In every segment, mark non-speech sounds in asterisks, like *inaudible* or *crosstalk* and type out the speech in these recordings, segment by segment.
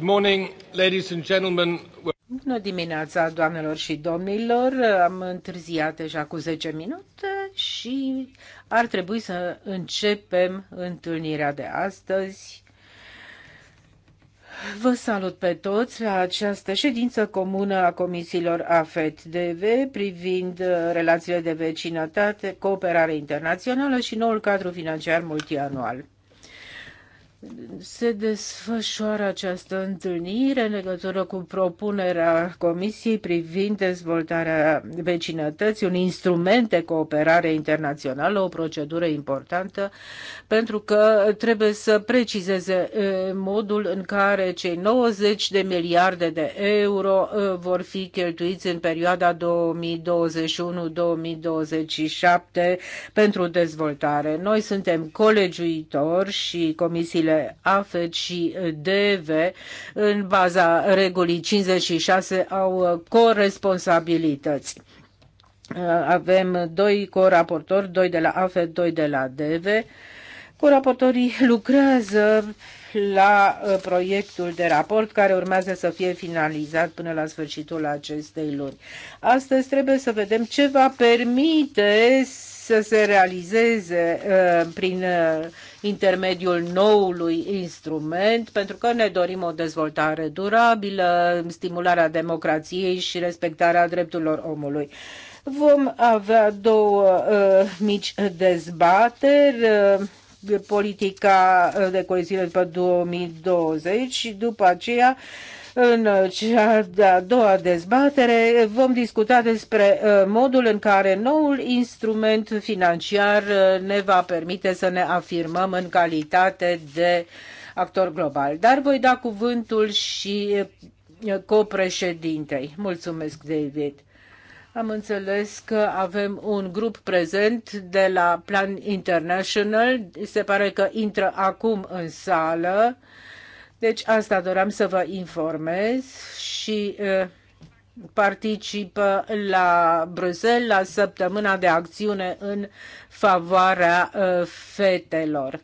Bună dimineața, doamnelor și domnilor. Am întârziat deja cu 10 minute și ar trebui să începem întâlnirea de astăzi. Vă salut pe toți la această ședință comună a comisiilor AFET-DV privind relațiile de vecinătate, cooperare internațională și noul cadru financiar multianual se desfășoară această întâlnire în legătură cu propunerea Comisiei privind dezvoltarea vecinătății, un instrument de cooperare internațională, o procedură importantă, pentru că trebuie să precizeze modul în care cei 90 de miliarde de euro vor fi cheltuiți în perioada 2021-2027 pentru dezvoltare. Noi suntem colegiuitori și comisiile Comisiile AFET și DEVE, în baza regulii 56, au coresponsabilități. Avem doi coraportori, doi de la AFET, doi de la DV. Coraportorii lucrează la uh, proiectul de raport care urmează să fie finalizat până la sfârșitul acestei luni. Astăzi trebuie să vedem ce va permite să se realizeze uh, prin uh, intermediul noului instrument, pentru că ne dorim o dezvoltare durabilă, stimularea democrației și respectarea drepturilor omului. Vom avea două uh, mici dezbateri. Uh, politica de coeziune după 2020 și după aceea în cea de-a doua dezbatere vom discuta despre uh, modul în care noul instrument financiar uh, ne va permite să ne afirmăm în calitate de actor global. Dar voi da cuvântul și uh, copreședintei. Mulțumesc, David. Am înțeles că avem un grup prezent de la Plan International. Se pare că intră acum în sală. Deci asta doream să vă informez și participă la Bruxelles la săptămâna de acțiune în favoarea fetelor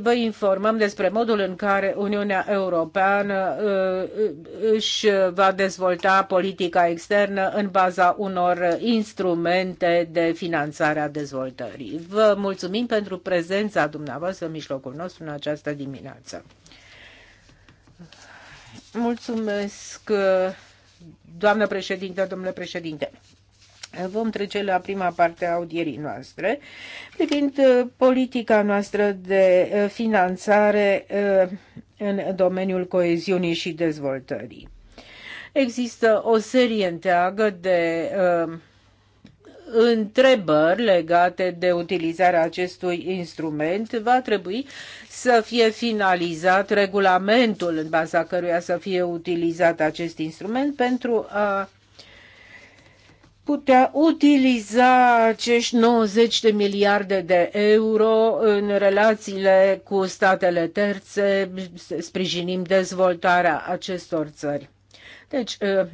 vă informăm despre modul în care Uniunea Europeană uh, uh, își va dezvolta politica externă în baza unor instrumente de finanțare a dezvoltării. Vă mulțumim pentru prezența dumneavoastră în mijlocul nostru în această dimineață. Mulțumesc, uh, doamnă președinte, domnule președinte. Vom trece la prima parte a audierii noastre privind uh, politica noastră de uh, finanțare uh, în domeniul coeziunii și dezvoltării. Există o serie întreagă de întrebări legate de utilizarea acestui instrument, va trebui să fie finalizat regulamentul în baza căruia să fie utilizat acest instrument pentru a putea utiliza acești 90 de miliarde de euro în relațiile cu statele terțe, sprijinim dezvoltarea acestor țări. Deci, ă,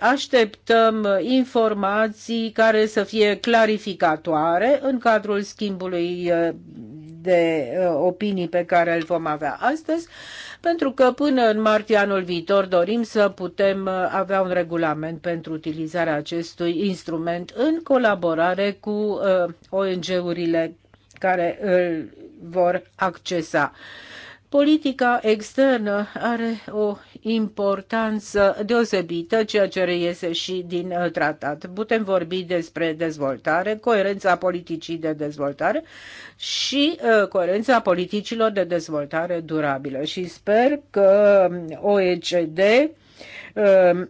așteptăm informații care să fie clarificatoare în cadrul schimbului ă, de ă, opinii pe care îl vom avea astăzi pentru că până în martie anul viitor dorim să putem uh, avea un regulament pentru utilizarea acestui instrument în colaborare cu uh, ONG-urile care îl vor accesa. Politica externă are o importanță deosebită, ceea ce reiese și din uh, tratat. Putem vorbi despre dezvoltare, coerența politicii de dezvoltare și uh, coerența politicilor de dezvoltare durabilă. Și sper că OECD uh,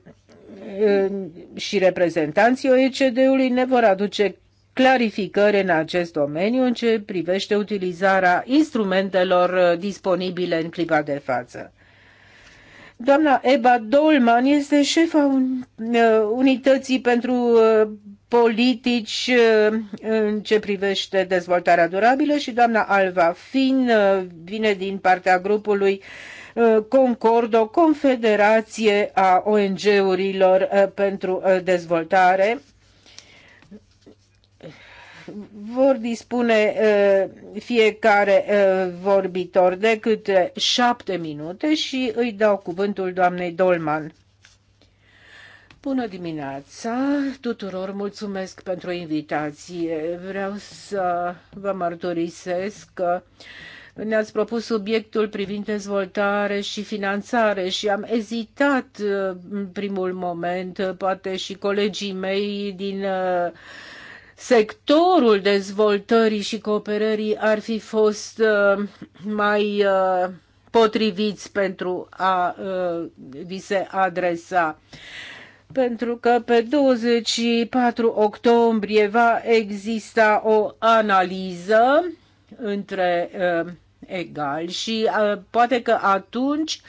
și reprezentanții OECD-ului ne vor aduce clarificări în acest domeniu în ce privește utilizarea instrumentelor disponibile în clipa de față. Doamna Eba Dolman este șefa uh, unității pentru uh, politici uh, în ce privește dezvoltarea durabilă și doamna Alva Fin vine din partea grupului Concord, o confederație a ONG-urilor pentru dezvoltare vor dispune uh, fiecare uh, vorbitor de câte uh, șapte minute și îi dau cuvântul doamnei Dolman. Bună dimineața tuturor, mulțumesc pentru invitație. Vreau să vă mărturisesc că ne-ați propus subiectul privind dezvoltare și finanțare și am ezitat în primul moment, poate și colegii mei din sectorul dezvoltării și cooperării ar fi fost uh, mai uh, potriviți pentru a uh, vi se adresa pentru că pe 24 octombrie va exista o analiză între uh, egali și uh, poate că atunci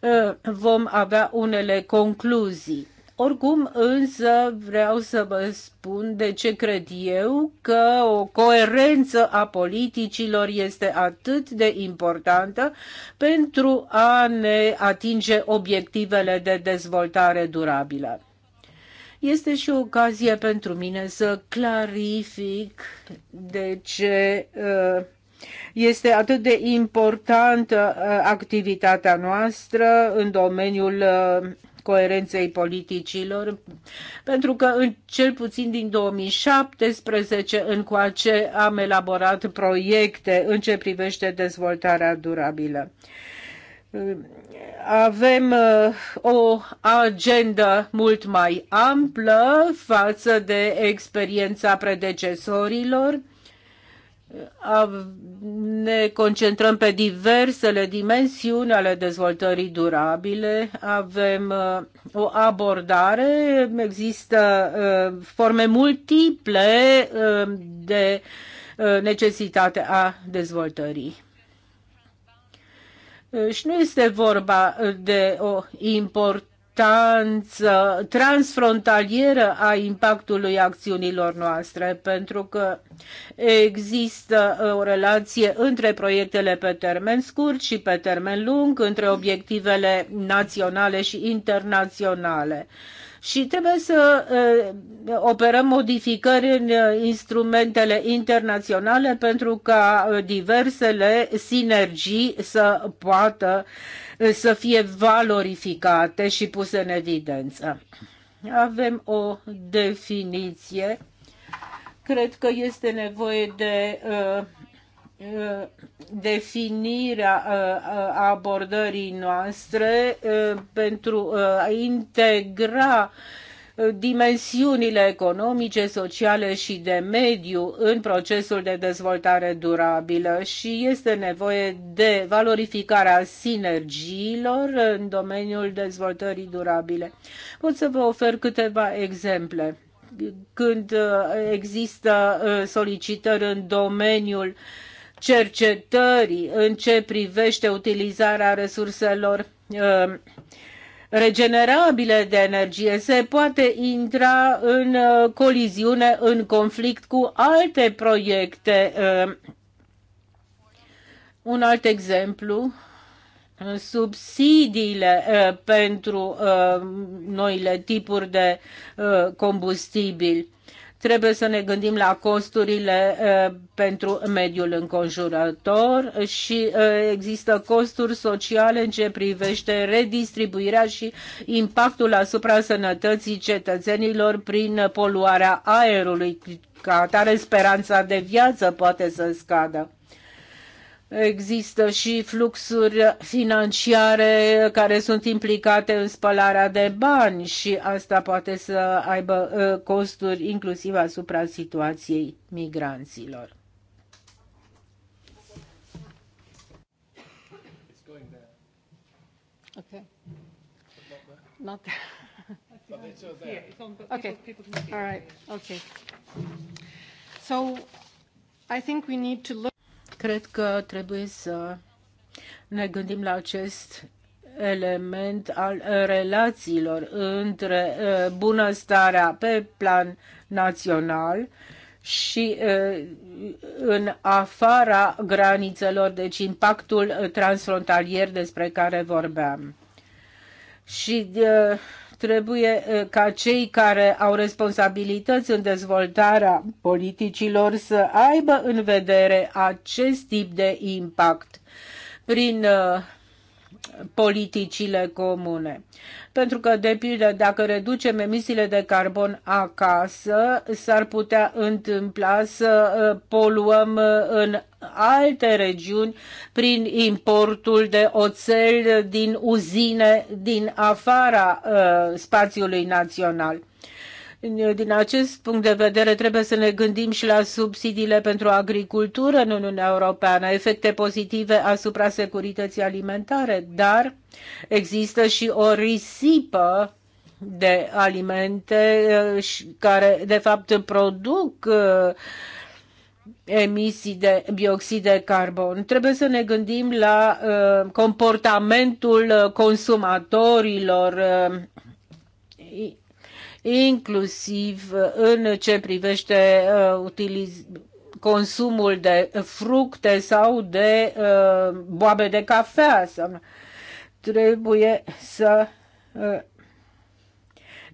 uh, vom avea unele concluzii. Oricum, însă, vreau să vă spun de ce cred eu că o coerență a politicilor este atât de importantă pentru a ne atinge obiectivele de dezvoltare durabilă. Este și o ocazie pentru mine să clarific de ce uh, este atât de importantă uh, activitatea noastră în domeniul uh, coerenței politicilor, pentru că în cel puțin din 2017 încoace am elaborat proiecte în ce privește dezvoltarea durabilă avem uh, o agendă mult mai amplă față de experiența predecesorilor ne concentrăm pe diversele dimensiuni ale dezvoltării durabile, avem uh, o abordare, există uh, forme multiple uh, de necesitate a dezvoltării. Și nu este vorba de o importanță importanță transfrontalieră a impactului acțiunilor noastre, pentru că există uh, o relație între proiectele pe termen scurt și pe termen lung, între obiectivele naționale și internaționale și trebuie să uh, operăm modificări în uh, instrumentele internaționale pentru ca uh, diversele sinergii să poată să fie valorificate și puse în evidență. Avem o definiție. Cred că este nevoie de uh, Uh, definirea uh, uh, abordării noastre pentru a integra dimensiunile economice, sociale și de mediu în procesul de dezvoltare durabilă și este nevoie de valorificarea sinergiilor în domeniul dezvoltării durabile. Pot să vă ofer câteva exemple. Când există solicitări în domeniul uh, cercetării în ce privește utilizarea resurselor uh, regenerabile de energie, se poate intra în uh, coliziune, în conflict cu alte proiecte. Uh. un alt exemplu, subsidiile pentru noile tipuri de combustibil Trebuie să ne gândim la costurile pentru mediul înconjurător și există costuri sociale în ce privește redistribuirea și impactul asupra sănătății cetățenilor prin poluarea aerului. Ca atare speranța de viață poate să scadă. Există și fluxuri financiare care sunt implicate în spălarea de bani și asta poate să aibă ă, costuri inclusiv asupra situației migranților. Okay. Not *laughs* Okay. Okay. So I think we need to look Cred că trebuie să ne gândim la acest element al uh, relațiilor între uh, bunăstarea pe plan național și uh, în afara granițelor, deci impactul transfrontalier despre care vorbeam. Și Trebuie ca cei care au responsabilități în dezvoltarea politicilor să aibă în vedere acest tip de impact prin politicile comune. Pentru că, de pildă, dacă reducem emisiile de carbon acasă, s-ar putea întâmpla să uh, poluăm uh, în alte regiuni prin importul de oțel din uzine din afara uh, spațiului național. Din acest punct de vedere, trebuie să ne gândim și la subsidiile pentru agricultură în Uniunea Europeană, efecte pozitive asupra securității alimentare, dar există și o risipă de alimente eh, care, de fapt, produc eh, emisii de bioxid de carbon. Trebuie să ne gândim la eh, comportamentul consumatorilor inclusiv în ce privește uh, consumul de fructe sau de uh, boabe de cafea. Trebuie să uh,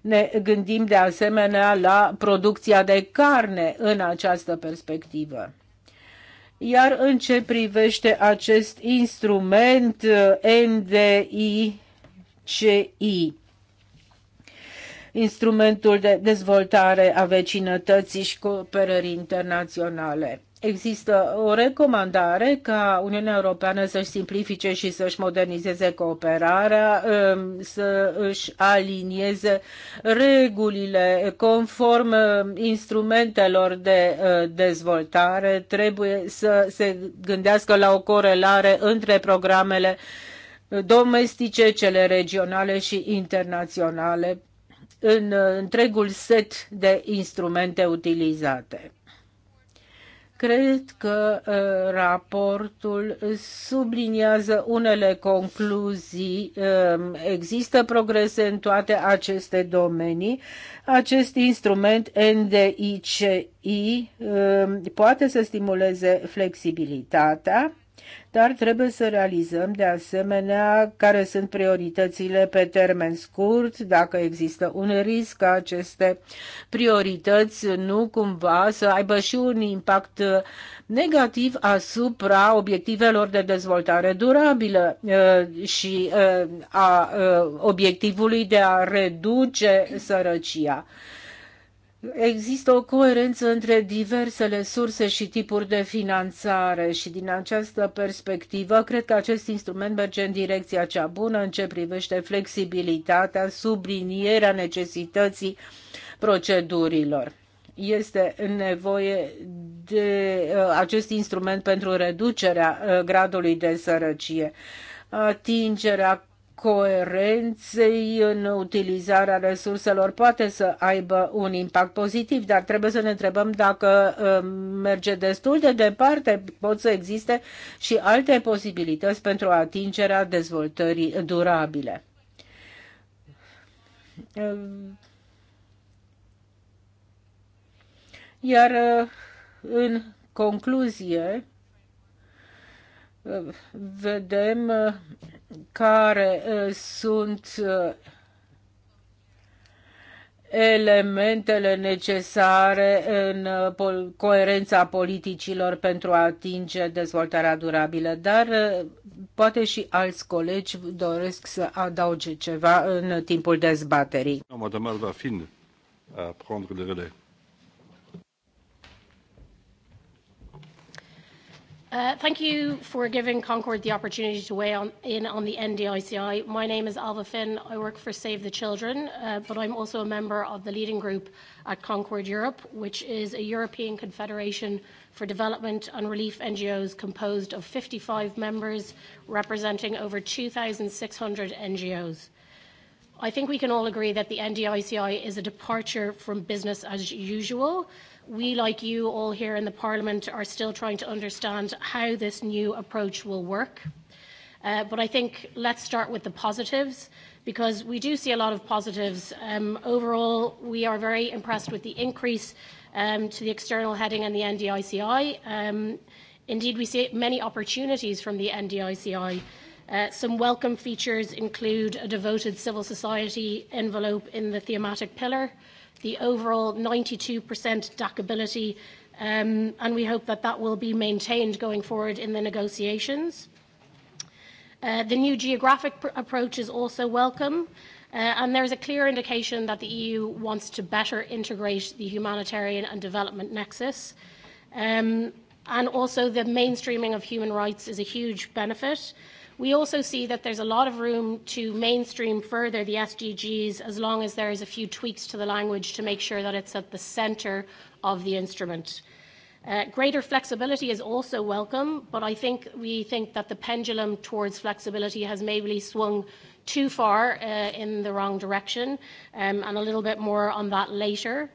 ne gândim de asemenea la producția de carne în această perspectivă. Iar în ce privește acest instrument NDICI, instrumentul de dezvoltare a vecinătății și cooperării internaționale. Există o recomandare ca Uniunea Europeană să-și simplifice și să-și modernizeze cooperarea, um, să și alinieze regulile conform um, instrumentelor de uh, dezvoltare. Trebuie să se gândească la o corelare între programele domestice, cele regionale și internaționale în uh, întregul set de instrumente utilizate. Cred că uh, raportul subliniază unele concluzii. Um, există progrese în toate aceste domenii. Acest instrument NDICI um, poate să stimuleze flexibilitatea dar trebuie să realizăm de asemenea care sunt prioritățile pe termen scurt, dacă există un risc ca aceste priorități nu cumva să aibă și un impact negativ asupra obiectivelor de dezvoltare durabilă și a obiectivului de a reduce sărăcia. Există o coerență între diversele surse și tipuri de finanțare și din această perspectivă cred că acest instrument merge în direcția cea bună în ce privește flexibilitatea, sublinierea necesității procedurilor. Este nevoie de uh, acest instrument pentru reducerea uh, gradului de sărăcie, atingerea coerenței în utilizarea resurselor poate să aibă un impact pozitiv, dar trebuie să ne întrebăm dacă um, merge destul de departe, pot să existe și alte posibilități pentru atingerea dezvoltării durabile. Um, iar uh, în concluzie, vedem uh, care uh, sunt uh, elementele necesare în coerența politicilor pentru a atinge dezvoltarea durabilă, dar poate și alți colegi doresc să adauge ceva în timpul dezbaterii. Madame va fin prendre relais. Uh, thank you for giving Concord the opportunity to weigh on, in on the NDICI. My name is Alva Finn. I work for Save the Children, uh, but I'm also a member of the leading group at Concord Europe, which is a European confederation for development and relief NGOs composed of 55 members representing over 2,600 NGOs. I think we can all agree that the NDICI is a departure from business as usual. We, like you all here in the Parliament, are still trying to understand how this new approach will work. Uh, but I think let's start with the positives because we do see a lot of positives. Um, overall, we are very impressed with the increase um, to the external heading and the NDICI. Um, indeed, we see many opportunities from the NDICI. Uh, some welcome features include a devoted civil society envelope in the thematic pillar, uh, the overall 92% DACability, um, and we hope that that will be maintained going forward in the negotiations. Uh, the new geographic approach is also welcome, uh, and there is a clear indication that the EU wants to better integrate the humanitarian and development nexus. Um, and also the mainstreaming of human rights is a huge benefit. We also see that there's a lot of room to mainstream further the SDGs as long as there is a few tweaks to the language to make sure that it's at the centre of the instrument. Uh, greater flexibility is also welcome, but I think we think that the pendulum towards flexibility has maybe swung too far uh, in the wrong direction, um, and a little bit more on that later.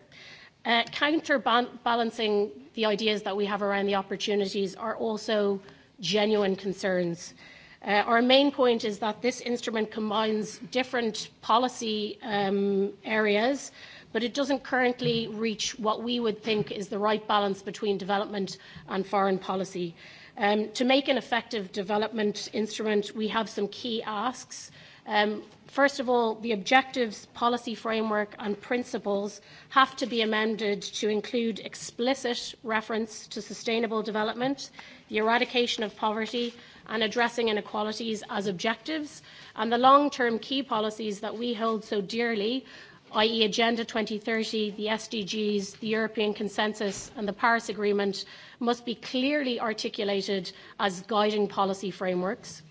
Uh, counterbalancing the ideas that we have around the opportunities are also genuine concerns. Uh, Uh, our main point is that this instrument combines different policy um, areas, but it doesn't currently reach what we would think is the right balance between development and foreign policy. Um, to make an effective development instrument, we have some key asks. Um, first of all, the objectives, policy framework and principles have to be amended to include explicit reference to sustainable development, the eradication of poverty and addressing inequalities as objectives, and the long-term key policies that we hold so dearly, i.e. Agenda 2030, the SDGs, the European Consensus and the Paris Agreement, must be clearly articulated as guiding policy frameworks.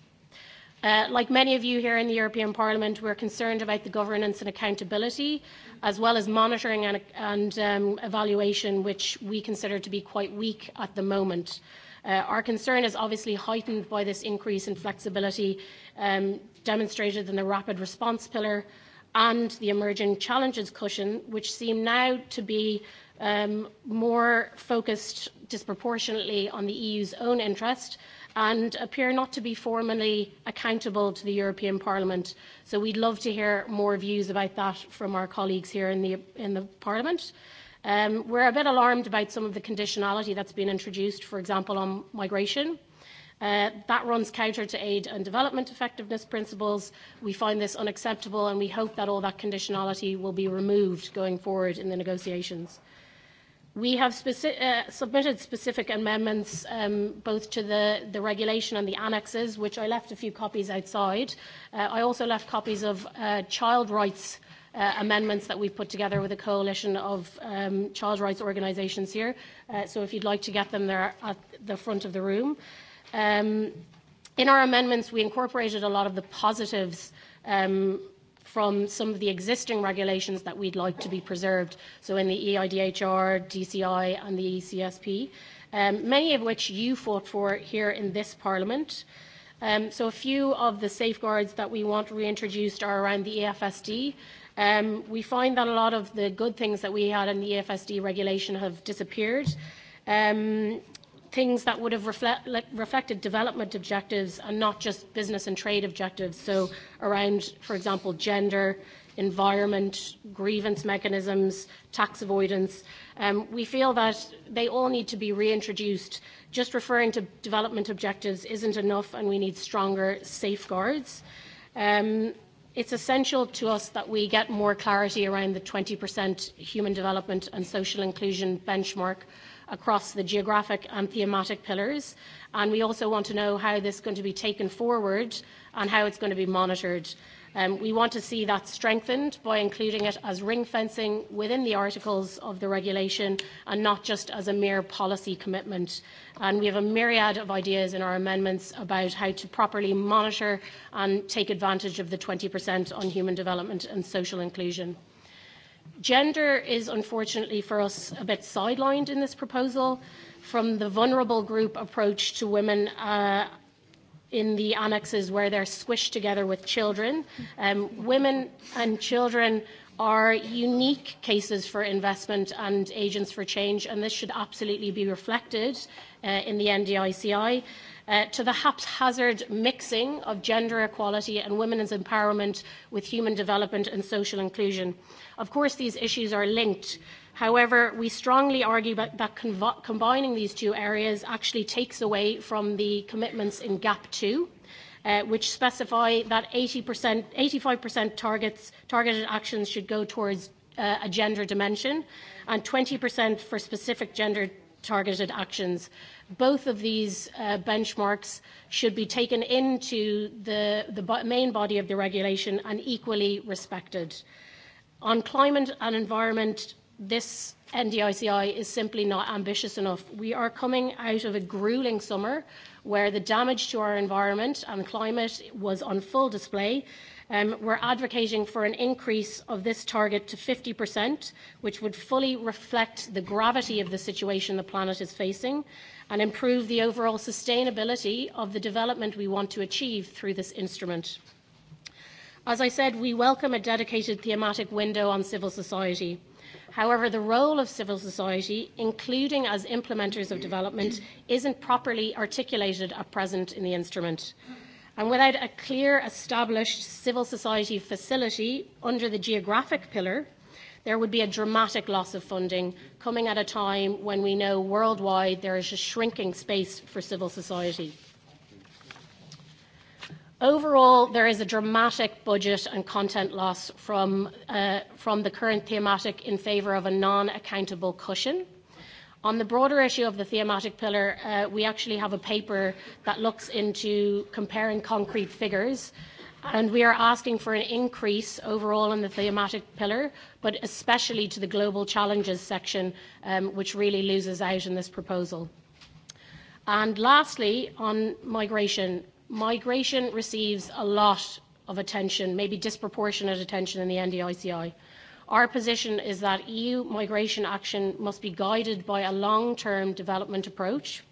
Uh, like many of you here in the European Parliament, we're concerned about the governance and accountability, as well as monitoring and, and um, evaluation, which we consider to be quite weak at the moment. Uh, our concern is obviously heightened by this increase in flexibility um, demonstrated in the rapid response pillar and the emerging challenges cushion, which seem now to be um, more focused disproportionately on the EU's own interest and appear not to be formally accountable to the European Parliament. So we'd love to hear more views about that from our colleagues here in the, in the Parliament. Um, we're a bit alarmed about some of the conditionality that's been introduced, for example, on migration. Uh, that runs counter to aid and development effectiveness principles. We find this unacceptable and we hope that all that conditionality will be removed going forward in the negotiations. We have specific, uh, submitted specific amendments um, both to the, the regulation and the annexes, which I left a few copies outside. Uh, I also left copies of uh, child rights uh, amendments that we've put together with a coalition of um, child rights organisations here. Uh, so if you'd like to get them, they're at the front of the room. Um, in our amendments, we incorporated a lot of the positives um, from some of the existing regulations that we'd like to be preserved, so in the EIDHR, DCI and the ECSP, um, many of which you fought for here in this Parliament. Um, so a few of the safeguards that we want reintroduced are around the EFSD. Um, we find that a lot of the good things that we had in the EFSD regulation have disappeared. Um, things that would have reflect, like, reflected development objectives and not just business and trade objectives. So around, for example, gender, environment, grievance mechanisms, tax avoidance. Um, we feel that they all need to be reintroduced. Just referring to development objectives isn't enough and we need stronger safeguards. Um, it's essential to us that we get more clarity around the 20% human development and social inclusion benchmark across the geographic and thematic pillars. And we also want to know how this is going to be taken forward and how it's going to be monitored. Um, we want to see that strengthened by including it as ring fencing within the articles of the regulation and not just as a mere policy commitment. And we have a myriad of ideas in our amendments about how to properly monitor and take advantage of the 20% on human development and social inclusion. Gender is unfortunately for us a bit sidelined in this proposal from the vulnerable group approach to women uh, in the annexes where they're squished together with children. Um, women and children are unique cases for investment and agents for change, and this should absolutely be reflected uh, in the NDICI uh, to the haphazard mixing of gender equality and women's empowerment with human development and social inclusion. Of course, these issues are linked. However, we strongly argue that combining these two areas actually takes away from the commitments in GAP 2, uh, which specify that 80%, 85% targets, targeted actions should go towards uh, a gender dimension and 20% for specific gender targeted actions. Both of these uh, benchmarks should be taken into the, the bo main body of the regulation and equally respected. On climate and environment, this NDICI is simply not ambitious enough. We are coming out of a grueling summer where the damage to our environment and climate was on full display Um, we're advocating for an increase of this target to 50%, which would fully reflect the gravity of the situation the planet is facing and improve the overall sustainability of the development we want to achieve through this instrument. As I said, we welcome a dedicated thematic window on civil society. However, the role of civil society, including as implementers of development, isn't properly articulated at present in the instrument. And without a clear established civil society facility under the geographic pillar, there would be a dramatic loss of funding coming at a time when we know worldwide there is a shrinking space for civil society. Overall, there is a dramatic budget and content loss from, uh, from the current thematic in favour of a non-accountable cushion – On the broader issue of the thematic pillar, uh, we actually have a paper that looks into comparing concrete figures, and we are asking for an increase overall in the thematic pillar, but especially to the global challenges section, um, which really loses out in this proposal. And lastly, on migration, migration receives a lot of attention, maybe disproportionate attention in the NDICI. Our position is that EU migration action must be guided by a long-term development approach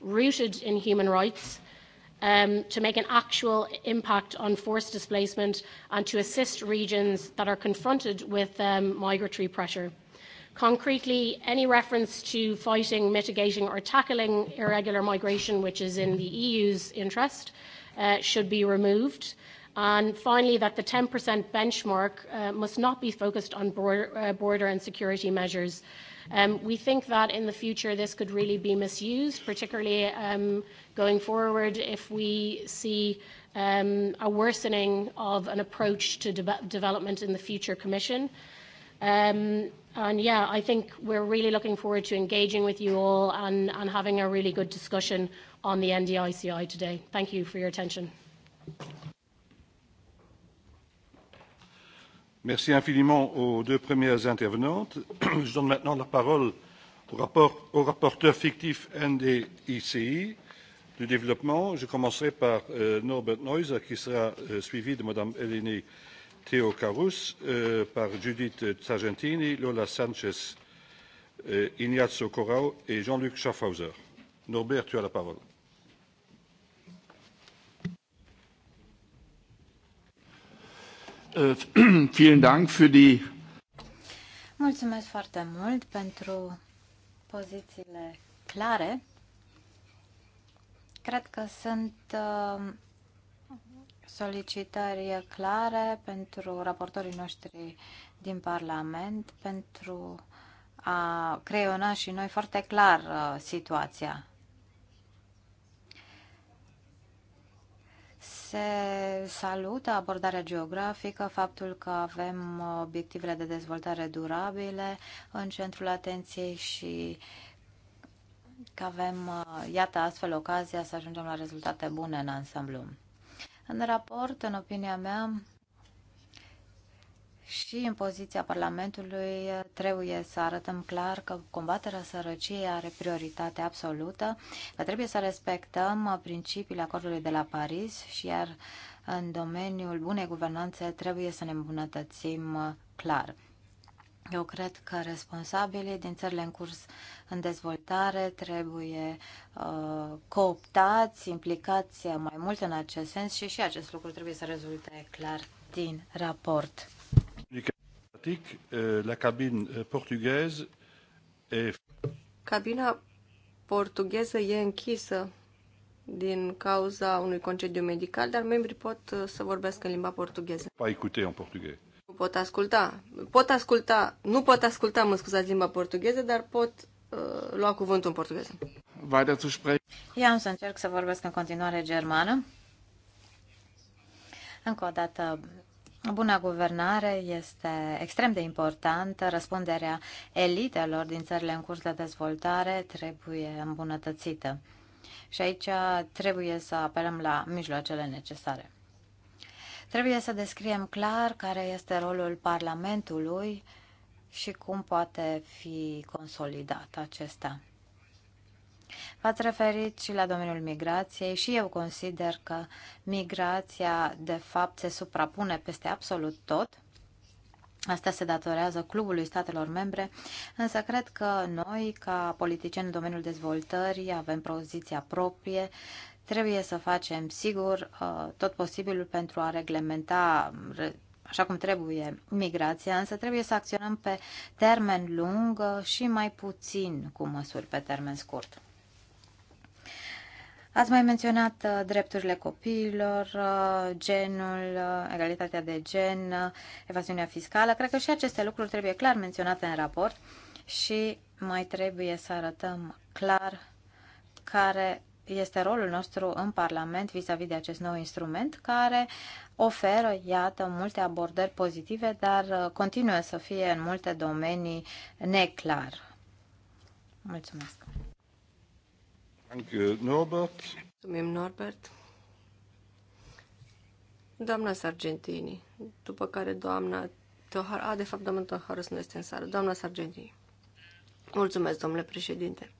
rooted in human rights um, to make an actual impact on forced displacement and to assist regions that are confronted with um, migratory pressure. Concretely, any reference to fighting, mitigating or tackling irregular migration, which is in the EU's interest, uh, should be removed And finally, that the 10% benchmark uh, must not be focused on border, uh, border and security measures. Um, we think that in the future this could really be misused, particularly um, going forward if we see um, a worsening of an approach to de development in the future Commission. Um, and yeah, I think we're really looking forward to engaging with you all and, and having a really good discussion on the NDICI today. Thank you for your attention. Merci infiniment aux deux premières intervenantes. *clears throat* Je donne maintenant la parole au, rapport, au rapporteur fictif NDICI du développement. Je commencerai par euh, Norbert Neuser, qui sera euh, suivi de Mme Eleni Theocarous, euh, par Judith Sargentini, Lola Sanchez, euh, Ignazio Corao et Jean-Luc Schaffhauser. Norbert, tu as la parole. Äh, *clears throat* vielen Dank für die Mulțumesc foarte mult pentru pozițiile clare. Cred că sunt uh, solicitări clare pentru raportorii noștri din Parlament pentru a creiona și noi foarte clar uh, situația. Se salută abordarea geografică, faptul că avem obiectivele de dezvoltare durabile în centrul atenției și că avem, iată, astfel ocazia să ajungem la rezultate bune în ansamblu. În raport, în opinia mea, și în poziția Parlamentului trebuie să arătăm clar că combaterea sărăciei are prioritate absolută, că trebuie să respectăm principiile acordului de la Paris și iar în domeniul bunei guvernanțe trebuie să ne îmbunătățim clar. Eu cred că responsabilii din țările în curs în dezvoltare trebuie uh, cooptați, implicați mai mult în acest sens și și acest lucru trebuie să rezulte clar din raport. Euh, la cabine euh, Cabina portugheză e închisă din cauza unui concediu medical, dar membrii pot uh, să vorbească în limba portugheză. Pa écouter en portugais. Nu pot asculta. Pot asculta, nu pot asculta, mă scuzați, limba portugheză, dar pot uh, lua cuvântul în portugheză. Weiter zu sprechen. Eu am să încerc să vorbesc în continuare germană. Încă o dată Buna guvernare este extrem de importantă. Răspunderea elitelor din țările în curs de dezvoltare trebuie îmbunătățită. Și aici trebuie să apelăm la mijloacele necesare. Trebuie să descriem clar care este rolul Parlamentului și cum poate fi consolidat acesta. V-ați referit și la domeniul migrației și eu consider că migrația de fapt se suprapune peste absolut tot. Asta se datorează Clubului Statelor Membre, însă cred că noi, ca politicieni în domeniul dezvoltării, avem poziția proprie, trebuie să facem sigur uh, tot posibilul pentru a reglementa așa cum trebuie migrația, însă trebuie să acționăm pe termen lung uh, și mai puțin cu măsuri pe termen scurt. Ați mai menționat uh, drepturile copiilor, uh, genul, uh, egalitatea de gen, evaziunea fiscală. Cred că și aceste lucruri trebuie clar menționate în raport și mai trebuie să arătăm clar care este rolul nostru în Parlament vis-a-vis -vis de acest nou instrument care oferă, iată, multe abordări pozitive, dar continuă să fie în multe domenii neclar. Mulțumesc! Norbert. Mulțumim, Norbert. Doamna Sargentini, după care doamna Tohar, a, de fapt, doamna Tohar nu este în sală, doamna Sargentini. Mulțumesc, domnule președinte.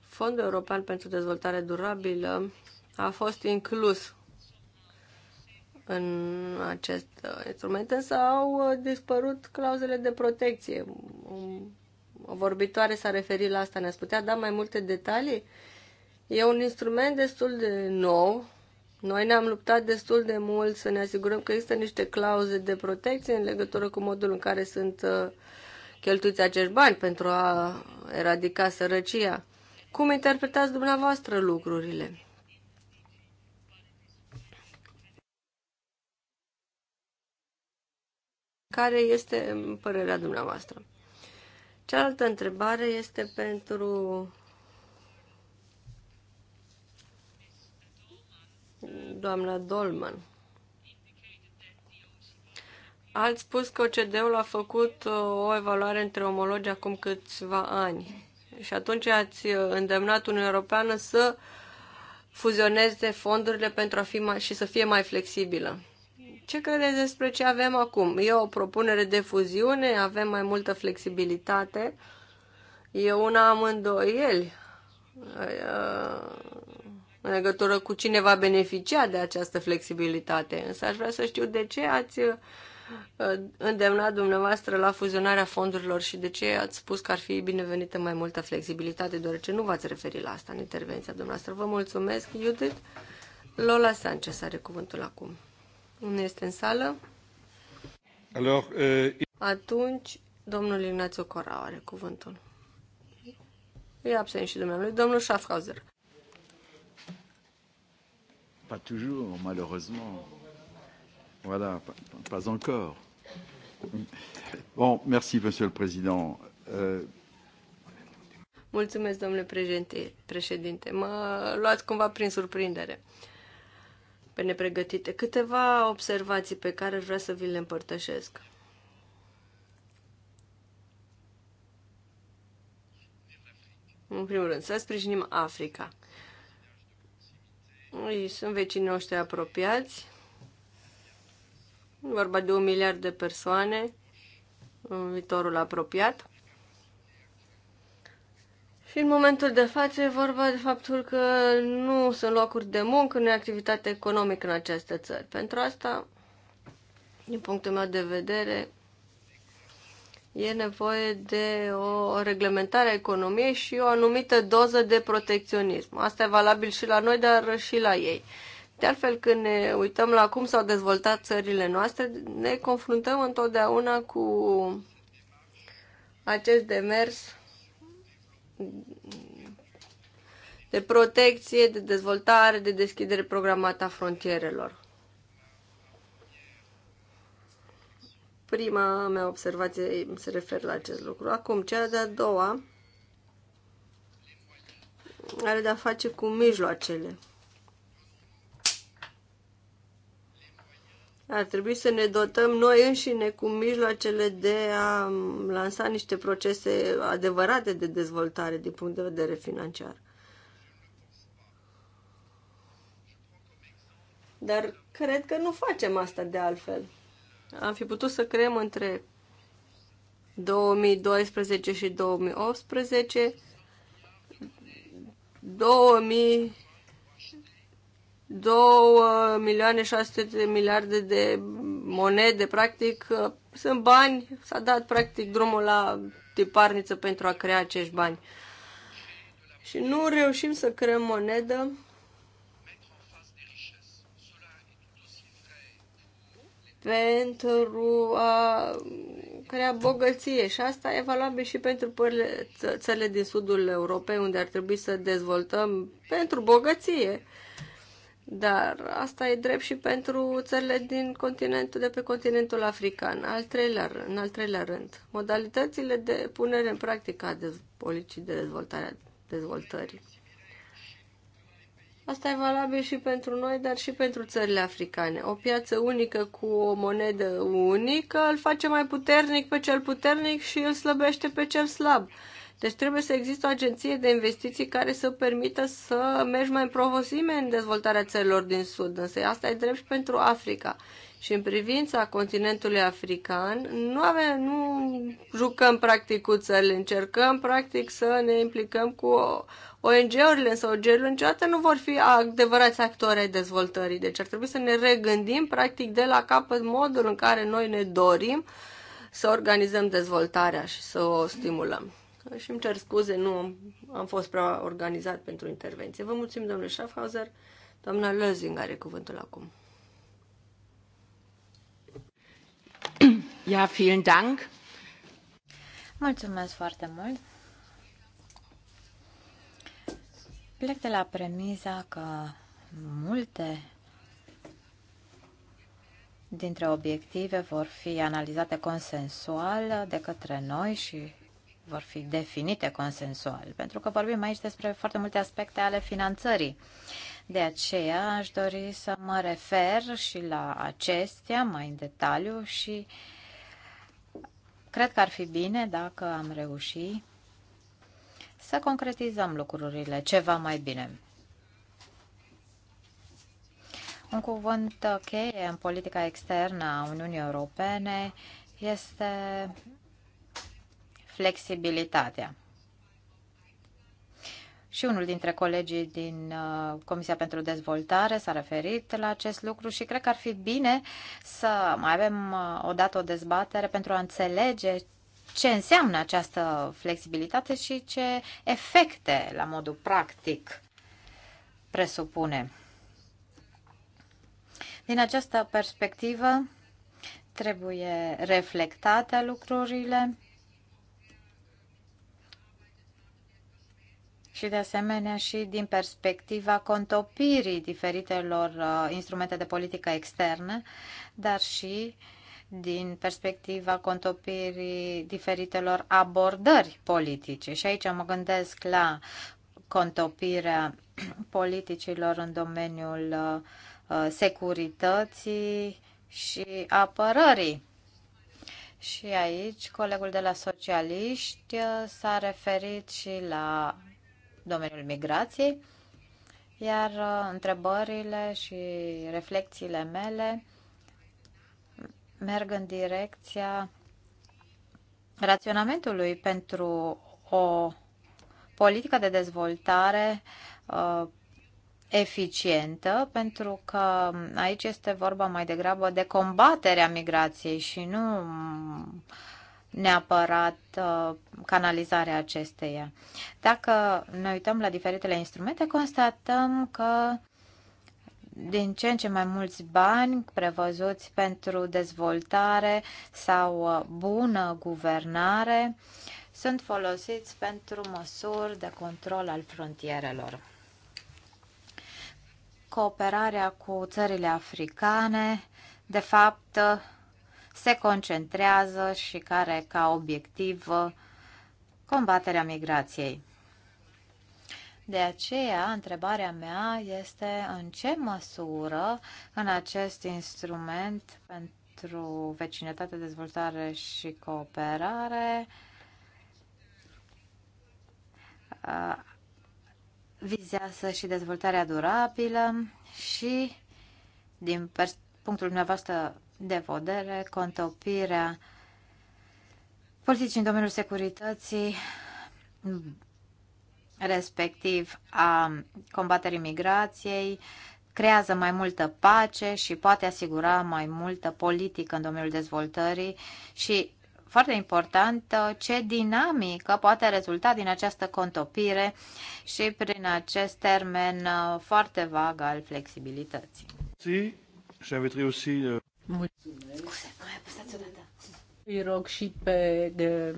Fondul European pentru Dezvoltare Durabilă a fost inclus în acest uh, instrument, însă au uh, dispărut clauzele de protecție. Um, o vorbitoare s-a referit la asta, ne-ați putea da mai multe detalii? E un instrument destul de nou. Noi ne-am luptat destul de mult să ne asigurăm că există niște clauze de protecție în legătură cu modul în care sunt uh, cheltuiți acești bani pentru a eradica sărăcia. Cum interpretați dumneavoastră lucrurile? Care este părerea dumneavoastră? Cealaltă întrebare este pentru doamna Dolman. Ați spus că OCD-ul a făcut uh, o evaluare între omologi acum câțiva ani și atunci ați uh, îndemnat Uniunea Europeană să fuzioneze fondurile pentru a fi mai, și să fie mai flexibilă. Ce credeți despre ce avem acum? E o propunere de fuziune, avem mai multă flexibilitate. E una am îndoieli în legătură cu cine va beneficia de această flexibilitate. Însă aș vrea să știu de ce ați uh, îndemnat dumneavoastră la fuzionarea fondurilor și de ce ați spus că ar fi binevenită mai multă flexibilitate, deoarece nu v-ați referit la asta în intervenția dumneavoastră. Vă mulțumesc, Judith. Lola Sanchez are cuvântul acum. Nu este în sală. Alors, euh... Atunci, domnul Ignațiu Corau are cuvântul. E absent și dumneavoastră. Domnul Schaffhauser. Pas toujours, malheureusement. Voilà, pas encore. Bon, merci, Monsieur le Président. Euh... Mulțumesc, domnule președinte. Mă luați cumva prin surprindere. Uh, pe nepregătite. Câteva observații pe care aș vrea să vi le împărtășesc. În primul rând, să sprijinim Africa. Ei sunt vecinii noștri apropiați. Vorba de un miliard de persoane în viitorul apropiat. Și în momentul de față e vorba de faptul că nu sunt locuri de muncă, nu e activitate economică în aceste țări. Pentru asta, din punctul meu de vedere, e nevoie de o reglementare a economiei și o anumită doză de protecționism. Asta e valabil și la noi, dar și la ei. De altfel, când ne uităm la cum s-au dezvoltat țările noastre, ne confruntăm întotdeauna cu acest demers de protecție, de dezvoltare, de deschidere programată a frontierelor. Prima mea observație se referă la acest lucru. Acum, cea de-a doua are de-a face cu mijloacele ar trebui să ne dotăm noi înșine cu mijloacele de a lansa niște procese adevărate de dezvoltare din punct de vedere financiar. Dar cred că nu facem asta de altfel. Am fi putut să creăm între 2012 și 2018 2000 2 milioane 600 de miliarde de monede, practic, sunt bani, s-a dat practic drumul la tiparniță pentru a crea acești bani. Și nu reușim să creăm monedă pentru a crea bogăție și asta e valabil și pentru țările din sudul Europei unde ar trebui să dezvoltăm pentru bogăție dar asta e drept și pentru țările din continentul, de pe continentul african. Al treilea, în al treilea rând, modalitățile de punere în practică a politicii de dezvoltare a dezvoltării. Asta e valabil și pentru noi, dar și pentru țările africane. O piață unică cu o monedă unică îl face mai puternic pe cel puternic și îl slăbește pe cel slab. Deci trebuie să existe o agenție de investiții care să permită să mergi mai în provosime în dezvoltarea țărilor din Sud, însă asta e drept și pentru Africa. Și în privința continentului african, nu, avem, nu jucăm practic cu țările, încercăm practic să ne implicăm cu ONG-urile, însă ONG-urile niciodată nu vor fi adevărați actori ai dezvoltării. Deci ar trebui să ne regândim practic de la capăt modul în care noi ne dorim să organizăm dezvoltarea și să o stimulăm și îmi cer scuze, nu am, am fost prea organizat pentru intervenție. Vă mulțumim, domnule Schaffhauser. Doamna Lözing are cuvântul acum. Ja, vielen Dank. Mulțumesc foarte mult. Plec de la premiza că multe dintre obiective vor fi analizate consensual de către noi și vor fi definite consensual, pentru că vorbim aici despre foarte multe aspecte ale finanțării. De aceea aș dori să mă refer și la acestea mai în detaliu și cred că ar fi bine dacă am reușit să concretizăm lucrurile ceva mai bine. Un cuvânt cheie în politica externă a Uniunii Europene este flexibilitatea. Și unul dintre colegii din uh, Comisia pentru Dezvoltare s-a referit la acest lucru și cred că ar fi bine să mai avem uh, odată o dezbatere pentru a înțelege ce înseamnă această flexibilitate și ce efecte la modul practic presupune. Din această perspectivă trebuie reflectate lucrurile și de asemenea și din perspectiva contopirii diferitelor uh, instrumente de politică externă, dar și din perspectiva contopirii diferitelor abordări politice. Și aici mă gândesc la contopirea *clears throat* politicilor în domeniul uh, uh, securității și apărării. Și aici colegul de la socialiști uh, s-a referit și la domeniul migrației, iar uh, întrebările și reflexiile mele merg în direcția raționamentului pentru o politică de dezvoltare uh, eficientă, pentru că aici este vorba mai degrabă de combaterea migrației și nu neapărat uh, canalizarea acesteia. Dacă ne uităm la diferitele instrumente, constatăm că din ce în ce mai mulți bani prevăzuți pentru dezvoltare sau uh, bună guvernare sunt folosiți pentru măsuri de control al frontierelor. Cooperarea cu țările africane, de fapt, se concentrează și care ca obiectiv combaterea migrației. De aceea, întrebarea mea este în ce măsură în acest instrument pentru vecinătate, dezvoltare și cooperare vizează și dezvoltarea durabilă și din punctul dumneavoastră de vădere, contopirea politicii în domeniul securității, respectiv a combaterii migrației, creează mai multă pace și poate asigura mai multă politică în domeniul dezvoltării și foarte important ce dinamică poate rezulta din această contopire și prin acest termen uh, foarte vag al flexibilității. Mulțumesc. Scuze, Îi rog și pe de,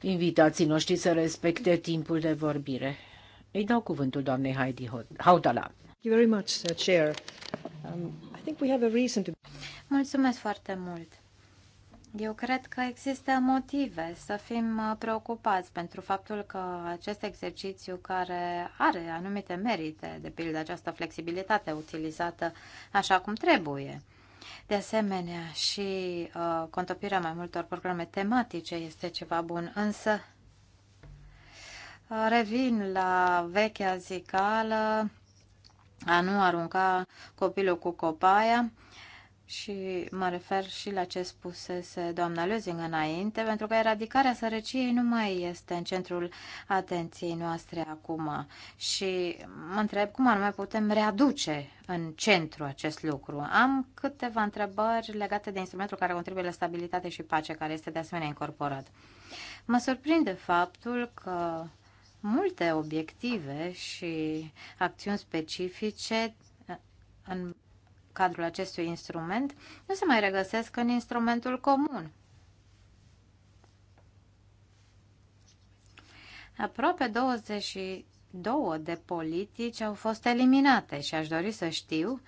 invitații noștri să respecte timpul de vorbire. Îi dau cuvântul doamnei Heidi Hautala. Thank you very much, uh, Chair. Um, I think we have a reason to... Mulțumesc foarte mult. Eu cred că există motive să fim uh, preocupați pentru faptul că acest exercițiu care are anumite merite, de pildă această flexibilitate utilizată așa cum trebuie, de asemenea, și uh, contopirea mai multor programe tematice este ceva bun, însă uh, revin la vechea zicală a nu arunca copilul cu copaia și mă refer și la ce spusese doamna Lözing înainte, pentru că eradicarea sărăciei nu mai este în centrul atenției noastre acum. Și mă întreb cum anume putem readuce în centru acest lucru. Am câteva întrebări legate de instrumentul care contribuie la stabilitate și pace, care este de asemenea incorporat. Mă surprinde faptul că multe obiective și acțiuni specifice în cadrul acestui instrument nu se mai regăsesc în instrumentul comun. Aproape 22 de politici au fost eliminate și aș dori să știu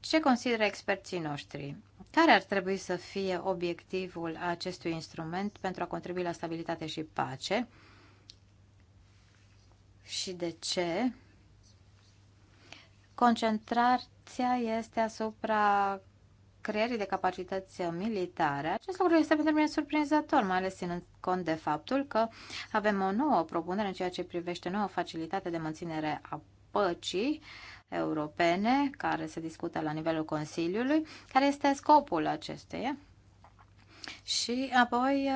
ce consideră experții noștri. Care ar trebui să fie obiectivul acestui instrument pentru a contribui la stabilitate și pace? Și de ce? Concentrar, atenția este asupra creierii de capacități militare. Acest lucru este pentru mine surprinzător, mai ales în cont de faptul că avem o nouă propunere în ceea ce privește nouă facilitate de menținere a păcii europene, care se discută la nivelul Consiliului, care este scopul acesteia. Și apoi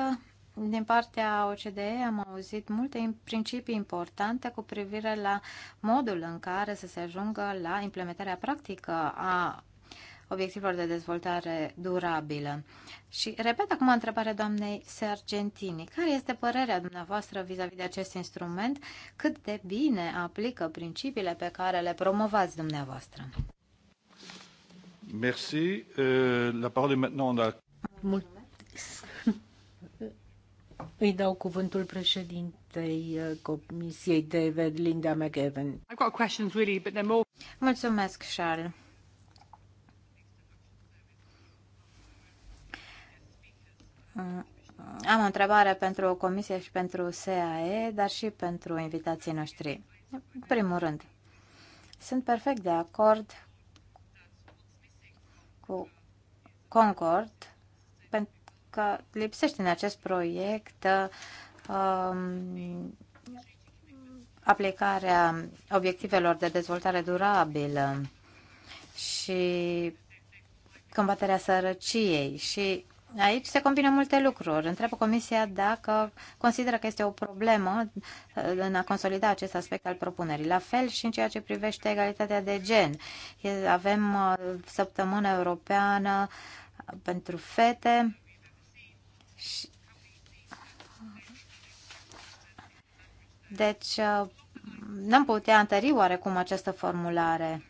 din partea OCDE am auzit multe principii importante cu privire la modul în care să se ajungă la implementarea practică a obiectivelor de dezvoltare durabilă. Și repet acum întrebarea doamnei sergentini, Care este părerea dumneavoastră vis-a-vis -vis de acest instrument? Cât de bine aplică principiile pe care le promovați dumneavoastră? Merci. Euh, la parole maintenant la... Mulțumesc. Îi dau cuvântul președintei uh, Comisiei David Linda McEwen. I've got questions really, but they're more... Mulțumesc, Charles. Uh, am o întrebare pentru Comisie și pentru SAE, dar și pentru invitații noștri. În primul rând, sunt perfect de acord cu Concord că lipsește în acest proiect um, aplicarea obiectivelor de dezvoltare durabilă și combaterea sărăciei și Aici se combină multe lucruri. Întreabă Comisia dacă consideră că este o problemă uh, în a consolida acest aspect al propunerii. La fel și în ceea ce privește egalitatea de gen. Avem uh, săptămână europeană pentru fete și... Deci, uh, n-am putea întări oarecum această formulare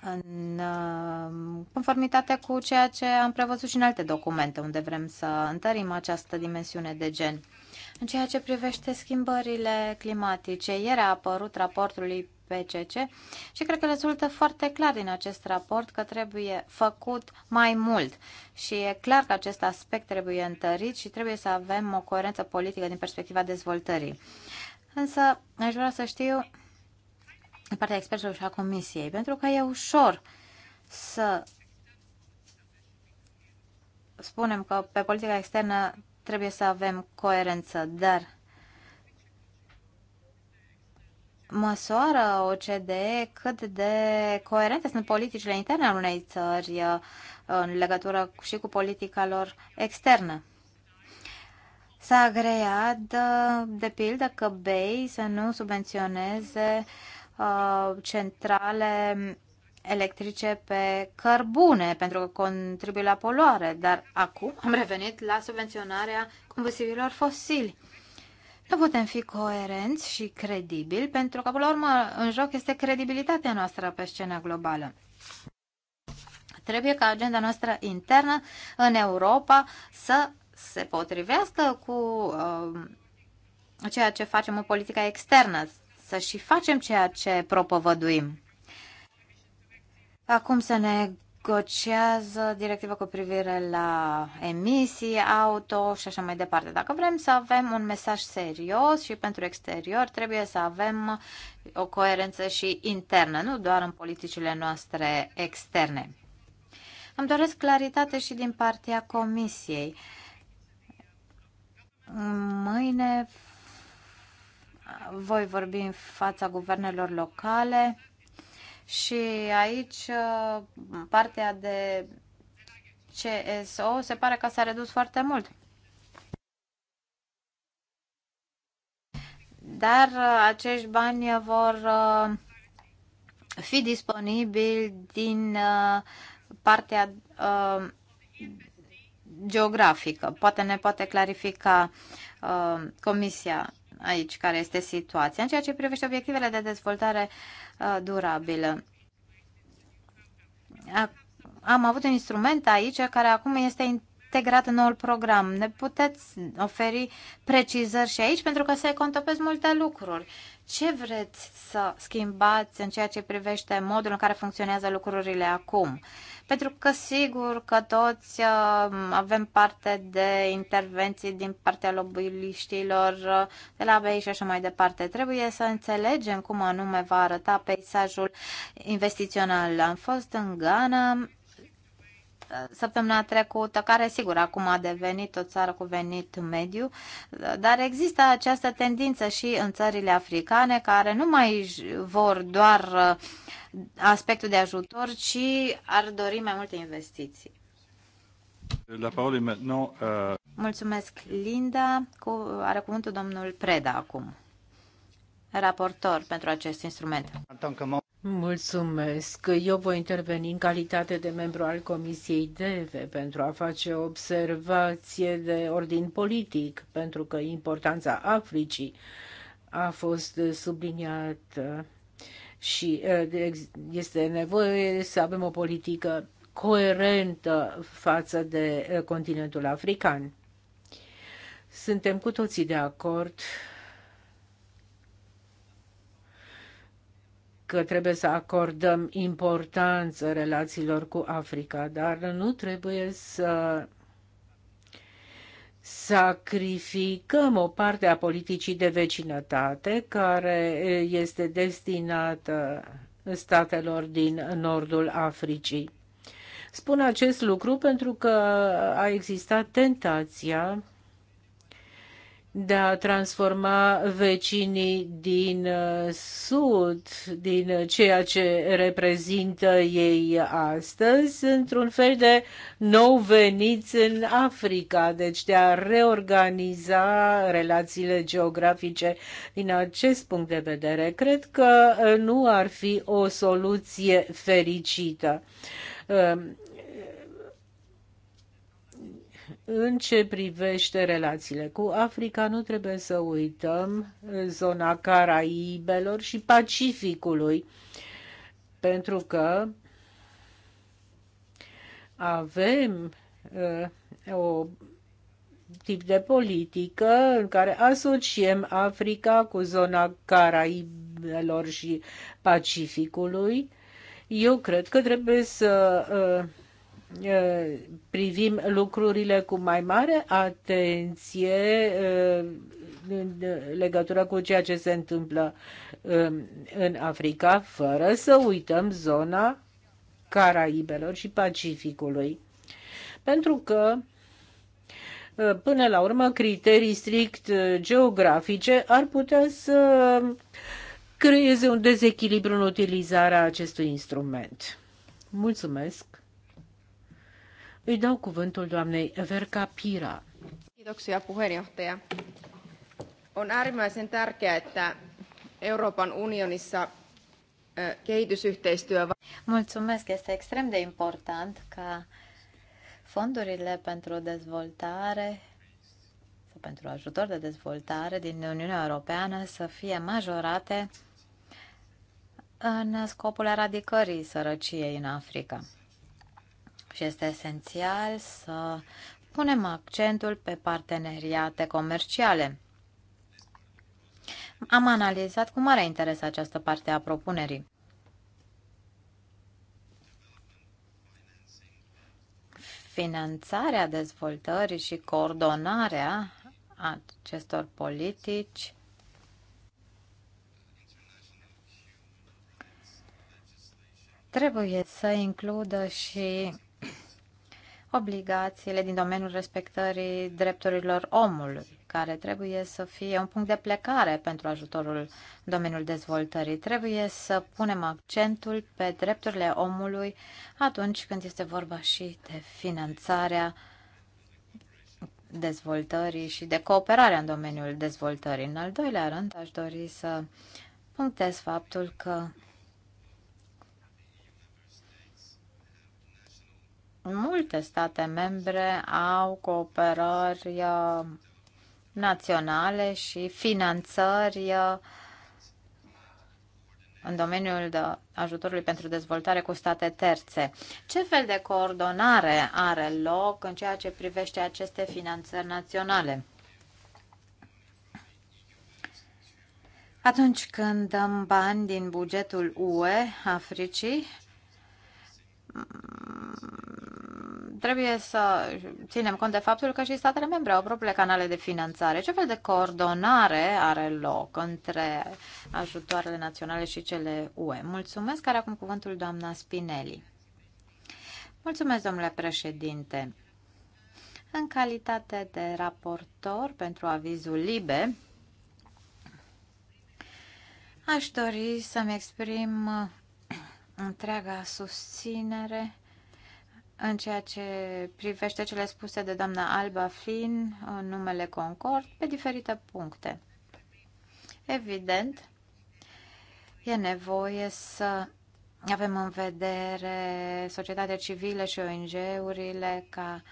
în uh, conformitate cu ceea ce am prevăzut și în alte documente, unde vrem să întărim această dimensiune de gen. În ceea ce privește schimbările climatice, ieri a apărut raportul IPCC și cred că rezultă foarte clar din acest raport că trebuie făcut mai mult și e clar că acest aspect trebuie întărit și trebuie să avem o coerență politică din perspectiva dezvoltării. Însă aș vrea să știu în partea experților și a comisiei, pentru că e ușor să spunem că pe politica externă Trebuie să avem coerență, dar măsoară OCDE cât de coerente sunt politicile interne ale unei țări uh, în legătură și cu politica lor externă. S-a agreat, uh, de pildă, că BEI să nu subvenționeze uh, centrale electrice pe cărbune, pentru că contribuie la poluare, dar acum am revenit la subvenționarea combustibilor fosili. Nu putem fi coerenți și credibili, pentru că, până la urmă, în joc este credibilitatea noastră pe scena globală. Trebuie ca agenda noastră internă în Europa să se potrivească cu uh, ceea ce facem în politica externă, să și facem ceea ce propovăduim. Acum se negociază directiva cu privire la emisii, auto și așa mai departe. Dacă vrem să avem un mesaj serios și pentru exterior, trebuie să avem o coerență și internă, nu doar în politicile noastre externe. Îmi doresc claritate și din partea Comisiei. Mâine voi vorbi în fața guvernelor locale și aici uh, partea de CSO se pare că s-a redus foarte mult. Dar uh, acești bani vor uh, fi disponibili din partea geografică. Poate ne poate clarifica Comisia aici care este situația. În ceea ce privește obiectivele de dezvoltare uh, durabilă, am avut un instrument aici care acum este integrat în noul program. Ne puteți oferi precizări și aici, pentru că se contopesc multe lucruri. Ce vreți să schimbați în ceea ce privește modul în care funcționează lucrurile acum? Pentru că sigur că toți uh, avem parte de intervenții din partea lobbyiștilor uh, de la BEI și așa mai departe. Trebuie să înțelegem cum anume va arăta peisajul investițional. Am fost în Ghana săptămâna trecută, care sigur acum a devenit o țară cu venit mediu, dar există această tendință și în țările africane care nu mai vor doar uh, aspectul de ajutor, ci ar dori mai multe investiții. La parole maintenant. Uh... Mulțumesc, Linda. Cu, are cuvântul domnul Preda acum raportor pentru acest instrument. Mulțumesc. Eu voi interveni în calitate de membru al Comisiei DEVE pentru a face o observație de ordin politic, pentru că importanța Africii a fost subliniată și este nevoie să avem o politică coerentă față de continentul african. Suntem cu toții de acord că trebuie să acordăm importanță relațiilor cu Africa, dar nu trebuie să sacrificăm o parte a politicii de vecinătate care este destinată statelor din nordul Africii. Spun acest lucru pentru că a existat tentația de a transforma vecinii din uh, Sud, din uh, ceea ce reprezintă ei astăzi, într-un fel de nou veniți în Africa, deci de a reorganiza relațiile geografice din acest punct de vedere. Cred că uh, nu ar fi o soluție fericită în ce privește relațiile cu Africa, nu trebuie să uităm zona Caraibelor și Pacificului, pentru că avem uh, o tip de politică în care asociem Africa cu zona Caraibelor și Pacificului. Eu cred că trebuie să uh, privim lucrurile cu mai mare atenție în legătură cu ceea ce se întâmplă în Africa, fără să uităm zona Caraibelor și Pacificului. Pentru că până la urmă criterii strict geografice ar putea să creeze un dezechilibru în utilizarea acestui instrument. Mulțumesc! Îi dau cuvântul doamnei Verca Pira. Kiitoksia puheenjohtaja. On äärimmäisen tärkeää, että Euroopan unionissa kehitysyhteistyö... Mulțumesc, este extrem de important ca fondurile pentru dezvoltare sau pentru ajutor de dezvoltare din Uniunea Europeană să fie majorate în scopul eradicării sărăciei în Africa. Și este esențial să punem accentul pe parteneriate comerciale. Am analizat cu mare interes această parte a propunerii. Finanțarea dezvoltării și coordonarea acestor politici trebuie să includă și obligațiile din domeniul respectării drepturilor omului, care trebuie să fie un punct de plecare pentru ajutorul domeniul dezvoltării. Trebuie să punem accentul pe drepturile omului atunci când este vorba și de finanțarea dezvoltării și de cooperarea în domeniul dezvoltării. În al doilea rând, aș dori să punctez faptul că multe state membre au cooperări uh, naționale și finanțări uh, în domeniul de ajutorului pentru dezvoltare cu state terțe. Ce fel de coordonare are loc în ceea ce privește aceste finanțări naționale? Atunci când dăm bani din bugetul UE Africii, trebuie să ținem cont de faptul că și statele membre au propriile canale de finanțare. Ce fel de coordonare are loc între ajutoarele naționale și cele UE? Mulțumesc, care acum cuvântul doamna Spinelli. Mulțumesc, domnule președinte. În calitate de raportor pentru avizul LIBE, aș dori să-mi exprim întreaga susținere în ceea ce privește cele spuse de doamna Alba Flynn în numele Concord pe diferite puncte. Evident, e nevoie să avem în vedere societatea civilă și ONG-urile ca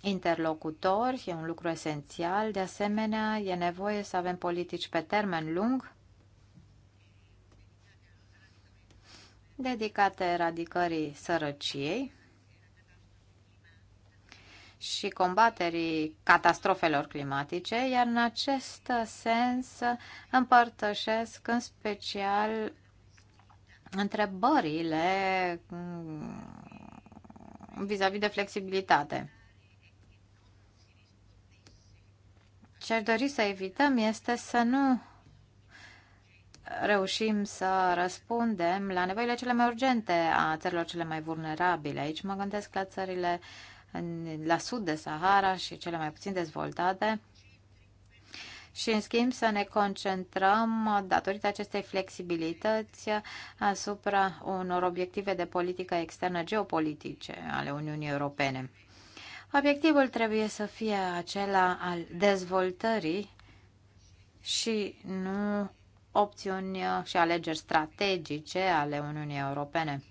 interlocutori, e un lucru esențial. De asemenea, e nevoie să avem politici pe termen lung dedicate eradicării sărăciei și combaterii catastrofelor climatice, iar în acest sens împărtășesc în special întrebările vis-a-vis -vis de flexibilitate. Ce aș dori să evităm este să nu reușim să răspundem la nevoile cele mai urgente a țărilor cele mai vulnerabile. Aici mă gândesc la țările la sud de Sahara și cele mai puțin dezvoltate și, în schimb, să ne concentrăm, datorită acestei flexibilități, asupra unor obiective de politică externă geopolitice ale Uniunii Europene. Obiectivul trebuie să fie acela al dezvoltării și nu opțiuni uh, și alegeri strategice ale Uniunii Europene.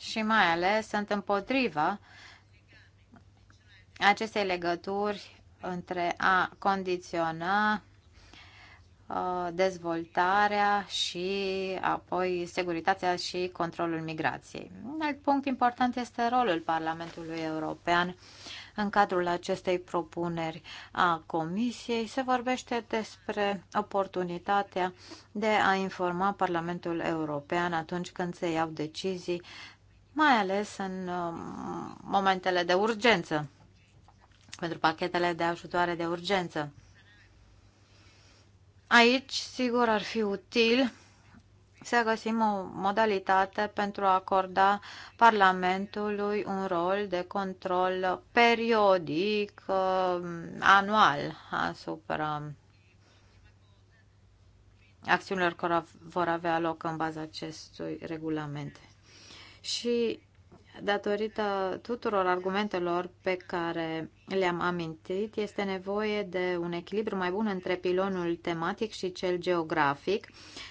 Și mai ales sunt împotriva acestei legături între a condiționa uh, dezvoltarea și apoi securitatea și controlul migrației. Un alt punct important este rolul Parlamentului European în cadrul acestei propuneri a Comisiei se vorbește despre oportunitatea de a informa Parlamentul European atunci când se iau decizii, mai ales în uh, momentele de urgență, pentru pachetele de ajutoare de urgență. Aici, sigur, ar fi util să găsim o modalitate pentru a acorda Parlamentului un rol de control periodic, uh, anual, asupra acțiunilor care vor avea loc în baza acestui regulament. Și datorită tuturor argumentelor pe care le-am amintit, este nevoie de un echilibru mai bun între pilonul tematic și cel geografic,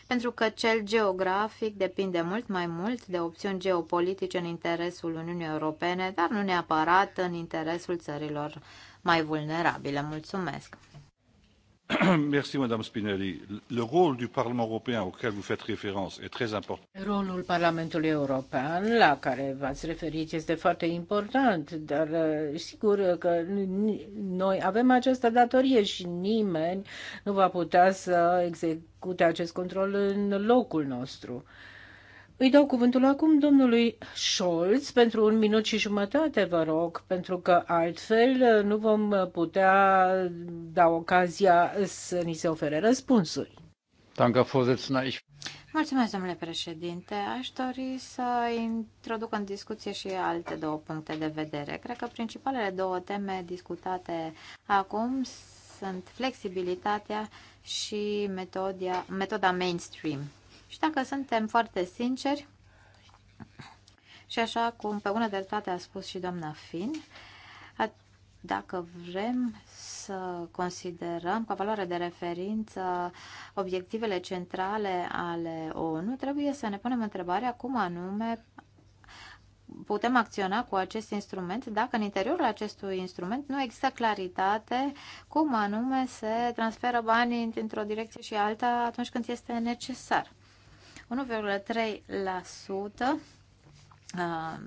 pentru că cel geografic depinde mult mai mult de opțiuni geopolitice în interesul Uniunii Europene, dar nu neapărat în interesul țărilor mai vulnerabile. Mulțumesc! *clears throat* Madame Spinelli. Le rôle du Parlement européen auquel vous faites référence est très important. Rolul Parlamentului European la care v-ați referit este foarte important, dar uh, sigur că noi avem această datorie și nimeni nu va putea să execute acest control în locul nostru. Uh, îi dau cuvântul acum domnului Scholz pentru un minut și jumătate, vă rog, pentru că altfel nu vom putea da ocazia să ni se ofere răspunsuri. Mulțumesc, domnule președinte. Aș dori să introduc în discuție și alte două puncte de vedere. Cred că principalele două teme discutate acum sunt flexibilitatea și metodia, metoda mainstream. Și dacă suntem foarte sinceri, și așa cum pe una dreptate a spus și doamna Fin, dacă vrem să considerăm ca valoare de referință obiectivele centrale ale ONU, trebuie să ne punem întrebarea cum anume putem acționa cu acest instrument dacă în interiorul acestui instrument nu există claritate cum anume se transferă banii într-o direcție și alta atunci când este necesar. 1,3% uh,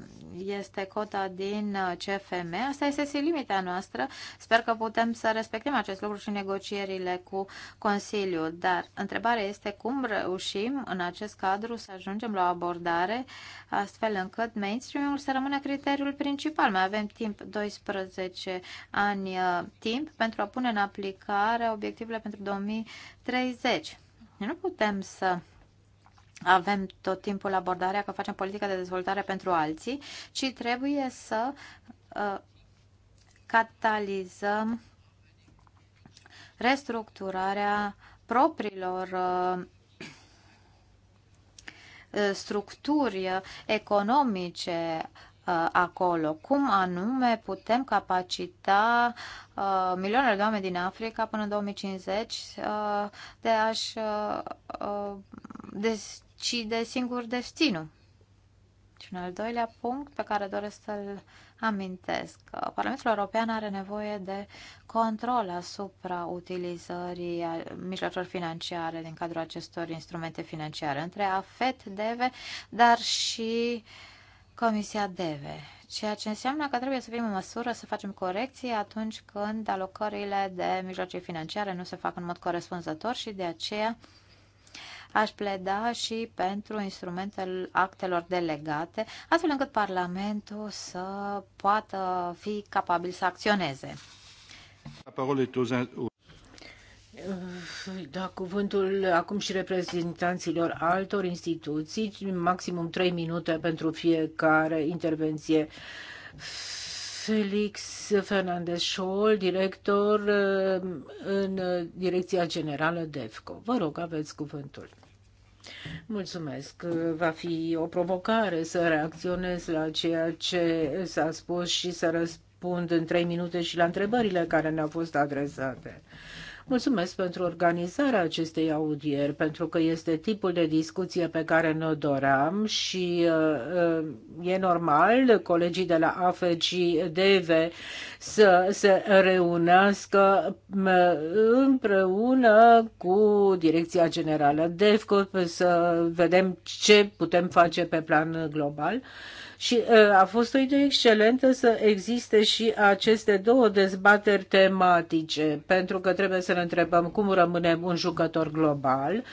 este cota din uh, CFM. Asta este limita noastră. Sper că putem să respectăm acest lucru și negocierile cu Consiliul. Dar întrebarea este cum reușim în acest cadru să ajungem la o abordare astfel încât mainstream ul să rămână criteriul principal. Mai avem timp, 12 ani uh, timp, pentru a pune în aplicare obiectivele pentru 2030. Nu putem să avem tot timpul abordarea că facem politică de dezvoltare pentru alții, ci trebuie să uh, catalizăm restructurarea propriilor uh, uh, structuri economice acolo. Cum anume putem capacita uh, milioanele de oameni din Africa până în 2050 uh, de a-și uh, des, ci de singur destinul. Și un al doilea punct pe care doresc să-l amintesc. Parlamentul European are nevoie de control asupra utilizării mijloacelor financiare din cadrul acestor instrumente financiare între AFET, DEVE, dar și Comisia DEVE. Ceea ce înseamnă că trebuie să fim în măsură să facem corecții atunci când alocările de mijloace financiare nu se fac în mod corespunzător și de aceea aș pleda și pentru instrumentele actelor delegate, astfel încât Parlamentul să poată fi capabil să acționeze. Da, cuvântul acum și reprezentanților altor instituții, maximum 3 minute pentru fiecare intervenție. Felix Fernandez Scholl, director în Direcția Generală DEFCO. Vă rog, aveți cuvântul. Mulțumesc. Va fi o provocare să reacționez la ceea ce s-a spus și să răspund răspund în trei minute și la întrebările care ne-au fost adresate. Mulțumesc pentru organizarea acestei audieri, pentru că este tipul de discuție pe care ne-o doream și uh, uh, e normal colegii de la AFG DEVE să se reunească uh, împreună cu Direcția Generală DEVCO să vedem ce putem face pe plan global. Și uh, a fost o idee excelentă să existe și aceste două dezbateri tematice, pentru că trebuie să ne întrebăm cum rămânem un jucător global,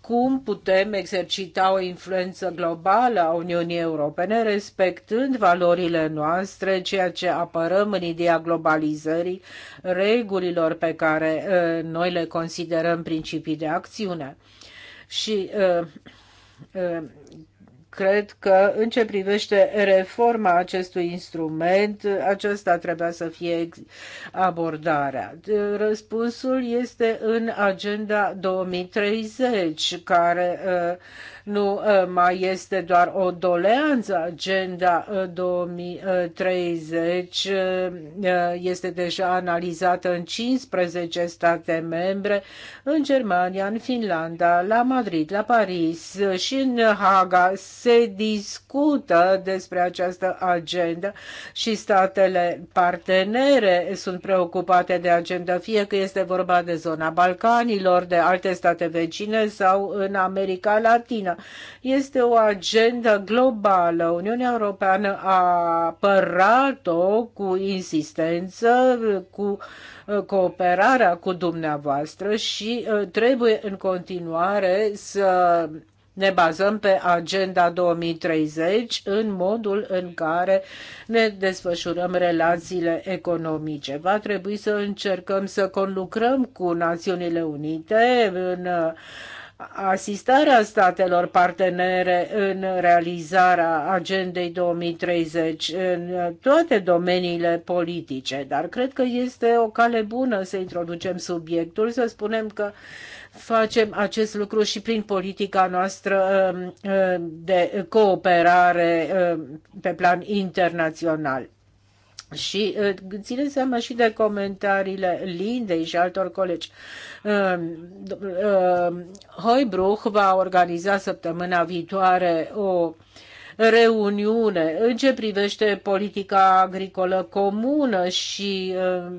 cum putem exercita o influență globală a Uniunii Europene, respectând valorile noastre, ceea ce apărăm în ideea globalizării, regulilor pe care uh, noi le considerăm principii de acțiune. Și uh, uh cred că în ce privește reforma acestui instrument, aceasta trebuia să fie abordarea. Răspunsul este în agenda 2030, care uh, nu ă, mai este doar o doleanță. Agenda 2030 ă, ă, este deja analizată în 15 state membre, în Germania, în Finlanda, la Madrid, la Paris și în Haga. Se discută despre această agendă și statele partenere sunt preocupate de agenda, fie că este vorba de zona Balcanilor, de alte state vecine sau în America Latină. Este o agendă globală. Uniunea Europeană a apărat-o cu insistență, cu uh, cooperarea cu dumneavoastră și uh, trebuie în continuare să ne bazăm pe Agenda 2030 în modul în care ne desfășurăm relațiile economice. Va trebui să încercăm să conlucrăm cu Națiunile Unite în uh, asistarea statelor partenere în realizarea agendei 2030 în toate domeniile politice, dar cred că este o cale bună să introducem subiectul, să spunem că facem acest lucru și prin politica noastră um, um, de cooperare um, pe plan internațional. Și ă, țineți seama și de comentariile Lindei și altor colegi. Ă, ă, Hoibruch va organiza săptămâna viitoare o reuniune în ce privește politica agricolă comună și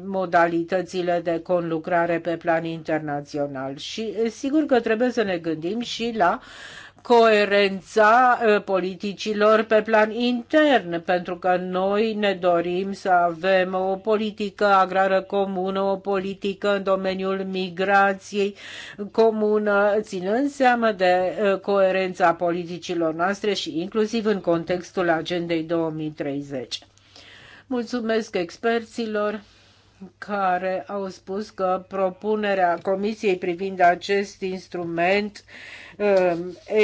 modalitățile de conlucrare pe plan internațional. Și sigur că trebuie să ne gândim și la uh, coerența uh, politicilor pe plan intern, pentru că noi ne dorim să avem o politică agrară comună, o politică în domeniul migrației comună, ținând seama de uh, coerența politicilor noastre și inclusiv în contextul agendei 2030. Mulțumesc experților care au spus că propunerea Comisiei privind acest instrument uh,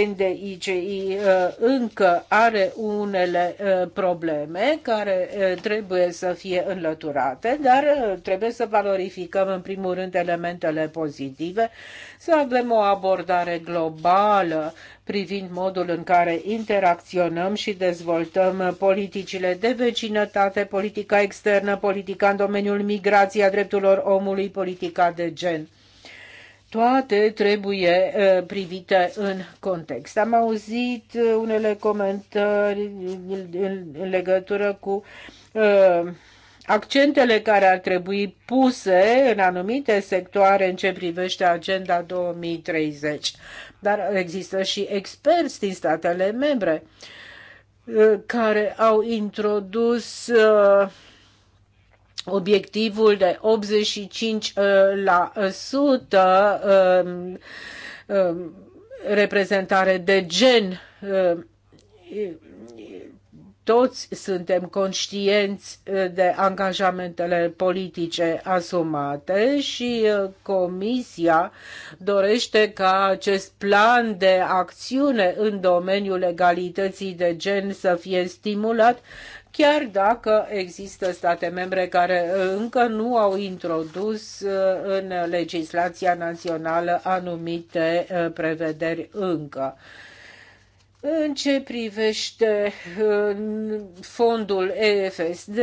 NDICI uh, încă are unele uh, probleme care uh, trebuie să fie înlăturate, dar trebuie să valorificăm în primul rând elementele pozitive, să avem o abordare globală privind modul în care interacționăm și dezvoltăm politicile de vecinătate, politica externă, politica în domeniul migrației, a drepturilor omului, politica de gen toate trebuie privite în context. Am auzit unele comentarii în legătură cu accentele care ar trebui puse în anumite sectoare în ce privește agenda 2030. Dar există și experți din statele membre care au introdus uh, obiectivul de 85% uh, la uh, sută um, um, reprezentare de gen. Um, toți suntem conștienți uh, de angajamentele politice asumate și Comisia dorește ca acest plan de acțiune în domeniul egalității de gen să fie stimulat chiar dacă există state membre care uh, încă nu au introdus uh, în legislația națională anumite uh, prevederi încă. În ce privește fondul EFSD,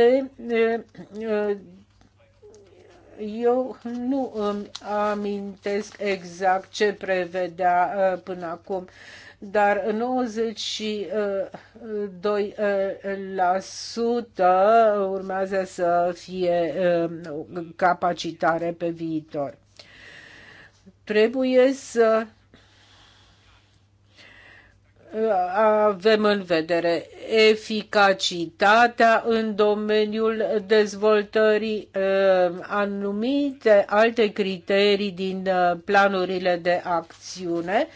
eu nu îmi amintesc exact ce prevedea până acum dar 92% uh, uh, urmează să fie uh, capacitare pe viitor. Trebuie să avem în vedere eficacitatea în domeniul dezvoltării, anumite alte criterii din planurile de acțiune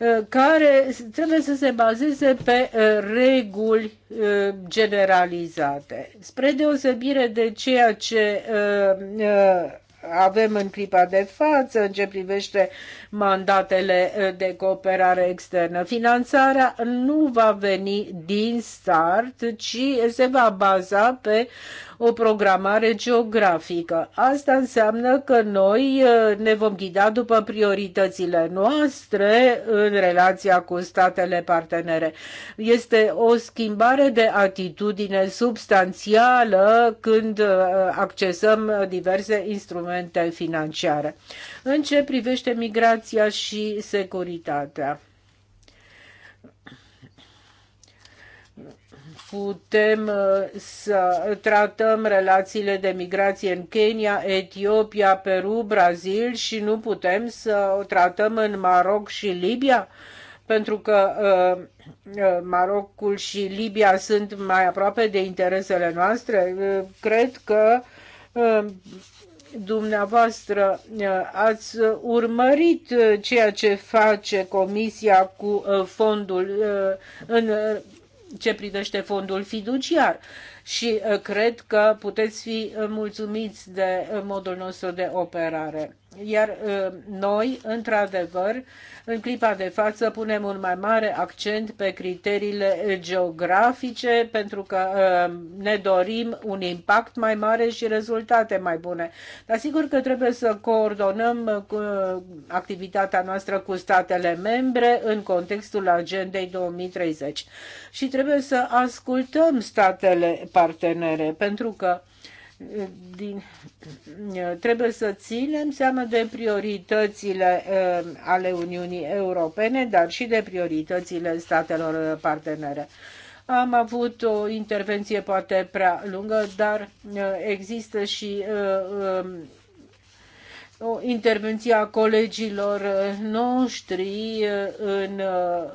Uh, care trebuie să se bazeze pe uh, reguli uh, generalizate. Spre deosebire de ceea ce avem în clipa de față în ce privește mandatele eh, de cooperare externă. Finanțarea nu va veni din start, ci se va baza pe o programare geografică. Asta înseamnă că noi eh, ne vom ghida după prioritățile noastre în relația cu statele partenere. Este o schimbare de atitudine substanțială când eh, accesăm diverse instrumente financiare. În ce privește migrația, educația și securitatea. putem uh, să tratăm relațiile de migrație în Kenya, Etiopia, Peru, Brazil și nu putem să o tratăm în Maroc și Libia, pentru că uh, uh, Marocul și Libia sunt mai aproape de interesele noastre. cred că dumneavoastră uh, ați urmărit uh, ceea ce face Comisia cu uh, fondul în ce privește fondul fiduciar și cred că puteți fi mulțumiți de modul nostru de operare. Iar uh, noi, într-adevăr, în clipa de față punem un mai mare accent pe criteriile geografice pentru că uh, ne dorim un impact mai mare și rezultate mai bune. Dar sigur că trebuie să coordonăm uh, activitatea noastră cu statele membre în contextul agendei 2030 și trebuie să ascultăm statele partenere pentru că din, eh, trebuie să ținem seama de prioritățile eh, ale Uniunii Europene, dar și de prioritățile statelor eh, partenere. Am avut o intervenție poate prea lungă, dar există și o intervenție a colegilor noștri în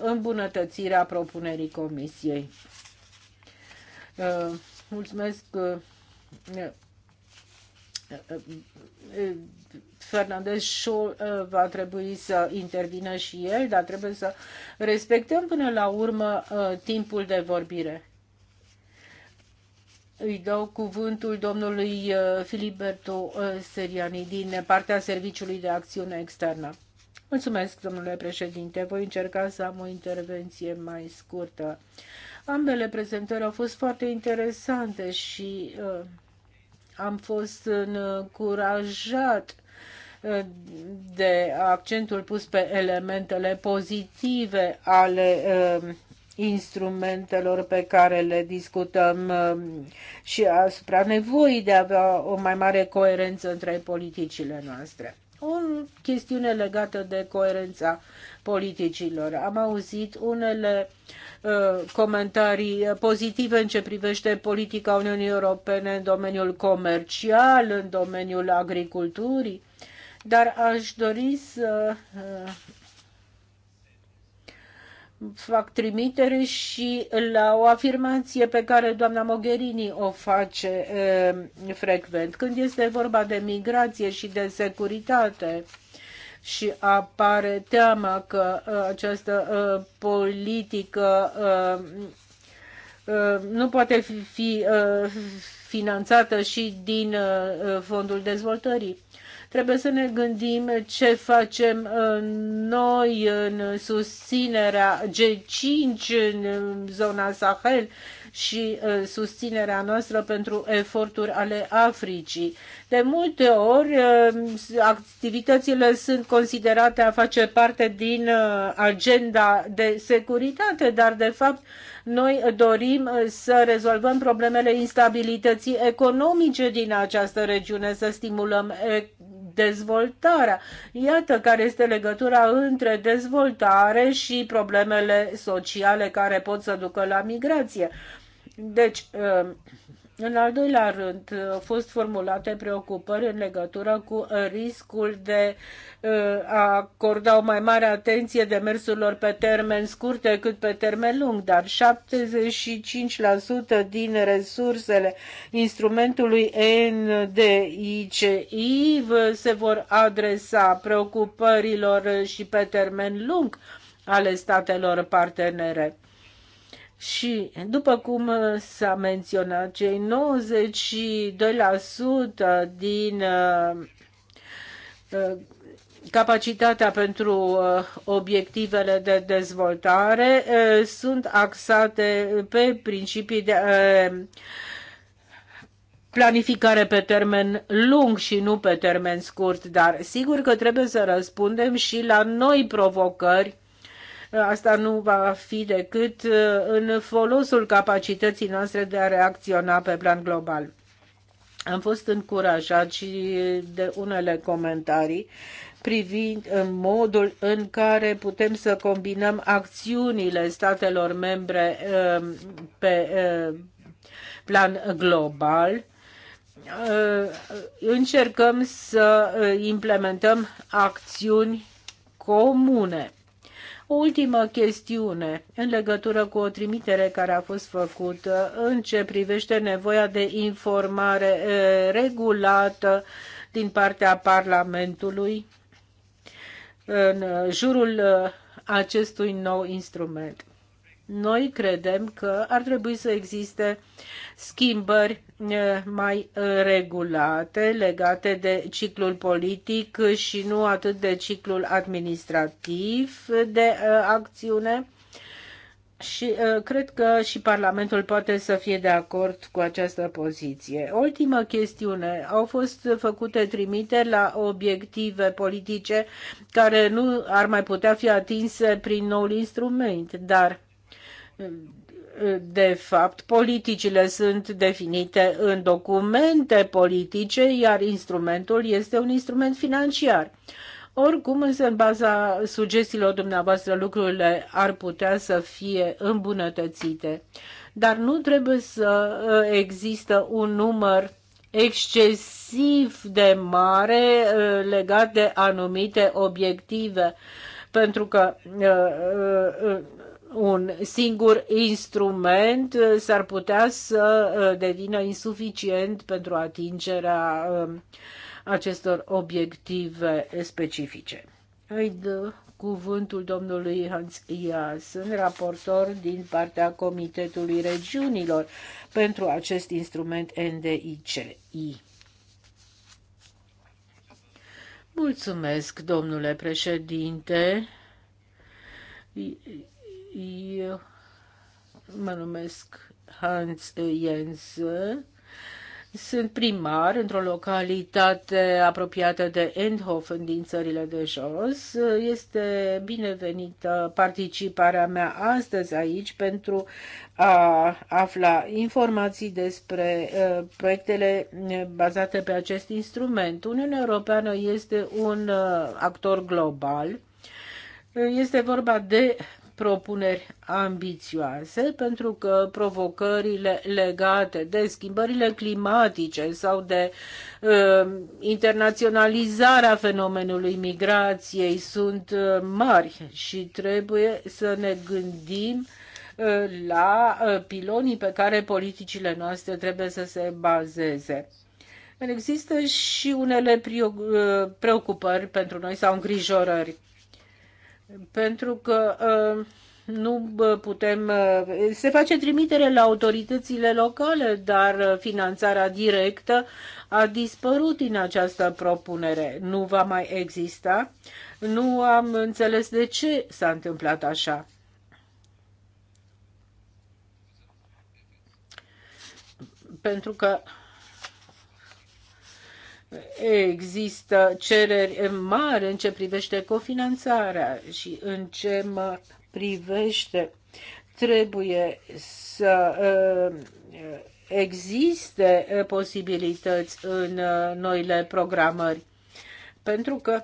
îmbunătățirea propunerii Comisiei. Mulțumesc Fernandez Shaw uh, va trebui să intervină și el, dar trebuie să respectăm până la urmă uh, timpul de vorbire. Îi dau cuvântul domnului uh, Filiberto Seriani din partea Serviciului de Acțiune Externă. Mulțumesc, domnule președinte. Voi încerca să am o intervenție mai scurtă. Ambele prezentări au fost foarte interesante și uh, am fost încurajat uh, de accentul pus pe elementele pozitive ale uh, instrumentelor pe care le discutăm uh, și asupra nevoii de a avea o mai mare coerență între politicile noastre. O chestiune legată de coerența politicilor. Am auzit unele uh, comentarii pozitive în ce privește politica Uniunii Europene în domeniul comercial, în domeniul agriculturii, dar aș dori să uh, fac trimitere și la o afirmație pe care doamna Mogherini o face uh, frecvent. Când este vorba de migrație și de securitate, și apare teama că uh, această uh, politică uh, nu poate fi finanțată și din fondul dezvoltării. Trebuie să ne gândim ce facem noi în susținerea G5 în zona Sahel, și uh, susținerea noastră pentru eforturi ale Africii. De multe ori, uh, activitățile sunt considerate a face parte din uh, agenda de securitate, dar de fapt noi dorim să rezolvăm problemele instabilității economice din această regiune, să stimulăm dezvoltarea. Iată care este legătura între dezvoltare și problemele sociale care pot să ducă la migrație. Deci, um, în al doilea rând, au fost formulate preocupări în legătură cu riscul de uh, a acorda o mai mare atenție demersurilor pe termen scurt decât pe termen lung, dar 75% din resursele instrumentului NDICI se vor adresa preocupărilor și pe termen lung ale statelor partenere. Și, după cum uh, s-a menționat, cei 92% din uh, uh, capacitatea pentru obiectivele de dezvoltare sunt axate pe principii de planificare pe termen lung și nu pe termen scurt, dar sigur că trebuie să răspundem și la noi provocări Asta nu va fi decât uh, în folosul capacității noastre de a reacționa pe plan global. Am fost încurajat și de unele comentarii privind uh, modul în care putem să combinăm acțiunile statelor membre uh, pe plan global. Încercăm să implementăm acțiuni comune ultimă chestiune în legătură cu o trimitere care a fost făcută în ce privește nevoia de informare eh, regulată din partea Parlamentului în jurul eh, acestui nou instrument. Noi credem că ar trebui să existe schimbări Eh, mai eh, regulate, legate de ciclul politic și nu atât de ciclul administrativ de eh, acțiune. Și cred că și Parlamentul poate să fie de acord cu această poziție. Ultima chestiune. Au fost făcute trimite la obiective politice care nu ar mai putea fi atinse prin noul instrument, dar de fapt, politicile sunt definite în documente politice, iar instrumentul este un instrument financiar. Oricum, însă, în baza sugestiilor dumneavoastră, lucrurile ar putea să fie îmbunătățite. Dar nu trebuie să uh, există un număr excesiv de mare uh, legat de anumite obiective, pentru că uh, un singur instrument uh, s-ar putea să uh, devină insuficient pentru atingerea um, acestor obiective specifice. Îi dă cuvântul domnului Hans Ias, raportor din partea Comitetului Regiunilor pentru acest instrument NDICI. Mulțumesc, domnule președinte. Eu mă numesc Hans Jens. Sunt primar într-o localitate apropiată de Endhofen din țările de jos. Este binevenită participarea mea astăzi aici pentru a afla informații despre uh, proiectele uh, bazate pe acest instrument. Uniunea Europeană este un uh, actor global. Este vorba de propuneri ambițioase, pentru că provocările legate de schimbările climatice sau de uh, internaționalizarea fenomenului migrației sunt uh, mari și trebuie să ne gândim uh, la uh, pilonii pe care politicile noastre trebuie să se bazeze. Există și unele uh, preocupări pentru noi sau îngrijorări pentru că uh, nu putem. Uh, se face trimitere la autoritățile locale, dar uh, finanțarea directă a dispărut din această propunere. Nu va mai exista. Nu am înțeles de ce s-a întâmplat așa. Pentru că există cereri mari în ce privește cofinanțarea și în ce mă privește trebuie să uh, existe uh, posibilități în uh, noile programări. Pentru că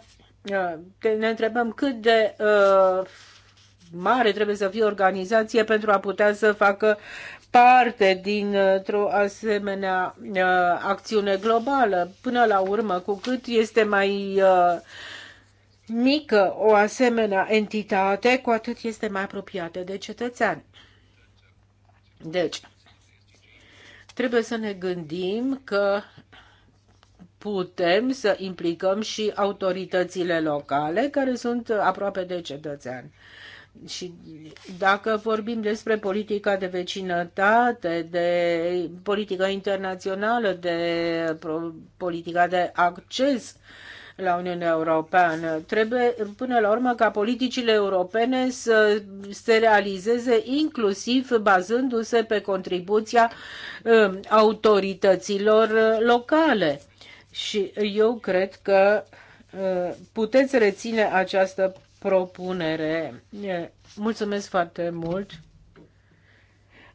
ne întrebăm cât de mare trebuie să fie organizație pentru a putea să facă parte dintr-o asemenea uh, acțiune globală. Până la urmă, cu cât este mai uh, mică o asemenea entitate, cu atât este mai apropiată de cetățean. Deci, trebuie să ne gândim că putem să implicăm și autoritățile locale care sunt aproape de cetățean. Și dacă vorbim despre politica de vecinătate, de politica internațională, de politica de acces la Uniunea Europeană, trebuie până la urmă ca politicile europene să se realizeze inclusiv bazându-se pe contribuția um, autorităților locale. Și eu cred că uh, puteți reține această propunere. Mulțumesc foarte mult!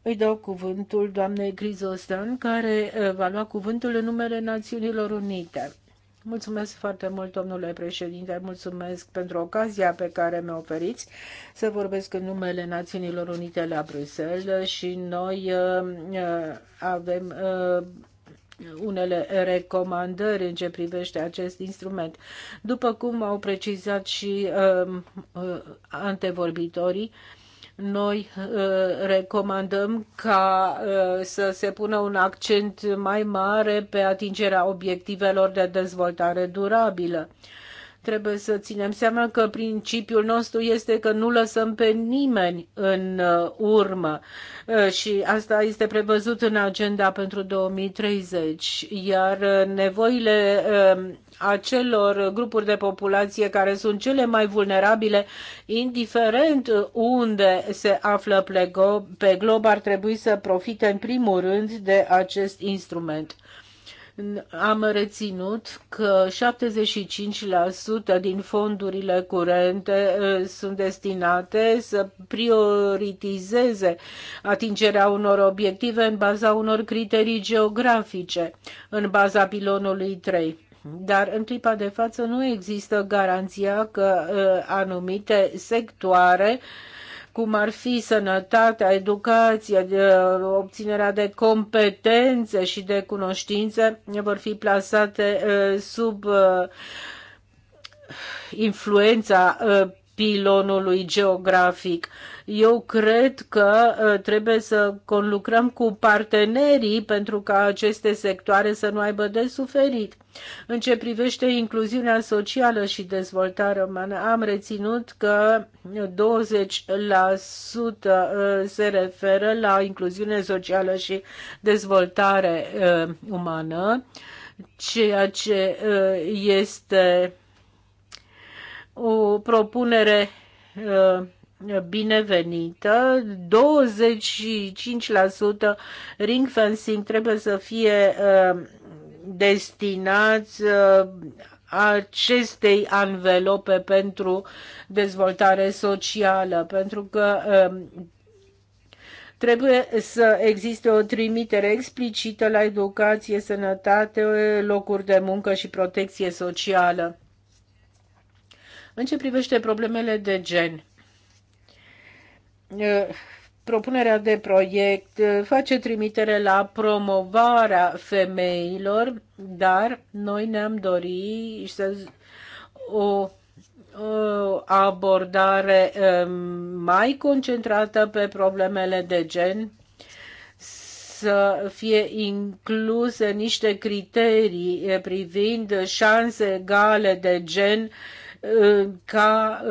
Îi dau cuvântul doamnei Grizostan, care va lua cuvântul în numele Națiunilor Unite. Mulțumesc foarte mult, domnule președinte, mulțumesc pentru ocazia pe care mi-o oferiți să vorbesc în numele Națiunilor Unite la Bruxelles și noi avem unele recomandări în ce privește acest instrument. După cum au precizat și uh, uh, antevorbitorii, noi uh, recomandăm ca uh, să se pună un accent mai mare pe atingerea obiectivelor de dezvoltare durabilă. Uh, Trebuie să ținem seama că principiul nostru este că nu lăsăm pe nimeni în uh, urmă uh, și asta este prevăzut în agenda pentru 2030, iar uh, nevoile acelor grupuri de populație care sunt cele mai vulnerabile, indiferent unde se află pe glob, ar trebui să profite în primul rând de acest instrument am reținut că 75% din fondurile curente uh, sunt destinate să prioritizeze atingerea unor obiective în baza unor criterii geografice, în baza pilonului 3 dar în clipa de față nu există garanția că uh, anumite sectoare uh, cum ar fi sănătatea, educația, obținerea de competențe și de cunoștințe, vor fi plasate uh, sub uh, influența uh, pilonului geografic. Eu cred că uh, trebuie să conlucrăm cu partenerii pentru ca aceste sectoare să nu aibă de suferit. În ce privește incluziunea socială și dezvoltarea umană, am reținut că 20% uh, se referă la incluziune socială și dezvoltare uh, umană, ceea ce este o propunere binevenită. 25% ring fencing trebuie să fie uh, destinați uh, acestei anvelope pentru dezvoltare socială, pentru că uh, trebuie să existe o trimitere explicită la educație, sănătate, locuri de muncă și protecție socială. În ce privește problemele de gen, propunerea de proiect face trimitere la promovarea femeilor, dar noi ne-am dorit să o o abordare mai concentrată pe problemele de gen, să fie incluse niște criterii privind șanse egale de gen ca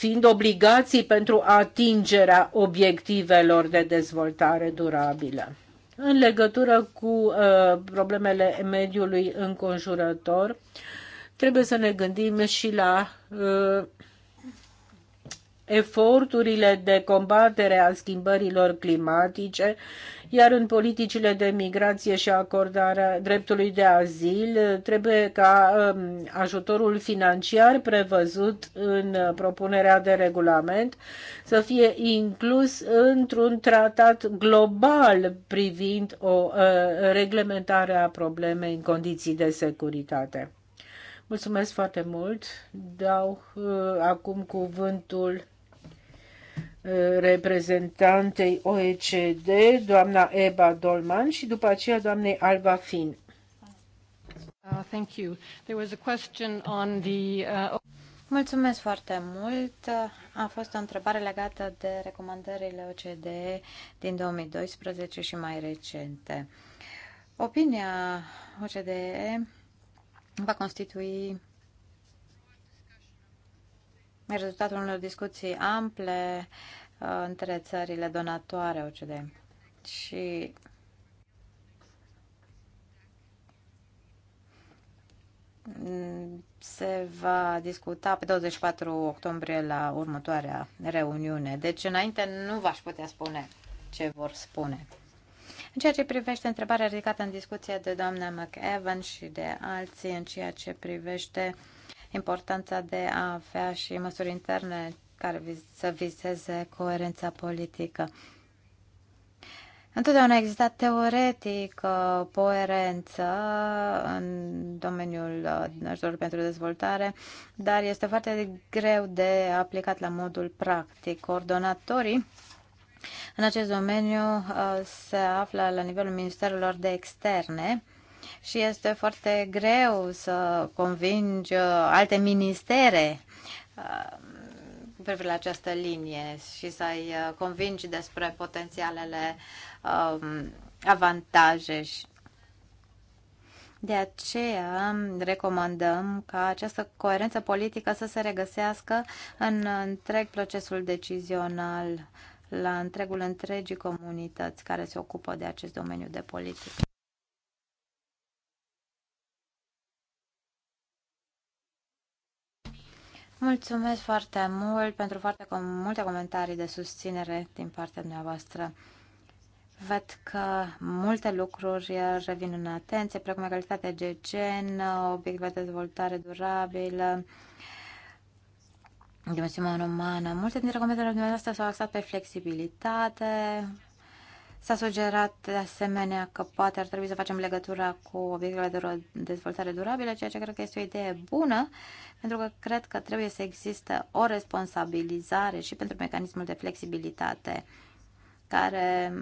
fiind obligații pentru atingerea obiectivelor de dezvoltare durabilă. În legătură cu uh, problemele mediului înconjurător, trebuie să ne gândim și la uh, eforturile de combatere a schimbărilor climatice iar în politicile de migrație și acordarea dreptului de azil, trebuie ca um, ajutorul financiar prevăzut în propunerea de regulament să fie inclus într-un tratat global privind o uh, reglementare a problemei în condiții de securitate. Mulțumesc foarte mult. Dau uh, acum cuvântul reprezentantei OECD, doamna Eba Dolman și după aceea doamnei Alba Fin. Uh, thank you. There was a question on the, uh, Mulțumesc foarte mult. A fost o întrebare legată de recomandările OCD din 2012 și mai recente. Opinia OCDE va constitui rezultatul unor discuții ample uh, între țările donatoare OCDE. Și mm, se va discuta pe 24 octombrie la următoarea reuniune. Deci înainte nu v-aș putea spune ce vor spune. În ceea ce privește întrebarea ridicată în discuție de doamna McEvan și de alții, în ceea ce privește uh, importanța de a avea și măsuri interne care să vizeze coerența politică. Întotdeauna a existat teoretic uh, coerență în domeniul uh, ajutorului pentru dezvoltare, dar este foarte greu de aplicat la modul practic. Coordonatorii în acest domeniu uh, se află la nivelul Ministerelor de Externe și este foarte greu să convingi uh, alte ministere uh, cu privire la această linie și să-i uh, convingi despre potențialele um, avantaje. De aceea recomandăm ca această coerență politică să se regăsească în întreg procesul decizional la întregul întregii comunități care se ocupă de acest domeniu de politică. Mulțumesc foarte mult pentru foarte com- multe comentarii de susținere din partea dumneavoastră. Văd că multe lucruri revin în atenție, precum egalitatea de gen, obiective de dezvoltare durabilă, dimensiunea umană. Multe dintre comentariile dumneavoastră s-au axat pe flexibilitate, S-a sugerat de asemenea că poate ar trebui să facem legătura cu obiectele de dezvoltare durabilă, ceea ce cred că este o idee bună, pentru că cred că trebuie să existe o responsabilizare și pentru mecanismul de flexibilitate care mm,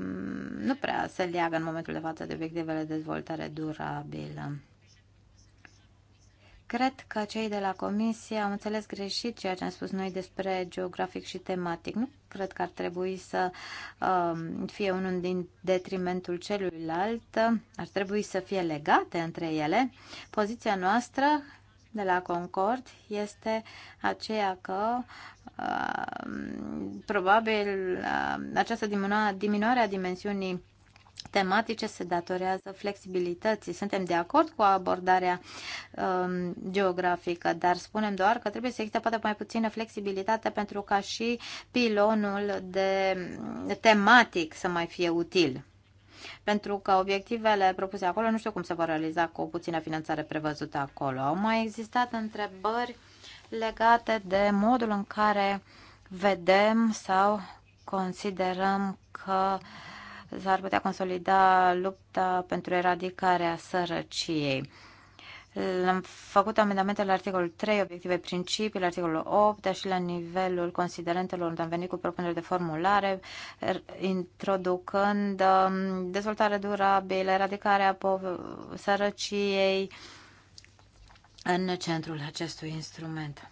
nu prea se leagă în momentul de față de obiectivele de dezvoltare durabilă. Cred că cei de la comisie au înțeles greșit ceea ce am spus noi despre geografic și tematic. Nu cred că ar trebui să uh, fie unul din detrimentul celuilalt. Ar trebui să fie legate între ele. Poziția noastră de la Concord este aceea că uh, probabil uh, această diminuare a dimensiunii tematice se datorează flexibilității. Suntem de acord cu abordarea um, geografică, dar spunem doar că trebuie să existe poate mai puțină flexibilitate pentru ca și pilonul de tematic să mai fie util. Pentru că obiectivele propuse acolo nu știu cum se vor realiza cu puțină finanțare prevăzută acolo. Au mai existat întrebări legate de modul în care vedem sau considerăm că uh, s-ar putea consolida lupta pentru eradicarea sărăciei. Am făcut amendamente la articolul 3, obiective principii, la articolul 8, dar și la nivelul considerentelor unde am venit cu propuneri de formulare, er, introducând um, dezvoltare durabilă, eradicarea sărăciei în centrul acestui instrument.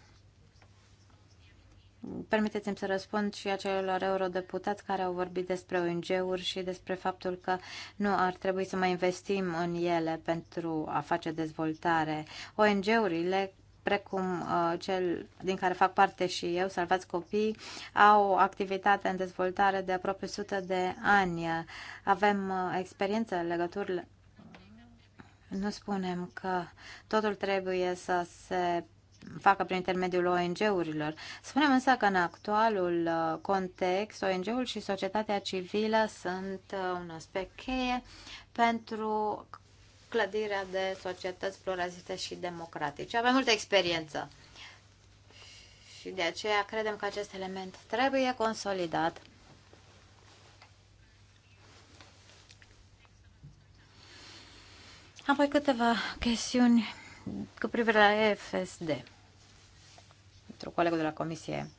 Permiteți-mi să răspund și acelor eurodeputați care au vorbit despre ONG-uri și despre faptul că nu ar trebui să mai investim în ele pentru a face dezvoltare. ONG-urile precum uh, cel din care fac parte și eu, Salvați Copii, au o activitate în dezvoltare de aproape 100 de ani. Avem uh, experiență în legăturile nu spunem că totul trebuie să se facă prin intermediul ONG-urilor. Spunem însă că în actualul uh, context, ONG-ul și societatea civilă sunt uh, un aspect cheie pentru clădirea de societăți pluraliste și democratice. Avem multă experiență și de aceea credem că acest element trebuie consolidat. Apoi câteva chestiuni cu privire la FSD. pentru colegul de la Comisie,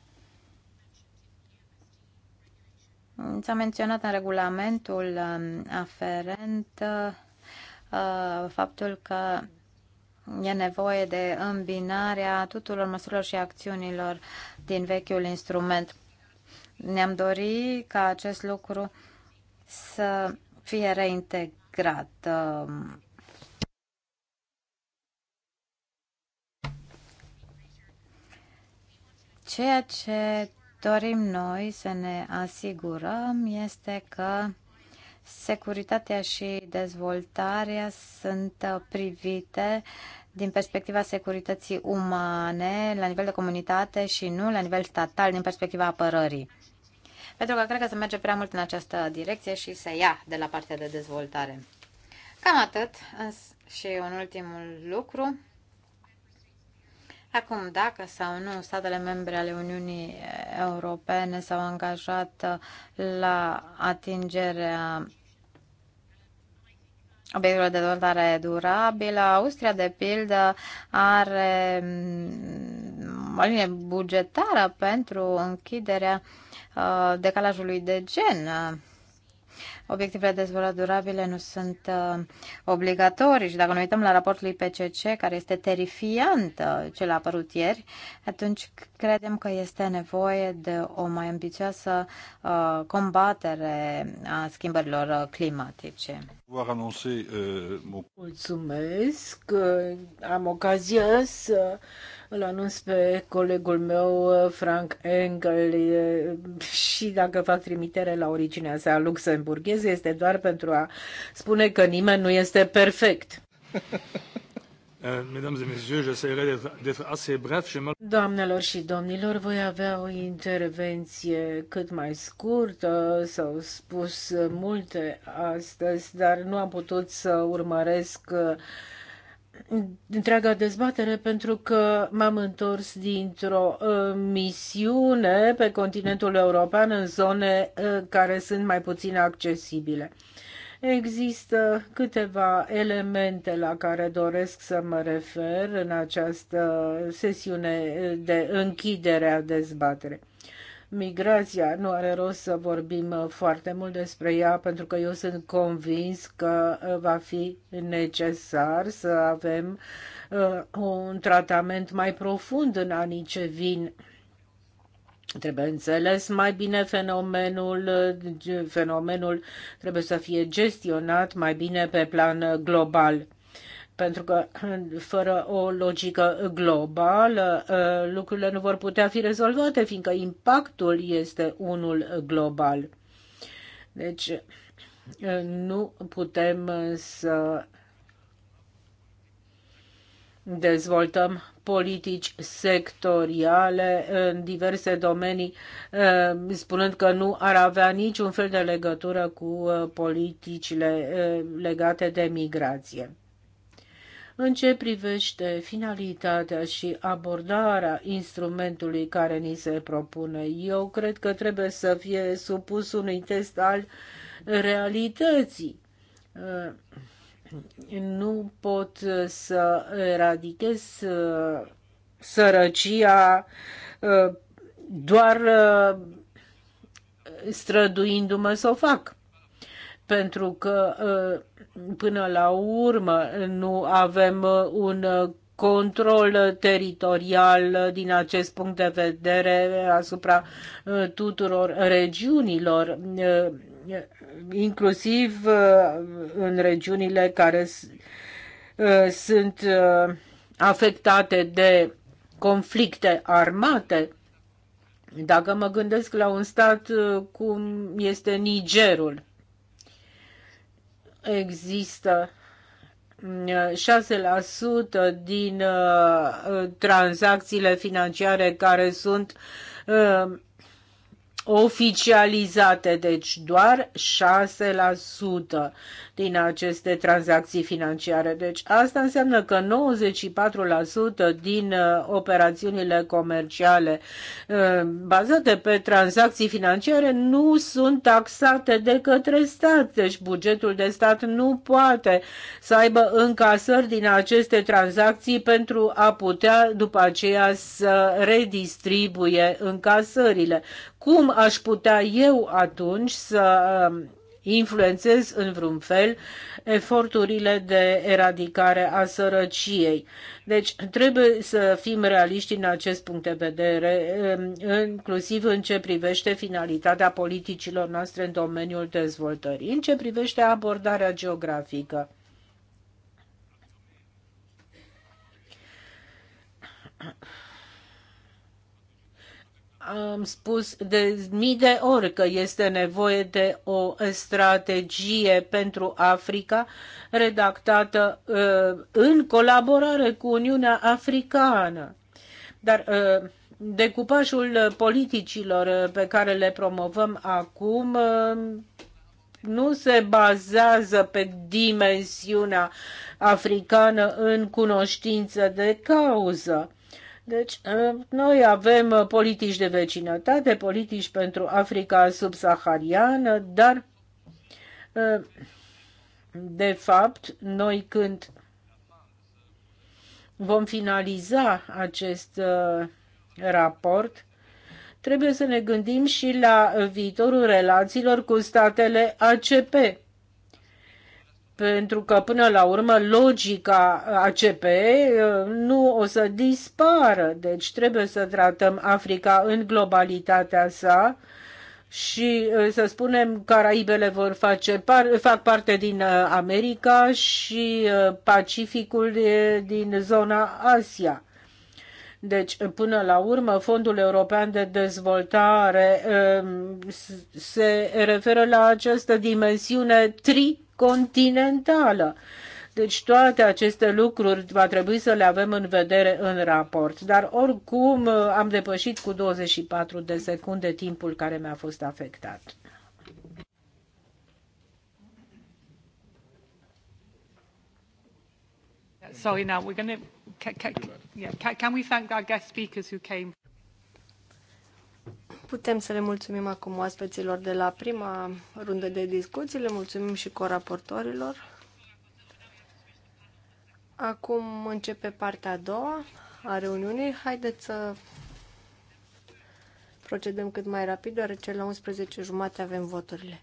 s-a menționat în regulamentul um, aferent uh, faptul că e nevoie de îmbinarea tuturor măsurilor și acțiunilor din vechiul instrument. Ne-am dorit ca acest lucru să fie reintegrat um, Ceea ce dorim noi să ne asigurăm este că securitatea și dezvoltarea sunt privite din perspectiva securității umane la nivel de comunitate și nu la nivel statal din perspectiva apărării. Pentru că cred că se merge prea mult în această direcție și se ia de la partea de dezvoltare. Cam atât. Și un ultimul lucru. Acum, dacă sau nu statele membre ale Uniunii Europene s-au angajat uh, la atingerea obiectivelor de dezvoltare durabilă, Austria, de pildă, are mm, o linie bugetară pentru închiderea uh, decalajului de gen uh, obiectivele de dezvoltare durabile nu sunt uh, obligatorii și dacă ne uităm la raportul IPCC, care este terifiant, uh, cel apărut ieri, atunci Credem că este nevoie de o mai ambițioasă uh, combatere a schimbărilor climatice. Uh, Mulțumesc! Uh, am ocazia să îl anunț pe colegul meu, uh, Frank Engel, și dacă fac trimitere la originea sa luxemburgheză, este doar pentru a spune că nimeni nu este perfect. *laughs* Euh, Doamnelor și domnilor, voi avea o intervenție cât mai scurtă. S-au spus multe astăzi, dar nu am putut să urmăresc uh, întreaga dezbatere pentru că m-am întors dintr-o uh, misiune pe continentul european în zone uh, care sunt mai puțin accesibile. Există câteva elemente la care doresc să mă refer în această sesiune de închidere a dezbatere. Migrația, nu are rost să vorbim foarte mult despre ea, pentru că eu sunt convins că va fi necesar să avem uh, un tratament mai profund în anii ce vin Trebuie înțeles mai bine fenomenul, fenomenul trebuie să fie gestionat mai bine pe plan global. Pentru că fără o logică globală lucrurile nu vor putea fi rezolvate, fiindcă impactul este unul global. Deci nu putem să dezvoltăm politici sectoriale în diverse domenii, eh, spunând că nu ar avea niciun fel de legătură cu eh, politicile eh, legate de migrație. În ce privește finalitatea și abordarea instrumentului care ni se propune, eu cred că trebuie să fie supus unui test al realității nu pot să eradichez uh, sărăcia uh, doar uh, străduindu-mă să o fac. Pentru că până la urmă nu avem un control teritorial din acest punct de vedere asupra tuturor regiunilor inclusiv uh, în regiunile care uh, sunt uh, afectate de conflicte armate. Dacă mă gândesc la un stat cum este Nigerul, există 6% din tranzacțiile financiare care sunt oficializate, deci doar din aceste tranzacții financiare. Deci asta înseamnă că 94% din uh, operațiunile comerciale uh, bazate pe tranzacții financiare nu sunt taxate de către stat. Deci bugetul de stat nu poate să aibă încasări din aceste tranzacții pentru a putea după aceea să redistribuie încasările. Cum aș putea eu atunci să uh, influențez în vreun fel eforturile de eradicare a sărăciei. Deci trebuie să fim realiști în acest punct de vedere, um, inclusiv în ce privește finalitatea politicilor noastre în domeniul dezvoltării, în ce privește abordarea geografică am spus de mii de ori că este nevoie de o strategie pentru Africa redactată uh, în colaborare cu Uniunea Africană. Dar uh, decupajul politicilor uh, pe care le promovăm acum nu se bazează pe dimensiunea africană în cunoștință de cauză deci, uh, noi avem uh, politici de vecinătate, politici pentru Africa subsahariană, dar, uh, de fapt, noi când vom finaliza acest raport, trebuie să ne gândim și la viitorul relațiilor cu statele ACP pentru că până la urmă logica ACP uh, nu o să dispară, deci trebuie să tratăm Africa în globalitatea sa și uh, să spunem Caraibele vor face par, fac parte din uh, America și Pacificul din zona Asia. Deci, până la urmă, Fondul European de Dezvoltare um, se referă la această dimensiune tri continentală. Deci toate aceste lucruri va trebui să le avem în vedere în raport. Dar oricum uh, am depășit cu 24 de secunde timpul care mi-a fost afectat. Sorry now, we're going to... Can, can, yeah, can we thank our guest speakers who came? Putem să le mulțumim acum oaspeților de la prima rundă de discuții, le mulțumim și coraportorilor. Acum începe partea a doua a reuniunii. Haideți să procedăm cât mai rapid, deoarece la 11.30 avem voturile.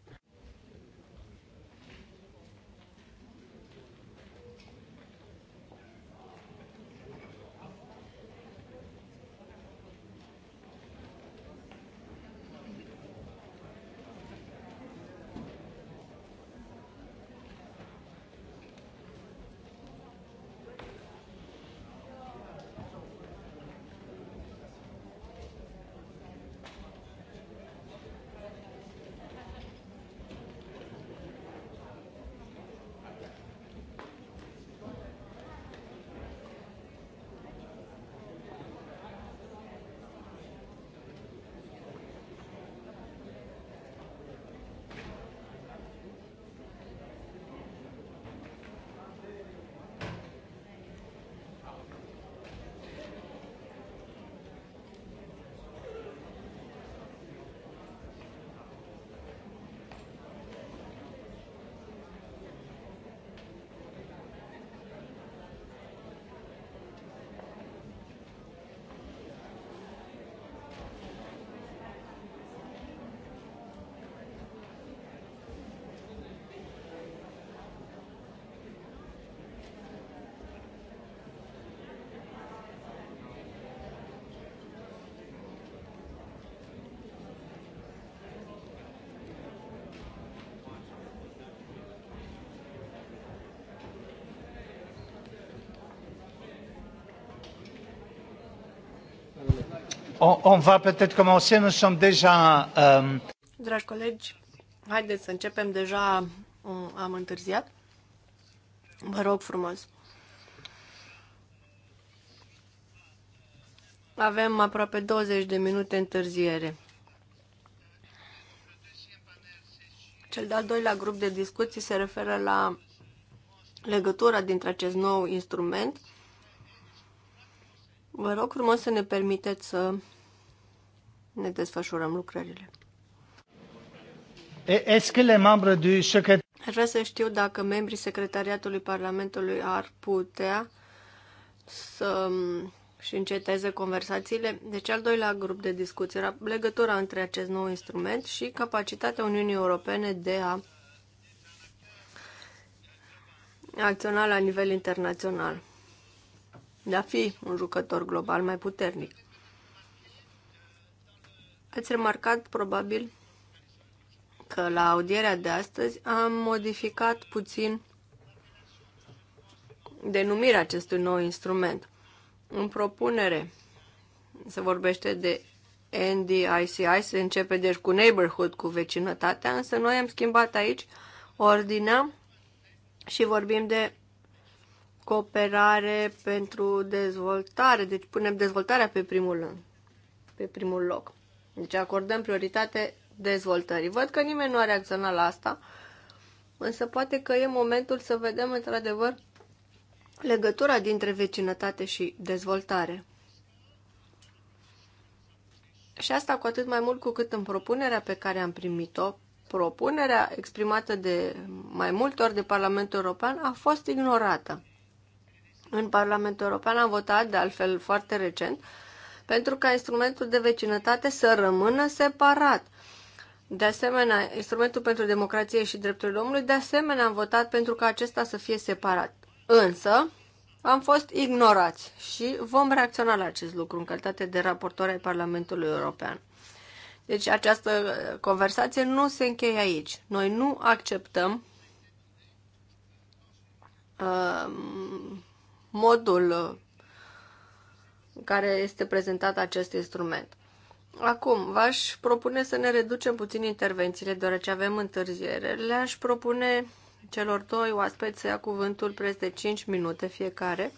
on, va peut-être commencer, nous sommes déjà... Euh, Dragi colegi, haideți să începem, deja am întârziat. Vă rog frumos. Avem aproape 20 de minute întârziere. Cel de-al doilea grup de discuții se referă la legătura dintre acest nou instrument. Vă rog frumos să ne permiteți să ne desfășurăm lucrările. Aș vrea să știu dacă membrii Secretariatului Parlamentului ar putea să um, și înceteze conversațiile. Deci al doilea grup de discuții era legătura între acest nou instrument și capacitatea Uniunii Europene de a acționa la nivel internațional, de a fi un jucător global mai puternic. Ați remarcat probabil că la audierea de astăzi am modificat puțin denumirea acestui nou instrument. În propunere se vorbește de NDICI, se începe deci cu neighborhood, cu vecinătatea, însă noi am schimbat aici ordinea și vorbim de cooperare pentru dezvoltare, deci punem dezvoltarea pe primul, pe primul loc. Deci acordăm prioritate dezvoltării. Văd că nimeni nu a reacționat la asta, însă poate că e momentul să vedem într-adevăr legătura dintre vecinătate și dezvoltare. Și asta cu atât mai mult cu cât în propunerea pe care am primit-o, propunerea exprimată de mai multe ori de Parlamentul European a fost ignorată. În Parlamentul European am votat, de altfel foarte recent, pentru ca instrumentul de vecinătate să rămână separat. De asemenea, instrumentul pentru democrație și drepturile omului, de asemenea am votat pentru ca acesta să fie separat. Însă, am fost ignorați și vom reacționa la acest lucru în calitate de raportor ai Parlamentului European. Deci această conversație nu se încheie aici. Noi nu acceptăm uh, modul în care este prezentat acest instrument. Acum, v-aș propune să ne reducem puțin intervențiile, deoarece avem întârziere. Le-aș propune celor doi oaspeți să ia cuvântul preț de 5 minute fiecare.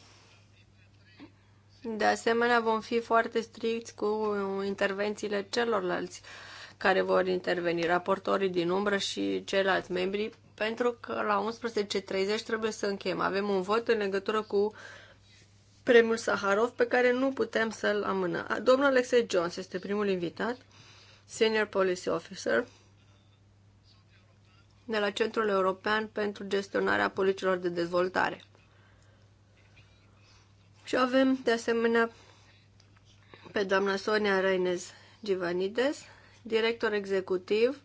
De asemenea, vom fi foarte stricți cu intervențiile celorlalți care vor interveni, raportorii din umbră și ceilalți membri, pentru că la 11.30 trebuie să încheiem. Avem un vot în legătură cu uh, premiul Saharov pe care nu putem să-l amână. Domnul Alexei Jones este primul invitat, Senior Policy Officer de la Centrul European pentru gestionarea politicilor de dezvoltare. Și avem de asemenea pe doamna Sonia Reines Givanides, director executiv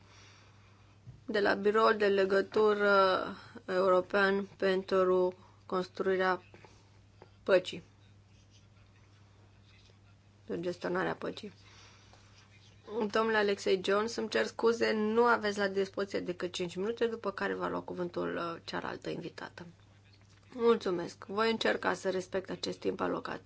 de la Biroul de Legătură European pentru Construirea Păcii în gestionarea păcii. Domnule Alexei Jones, îmi cer scuze, nu aveți la dispoziție decât 5 minute, după care va lua cuvântul uh, cealaltă invitată. Mulțumesc, voi încerca să respect acest timp alocat.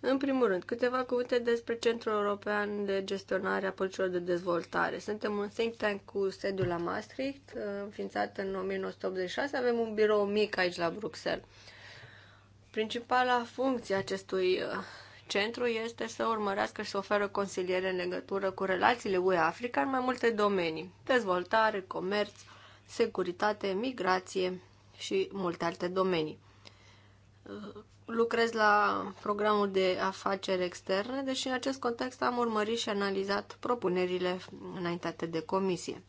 În primul rând, câteva cuvinte despre Centrul European de Gestionare a Politicilor de Dezvoltare. Suntem un think tank cu sediul la Maastricht, uh, înființat în 1986. Avem un birou mic aici la Bruxelles. Principala funcție acestui uh, centru este să urmărească și să oferă consiliere în legătură cu relațiile UE-Africa în mai multe domenii, dezvoltare, comerț, securitate, migrație și multe alte domenii. Lucrez la programul de afaceri externe, deși în acest context am urmărit și analizat propunerile înaintate de comisie.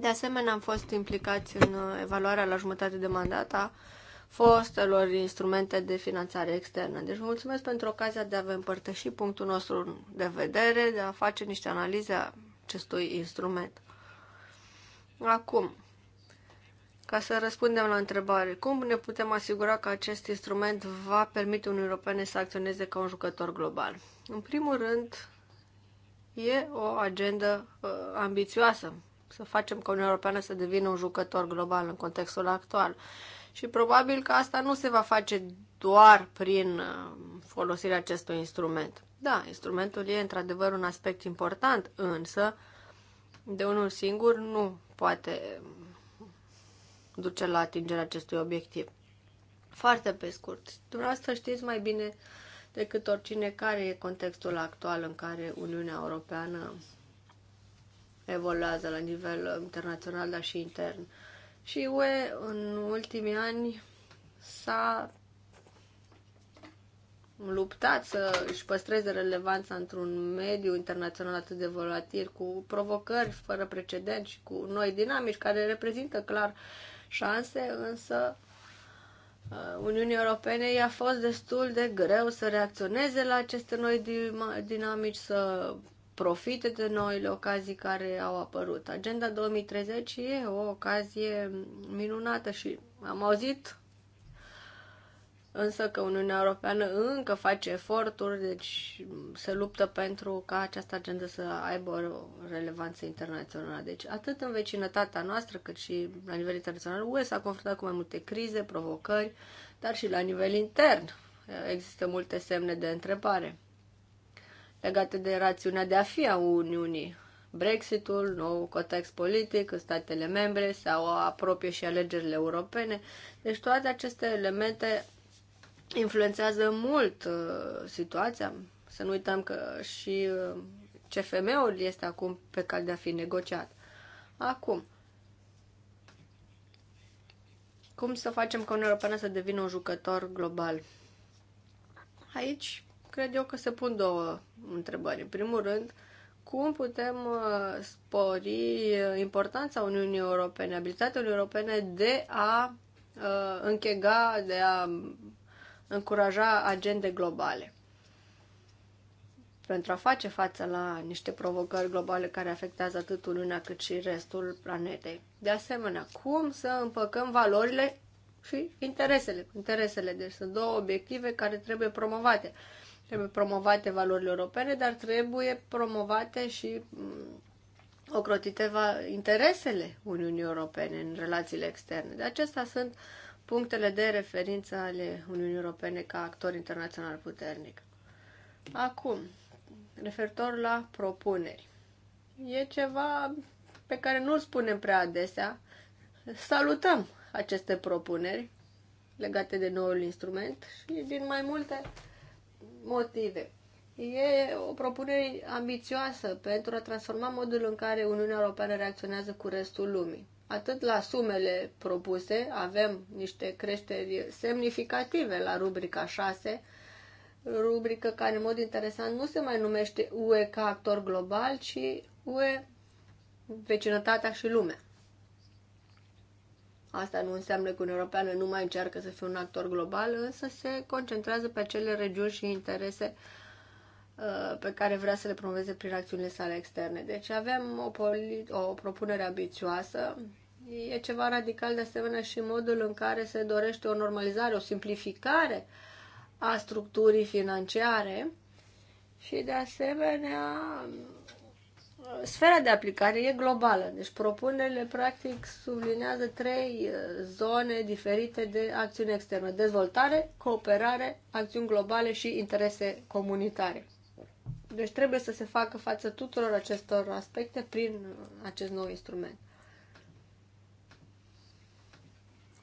De asemenea, am fost implicați în evaluarea la jumătate de mandat a fostelor instrumente de finanțare externă. Deci vă mulțumesc pentru ocazia de a vă împărtăși punctul nostru de vedere, de a face niște analize acestui instrument. Acum, ca să răspundem la întrebare, cum ne putem asigura că acest instrument va permite unui Europene să acționeze ca un jucător global? În primul rând, e o agendă uh, ambițioasă, să facem ca Uniunea Europeană să devină un jucător global în contextul actual. Uh, și probabil că asta nu se va face doar prin uh, folosirea acestui instrument. Da, instrumentul e într-adevăr un aspect important, însă de unul singur nu poate uh, duce la atingerea acestui obiectiv. Foarte pe scurt, dumneavoastră știți mai bine decât oricine care e contextul actual în care Uniunea Europeană evoluează la nivel internațional, dar și intern. Uh, și UE în ultimii ani s-a luptat să își păstreze relevanța într-un mediu internațional atât de volatil, cu provocări fără precedent și cu noi dinamici care reprezintă clar șanse, însă uh, Uniunii Europene i-a fost destul de greu să reacționeze la aceste noi dinamici, să profite de noile ocazii care au apărut. Agenda 2030 e o ocazie minunată și am auzit însă că Uniunea Europeană încă face eforturi, deci se luptă pentru ca această agendă să aibă o relevanță internațională. Deci atât în vecinătatea noastră cât și la nivel internațional, UE s-a confruntat cu mai multe crize, provocări, dar și la nivel intern există multe semne de întrebare legate de rațiunea de a fi a Uniunii. Brexitul, nou context politic în statele membre sau apropie și alegerile europene. Deci toate aceste elemente influențează mult uh, situația. Să nu uităm că și uh, CFM-ul este acum pe cal de a fi negociat. Acum, cum să facem ca Uniunea Europeană să devină un jucător global? Aici cred eu că se pun două întrebări. În primul rând, cum putem uh, spori uh, importanța Uniunii Europene, abilitatea Uniunii Europene de a uh, închega, de a încuraja agende globale pentru a face față la niște provocări globale care afectează atât Uniunea cât și restul planetei. De asemenea, cum să împăcăm valorile și interesele. Interesele, deci sunt două obiective care trebuie promovate. Trebuie promovate valorile europene, dar trebuie promovate și mm, ocrotite interesele Uniunii Europene în relațiile externe. De acestea sunt punctele de referință ale Uniunii Europene ca actor internațional puternic. Acum, referitor la propuneri. E ceva pe care nu-l spunem prea adesea. Salutăm aceste propuneri legate de noul instrument și din mai multe motive. E o propunere ambițioasă pentru a transforma modul în care Uniunea Europeană reacționează cu restul lumii. Atât la sumele propuse, avem niște creșteri semnificative la rubrica 6, rubrică care în mod interesant nu se mai numește UE ca actor global, ci UE vecinătatea și lumea. Asta nu înseamnă că Uniunea Europeană nu mai încearcă să fie un actor global, însă se concentrează pe acele regiuni și interese uh, pe care vrea să le promoveze prin acțiunile sale externe. Deci avem o, poli- o propunere ambițioasă, e ceva radical de asemenea și modul în care se dorește o normalizare, o simplificare a structurii financiare și de asemenea sfera de aplicare e globală, deci propunerile practic sublinează trei uh, zone diferite de acțiune externă. Dezvoltare, cooperare, acțiuni globale și interese comunitare. Deci trebuie să se facă față tuturor acestor aspecte prin uh, acest nou instrument.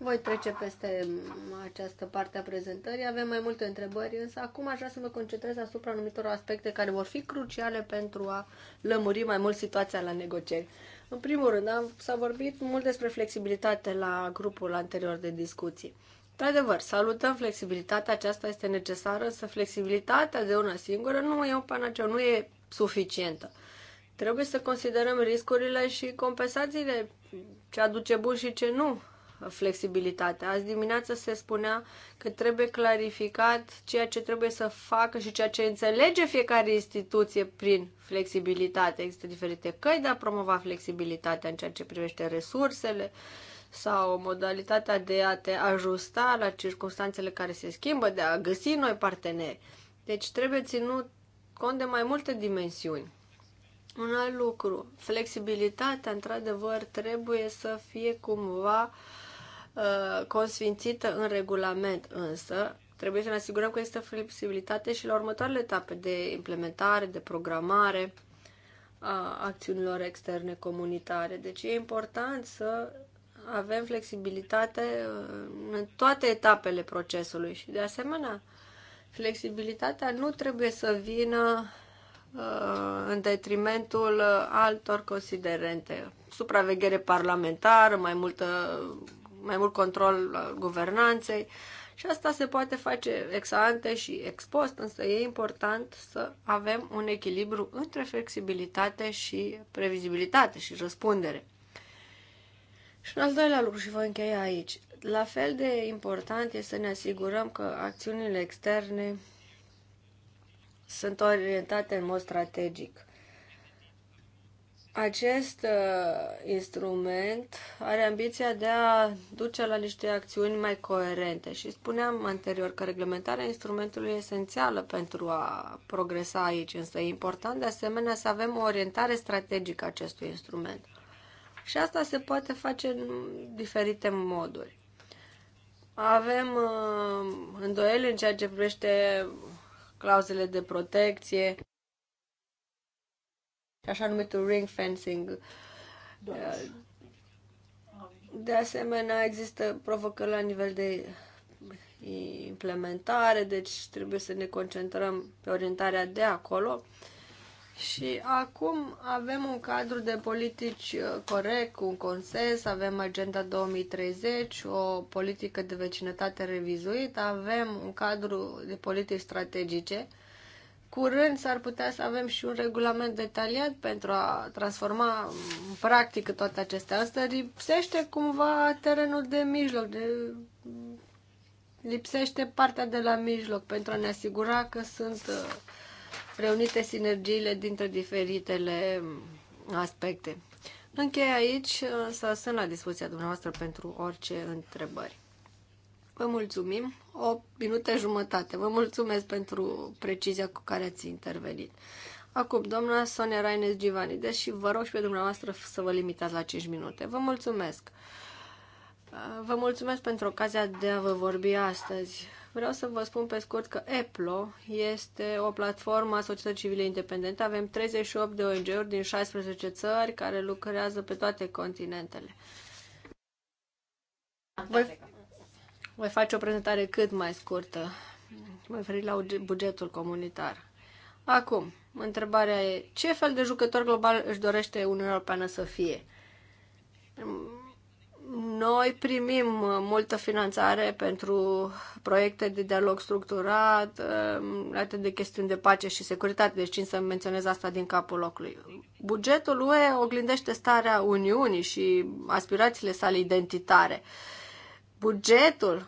Voi trece peste mm, această parte a prezentării. Avem mai multe întrebări, însă acum aș vrea să mă concentrez asupra anumitor aspecte care vor fi cruciale pentru a lămuri mai mult situația la negocieri. În primul rând, s-a vorbit mult despre flexibilitate la grupul anterior de discuții. Într-adevăr, salutăm flexibilitatea, aceasta este necesară, însă flexibilitatea de una singură nu e o panaceu, nu e suficientă. Trebuie să considerăm riscurile și compensațiile, ce aduce bun și ce nu, flexibilitatea. Azi dimineață se spunea că trebuie clarificat ceea ce trebuie să facă și ceea ce înțelege fiecare instituție prin flexibilitate. Există diferite căi de a promova flexibilitatea în ceea ce privește resursele sau modalitatea de a te ajusta la circunstanțele care se schimbă, de a găsi noi parteneri. Deci trebuie ținut cont de mai multe dimensiuni. Un alt lucru, flexibilitatea, într-adevăr, trebuie să fie cumva Uh, consfințită în regulament, însă trebuie să ne asigurăm că există flexibilitate și la următoarele etape de implementare, de programare a acțiunilor externe comunitare. Deci e important să avem flexibilitate uh, în toate etapele procesului și de asemenea flexibilitatea nu trebuie să vină uh, în detrimentul altor considerente. Supraveghere parlamentară, mai multă mai mult control al guvernanței și asta se poate face ex ante și ex post, însă e important să avem un echilibru între flexibilitate și previzibilitate și răspundere. Și un al doilea lucru și voi încheia aici. La fel de important este să ne asigurăm că acțiunile externe sunt orientate în mod strategic. Acest uh, instrument are ambiția de a duce la niște acțiuni mai coerente și spuneam anterior că reglementarea instrumentului e esențială pentru a progresa aici, însă e important de asemenea să avem o orientare strategică acestui instrument. Și asta se poate face în diferite moduri. Avem uh, îndoieli în ceea ce privește clauzele de protecție, și așa numitul ring fencing. De asemenea, există provocări la nivel de implementare, deci trebuie să ne concentrăm pe orientarea de acolo. Și acum avem un cadru de politici uh, corect, un consens, avem Agenda 2030, o politică de vecinătate revizuită, avem un cadru de politici strategice Curând s-ar putea să avem și un regulament detaliat pentru a transforma în practică toate acestea. Asta lipsește cumva terenul de mijloc, de... lipsește partea de la mijloc pentru a ne asigura că sunt uh, reunite sinergiile dintre diferitele mm, aspecte. Închei aici, însă sunt la dispoziția dumneavoastră pentru orice întrebări. Vă mulțumim! 8 minute jumătate. Vă mulțumesc pentru precizia cu care ați intervenit. Acum, doamna Sonia Raines Givani, deși vă rog și pe dumneavoastră să vă limitați la 5 minute. Vă mulțumesc! Vă mulțumesc pentru ocazia de a vă vorbi astăzi. Vreau să vă spun pe scurt că EPLO este o platformă a societății civile independente. Avem 38 de ONG-uri din 16 țări care lucrează pe toate continentele. Voi, voi face o prezentare cât mai scurtă. Mă referi la bugetul comunitar. Acum, întrebarea e ce fel de jucător global își dorește Uniunea Europeană să fie? Noi primim uh, multă finanțare pentru proiecte de dialog structurat, uh, legate de chestiuni de pace și securitate, deci țin să menționez asta din capul locului. Bugetul UE oglindește starea Uniunii și aspirațiile sale identitare. Uh, Bugetul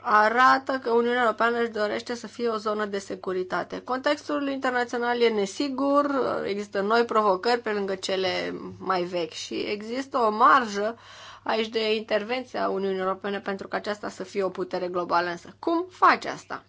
arată că Uniunea Europeană își dorește să fie o zonă de securitate. Contextul internațional e nesigur, există noi provocări pe lângă cele mai vechi și există o marjă aici de intervenție a Uniunii Europene pentru ca aceasta să fie o putere globală. Însă, cum face asta?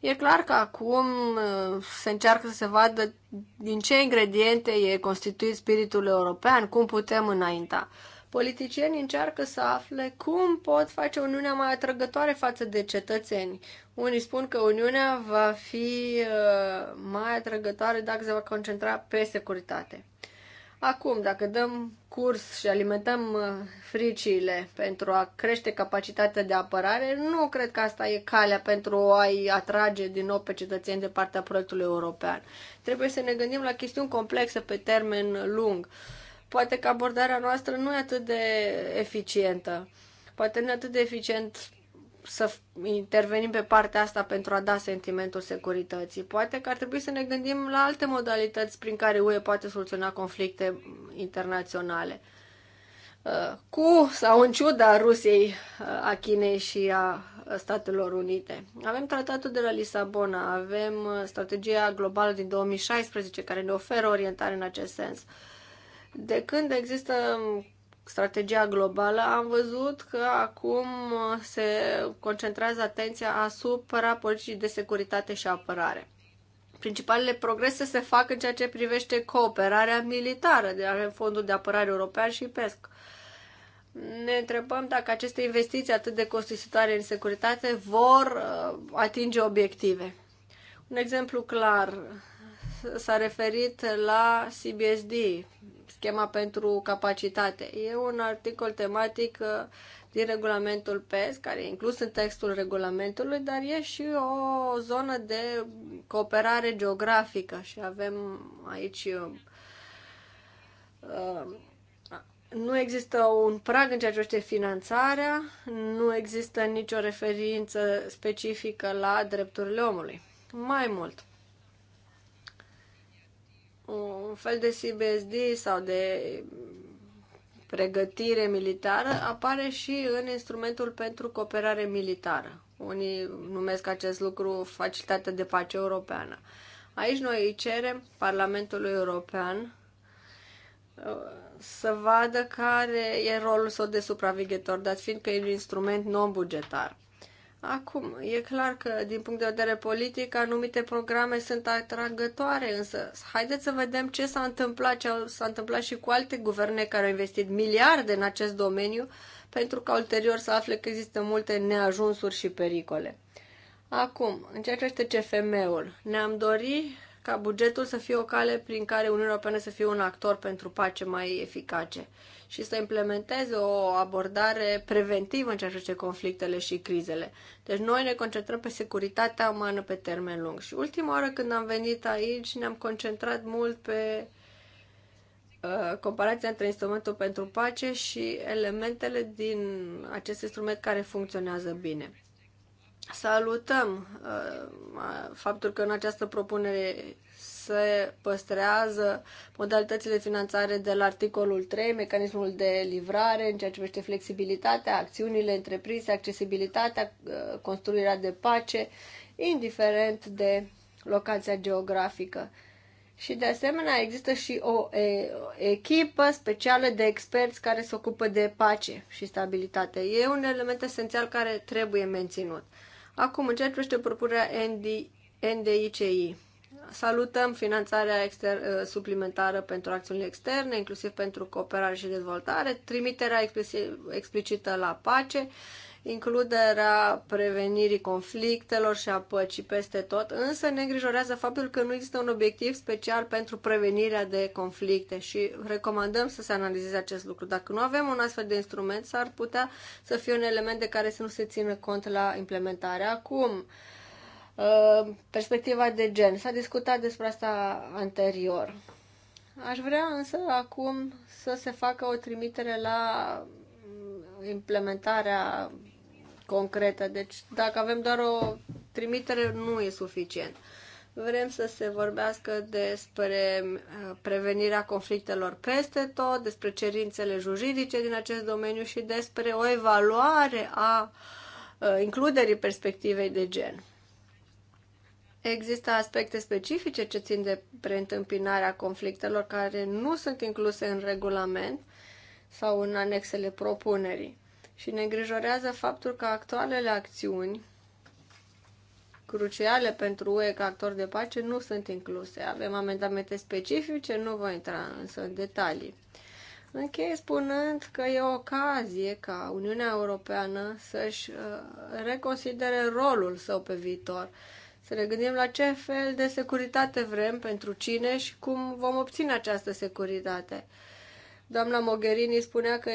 E clar că acum uh, se încearcă să se vadă din ce ingrediente e constituit spiritul european, cum putem înainta politicienii încearcă să afle cum pot face Uniunea mai atrăgătoare față de cetățeni. Unii spun că Uniunea va fi uh, mai atrăgătoare dacă se va concentra pe securitate. Acum, dacă dăm curs și alimentăm uh, friciile pentru a crește capacitatea de apărare, nu cred că asta e calea pentru a-i atrage din nou pe cetățeni de partea proiectului european. Trebuie să ne gândim la chestiuni complexe pe termen lung. Uh, Poate că abordarea noastră nu e atât de eficientă. Poate nu e atât de eficient să intervenim pe partea asta pentru a da sentimentul securității. Poate că ar trebui să ne gândim la alte modalități prin care UE poate soluționa conflicte internaționale. Uh, cu sau în ciuda Rusiei, uh, a Chinei și a Statelor Unite. Avem tratatul de la Lisabona, avem uh, strategia globală din 2016 care ne oferă orientare în acest sens. De când există strategia globală, am văzut că acum se concentrează atenția asupra politicii de securitate și apărare. Principalele progrese se fac în ceea ce privește cooperarea militară, de avem Fondul de Apărare European și PESC. Ne întrebăm dacă aceste investiții atât de costisitoare în securitate vor uh, atinge obiective. Un exemplu clar s-a referit la CBSD, schema pentru capacitate. E un articol tematic uh, din regulamentul PES, care e inclus în textul regulamentului, dar e și o zonă de cooperare geografică și avem aici uh, uh, nu există un prag în ceea ce este finanțarea, nu există nicio referință specifică la drepturile omului. Mai mult, un fel de CBSD sau de pregătire militară apare și în instrumentul pentru cooperare militară. Unii numesc acest lucru facilitatea de pace europeană. Aici noi îi cerem Parlamentului European uh, să vadă care e rolul său de supraveghetor, dat fiind că e un instrument non-bugetar. Acum, e clar că, din punct de vedere politic, anumite programe sunt atragătoare, însă haideți să vedem ce s-a întâmplat, ce s-a întâmplat și cu alte guverne care au investit miliarde în acest domeniu, pentru ca ulterior să afle că există multe neajunsuri și pericole. Acum, în ceea ce este CFM-ul, ne-am dorit ca bugetul să fie o cale prin care Uniunea Europeană să fie un actor pentru pace mai eficace și să implementeze o abordare preventivă în ceea ce conflictele și crizele. Deci noi ne concentrăm pe securitatea umană pe termen lung. Și ultima oară când am venit aici ne-am concentrat mult pe uh, comparația între instrumentul pentru pace și elementele din acest instrument care funcționează bine. Salutăm uh, faptul că în această propunere se păstrează modalitățile de finanțare de la articolul 3, mecanismul de livrare în ceea ce privește flexibilitatea, acțiunile întreprinse, accesibilitatea, uh, construirea de pace, indiferent de locația geografică. Și de asemenea există și o, echipă specială de experți care se ocupă de pace și stabilitate. E un element esențial care trebuie menținut. Acum, în ceea ce privește propunerea NDICI, Salutăm finanțarea exter- uh, suplimentară pentru acțiunile externe, inclusiv pentru cooperare și dezvoltare, trimiterea explicită la pace, includerea prevenirii conflictelor și a păcii peste tot, însă ne îngrijorează faptul că nu există un obiectiv special pentru prevenirea de conflicte și recomandăm să se analizeze acest lucru. Dacă nu avem un astfel de instrument, s-ar putea să fie un element de care să nu se țină cont la implementare. Acum, uh, Uh, perspectiva de gen. S-a discutat despre asta anterior. Aș vrea însă acum să se facă o trimitere la mm, implementarea concretă. Deci dacă avem doar o trimitere, nu e suficient. Vrem să se vorbească despre uh, prevenirea conflictelor peste tot, despre cerințele juridice din acest domeniu și despre o evaluare a uh, includerii perspectivei de gen. Există aspecte specifice ce țin de preîntâmpinarea conflictelor care nu sunt incluse în regulament sau în anexele propunerii. Și ne îngrijorează faptul că actualele acțiuni cruciale pentru UE ca actor de pace nu sunt incluse. Avem amendamente specifice, nu voi intra însă în detalii. Închei spunând că e o ocazie ca Uniunea Europeană să-și uh, reconsidere rolul său pe viitor să ne gândim la ce fel de securitate vrem, pentru cine și cum vom obține această securitate. Doamna Mogherini spunea că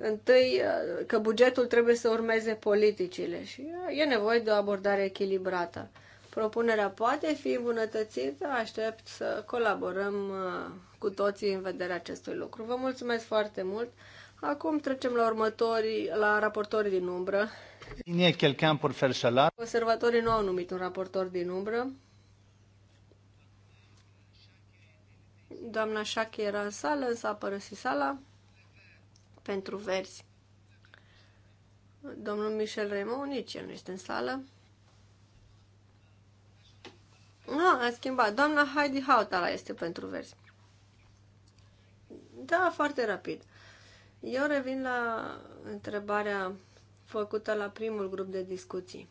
întâi că bugetul trebuie să urmeze politicile și e nevoie de o abordare echilibrată. Propunerea poate fi îmbunătățită, aștept să colaborăm uh, cu toții în vederea acestui lucru. Vă mulțumesc foarte mult! Acum trecem la următorii, la raportorii din umbră Conservatorii nu au numit un raportor din umbră. Doamna Șache era în sală, însă a părăsit sala pentru verzi. Domnul Michel Raymond nici el nu este în sală. Nu, a schimbat. Doamna Heidi Hautala este pentru verzi. Da, foarte rapid. Eu revin la întrebarea făcută la primul grup de discuții.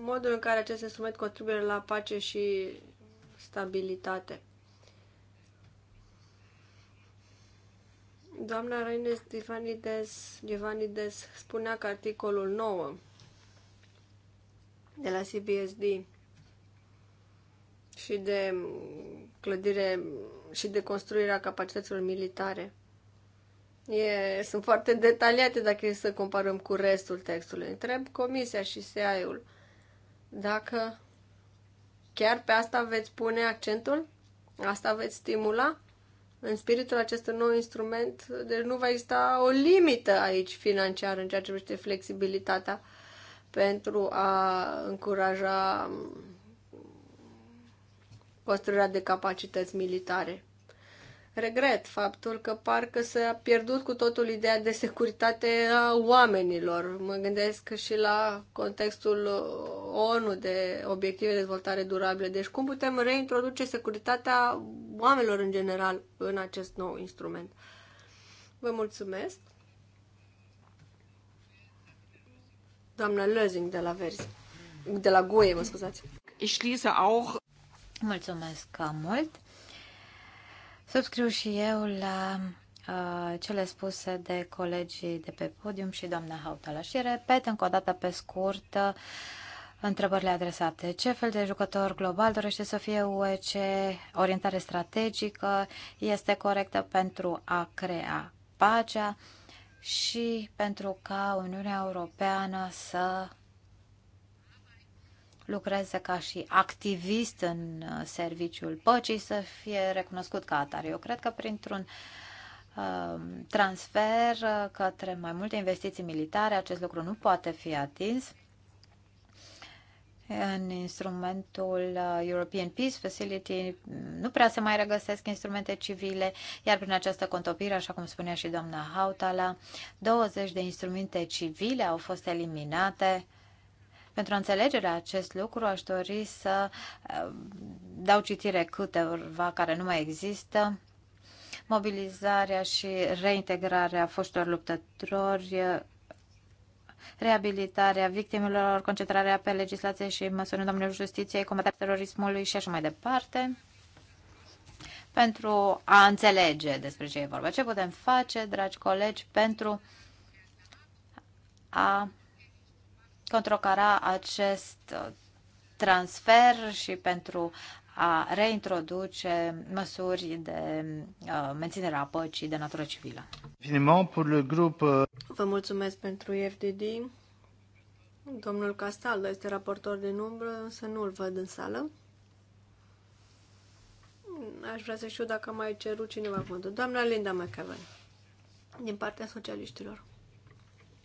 Modul în care acest instrument contribuie la pace și stabilitate. Doamna Reines Givanides, Givanides spunea că articolul 9 de la CBSD și de clădire și de construirea capacităților militare E, sunt foarte detaliate dacă e să comparăm cu restul textului. Întreb Comisia și SEA-ul dacă chiar pe asta veți pune accentul, asta veți stimula în spiritul acestui nou instrument, deci nu va exista o limită aici financiară în ceea ce privește flexibilitatea pentru a încuraja mm, construirea de capacități militare regret faptul că parcă s-a pierdut cu totul ideea de securitate a oamenilor. Mă gândesc și la contextul ONU de obiective de dezvoltare durabilă. Deci cum putem reintroduce securitatea oamenilor în general în acest nou instrument? Vă mulțumesc. Doamna Lözing de la Verzi. De la Goie, mă scuzați. Ich schließe auch. Mulțumesc mult. Subscriu și eu la uh, cele spuse de colegii de pe podium și doamna Hautala. Și repet încă o dată pe scurt uh, întrebările adresate. Ce fel de jucător global dorește să fie UE? Ce orientare strategică este corectă pentru a crea pacea și pentru ca Uniunea Europeană să lucrează ca și activist în uh, serviciul păcii să fie recunoscut ca atare. Eu cred că printr-un uh, transfer uh, către mai multe investiții militare, acest lucru nu poate fi atins. În instrumentul European Peace Facility mm, nu prea se mai regăsesc instrumente civile, iar prin această contopire, așa cum spunea și doamna Hautala, 20 de instrumente civile au fost eliminate pentru înțelegerea acest lucru aș dori să uh, dau citire câteva care nu mai există. Mobilizarea și reintegrarea foștilor luptători reabilitarea victimelor, concentrarea pe legislație și măsuri în domeniul justiției, combaterea terorismului și așa mai departe. Pentru a înțelege despre ce e vorba, ce putem face, dragi colegi, pentru a controcara acest uh, transfer și pentru a reintroduce măsuri de uh, menținere a păcii de natură civilă. Uh, Vă mulțumesc pentru FDD. Domnul Castaldo este raportor de numbră, însă nu îl văd în sală. Aș vrea să știu dacă mai ceru cineva cuvântul. Doamna Linda McEwen, din partea socialiștilor.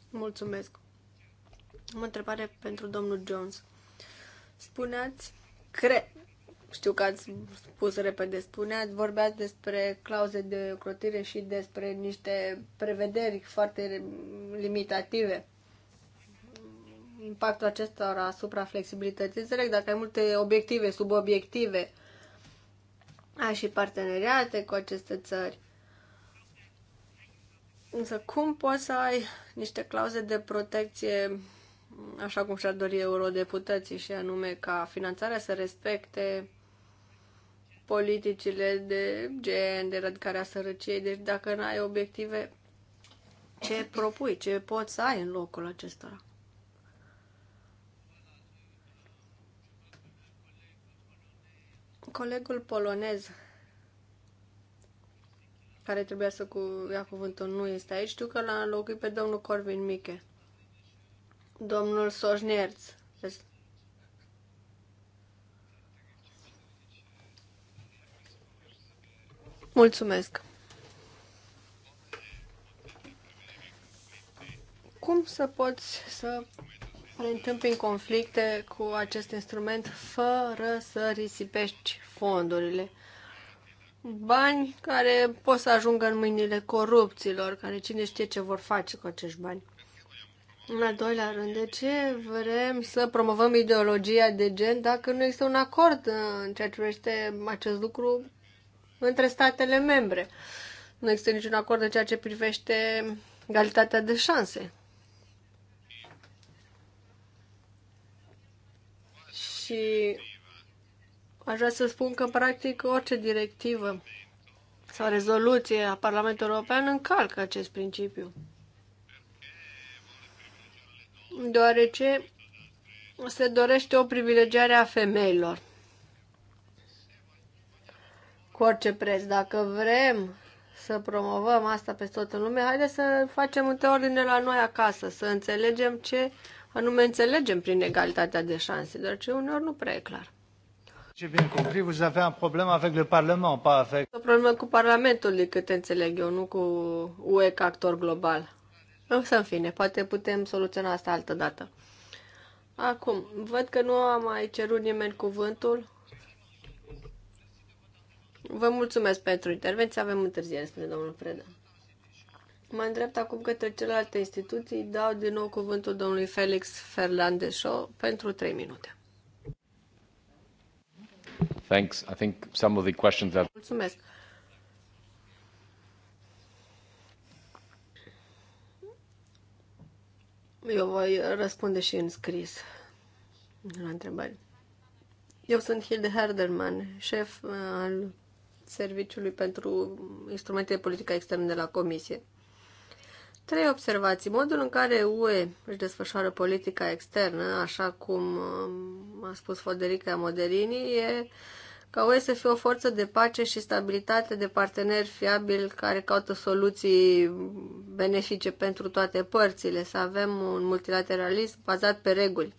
Mulțumesc. Am o întrebare pentru domnul Jones. Spuneați, cre... știu că ați spus repede, spuneați, vorbeați despre clauze de crotire și despre niște prevederi foarte limitative. Impactul acesta asupra flexibilității. Înțeleg, dacă ai multe obiective, subobiective, ai și parteneriate cu aceste țări. Însă cum poți să ai niște clauze de protecție așa cum și-ar dori eurodeputații, și anume ca finanțarea să respecte politicile de gen, de radicarea sărăciei. Deci dacă n-ai obiective, ce propui, ce poți să ai în locul acestora? Colegul polonez care trebuia să cu, ia cuvântul nu este aici. Știu că l-a înlocuit pe domnul Corvin Miche domnul Soșnerț. Mulțumesc. Cum să poți să în conflicte cu acest instrument fără să risipești fondurile? Bani care pot să ajungă în mâinile corupților, care cine știe ce vor face cu acești bani. În al doilea rând, de ce vrem să promovăm ideologia de gen dacă nu există un acord uh, în ceea ce privește acest lucru între statele membre? Nu există niciun acord în ceea ce privește egalitatea de șanse. Și aș vrea să spun că, practic, orice directivă sau rezoluție a Parlamentului European încalcă acest principiu deoarece se dorește o privilegiare a femeilor. Cu orice preț, dacă vrem să promovăm asta pe tot în lume, haideți să facem în ordine la noi acasă, să înțelegem ce anume înțelegem prin egalitatea de șanse, ce uneori nu prea e clar. Ce bine compris, vous avez un problème avec le Parlement, pas avec... O problemă cu Parlamentul, de cât înțeleg eu, nu cu UE ca actor global. Însă, în fine, poate putem soluționa asta altă dată. Acum, văd că nu a mai cerut nimeni cuvântul. Vă mulțumesc pentru intervenție. Avem întârziere, spune domnul Freda. Mă îndrept acum către celelalte instituții. Dau din nou cuvântul domnului Felix Ferlandeșo pentru 3 minute. Thanks. I think some of the questions that... Mulțumesc. Eu voi răspunde și în scris la întrebări. Eu sunt Hilde Herderman, șef uh, al Serviciului pentru Instrumente de Politică Externă de la Comisie. Trei observații. Modul în care UE își desfășoară politica externă, așa cum um, a spus Foderica Moderini, e uh, ca UE să fie o forță de pace și stabilitate de parteneri fiabili care caută soluții benefice pentru toate părțile, să avem un multilateralism bazat pe reguli.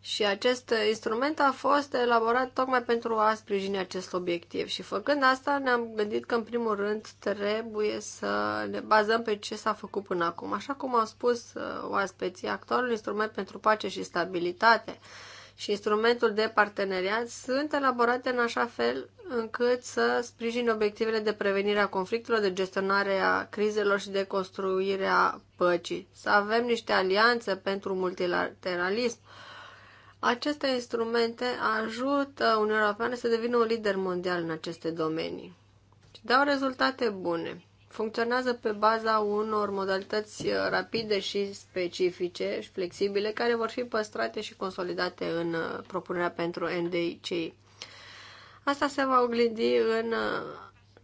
Și acest instrument a fost elaborat tocmai pentru a sprijini acest obiectiv. Și făcând asta, ne-am gândit că, în primul rând, trebuie să ne bazăm pe ce s-a făcut până acum. Așa cum au spus uh, oaspeții, actualul instrument pentru pace și stabilitate – și instrumentul de parteneriat sunt elaborate în așa fel încât să sprijine obiectivele de prevenire a conflictelor, de gestionare a crizelor și de construire a păcii. Să avem niște alianțe pentru multilateralism. Aceste instrumente ajută Uniunea Europeană să devină un lider mondial în aceste domenii și dau rezultate bune funcționează pe baza unor modalități uh, rapide și specifice și flexibile care vor fi păstrate și consolidate în uh, propunerea pentru NDICI. Asta se va oglindi în uh,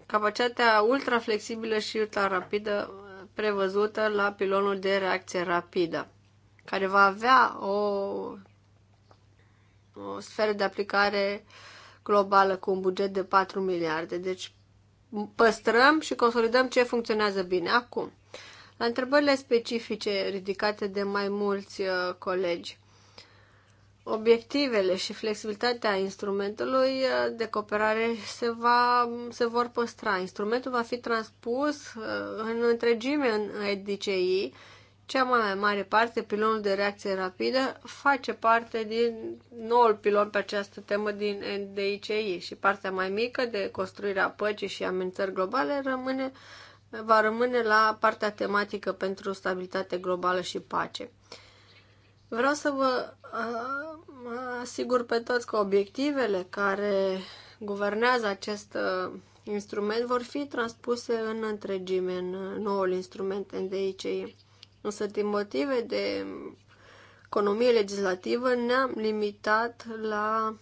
capacitatea ultra flexibilă și ultra rapidă prevăzută la pilonul de reacție rapidă, care va avea o, o sferă de aplicare globală cu un buget de 4 miliarde. Deci păstrăm și consolidăm ce funcționează bine. Acum, la întrebările specifice ridicate de mai mulți uh, colegi, obiectivele și flexibilitatea instrumentului uh, de cooperare se, va, se vor păstra. Instrumentul va fi transpus uh, în întregime în EDCI cea mai mare parte, pilonul de reacție rapidă, face parte din noul pilon pe această temă din NDICI și partea mai mică de construirea păcii și amenințări globale rămâne, va rămâne la partea tematică pentru stabilitate globală și pace. Vreau să vă uh, asigur pe toți că obiectivele care guvernează acest uh, instrument vor fi transpuse în întregime în uh, noul instrument NDICI. Însă, din motive de economie legislativă, ne-am limitat la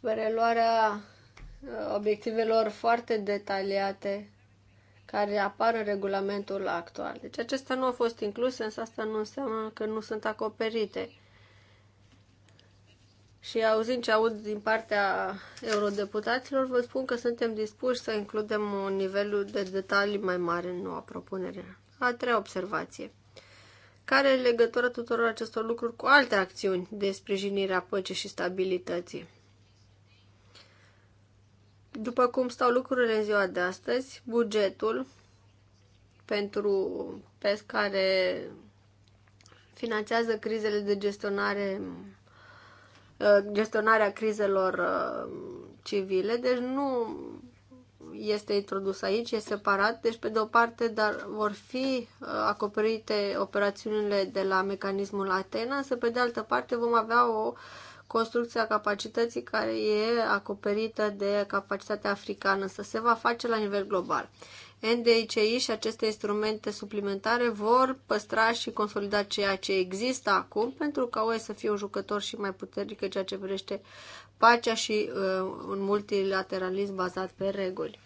reluarea uh, obiectivelor foarte detaliate care apar în regulamentul actual. Deci acestea nu au fost incluse, însă asta nu înseamnă că nu sunt acoperite și auzind ce aud din partea eurodeputaților, vă spun că suntem dispuși să includem un nivel de detalii mai mare în noua propunere. A treia observație. Care e legătura tuturor acestor lucruri cu alte acțiuni de sprijinire a păcii și stabilității? După cum stau lucrurile în ziua de astăzi, bugetul pentru pescare finanțează crizele de gestionare Uh, gestionarea crizelor uh, civile, deci nu este introdus aici, e separat, deci pe de o parte, dar vor fi uh, acoperite operațiunile de la mecanismul Atena, însă pe de altă parte vom avea o construcție a capacității care e acoperită de capacitatea africană, însă se va face la nivel global. NDICI și aceste instrumente suplimentare vor păstra și consolida ceea ce există acum pentru ca UE să fie un jucător și mai puternic în ceea ce privește pacea și uh, un multilateralism bazat pe reguli.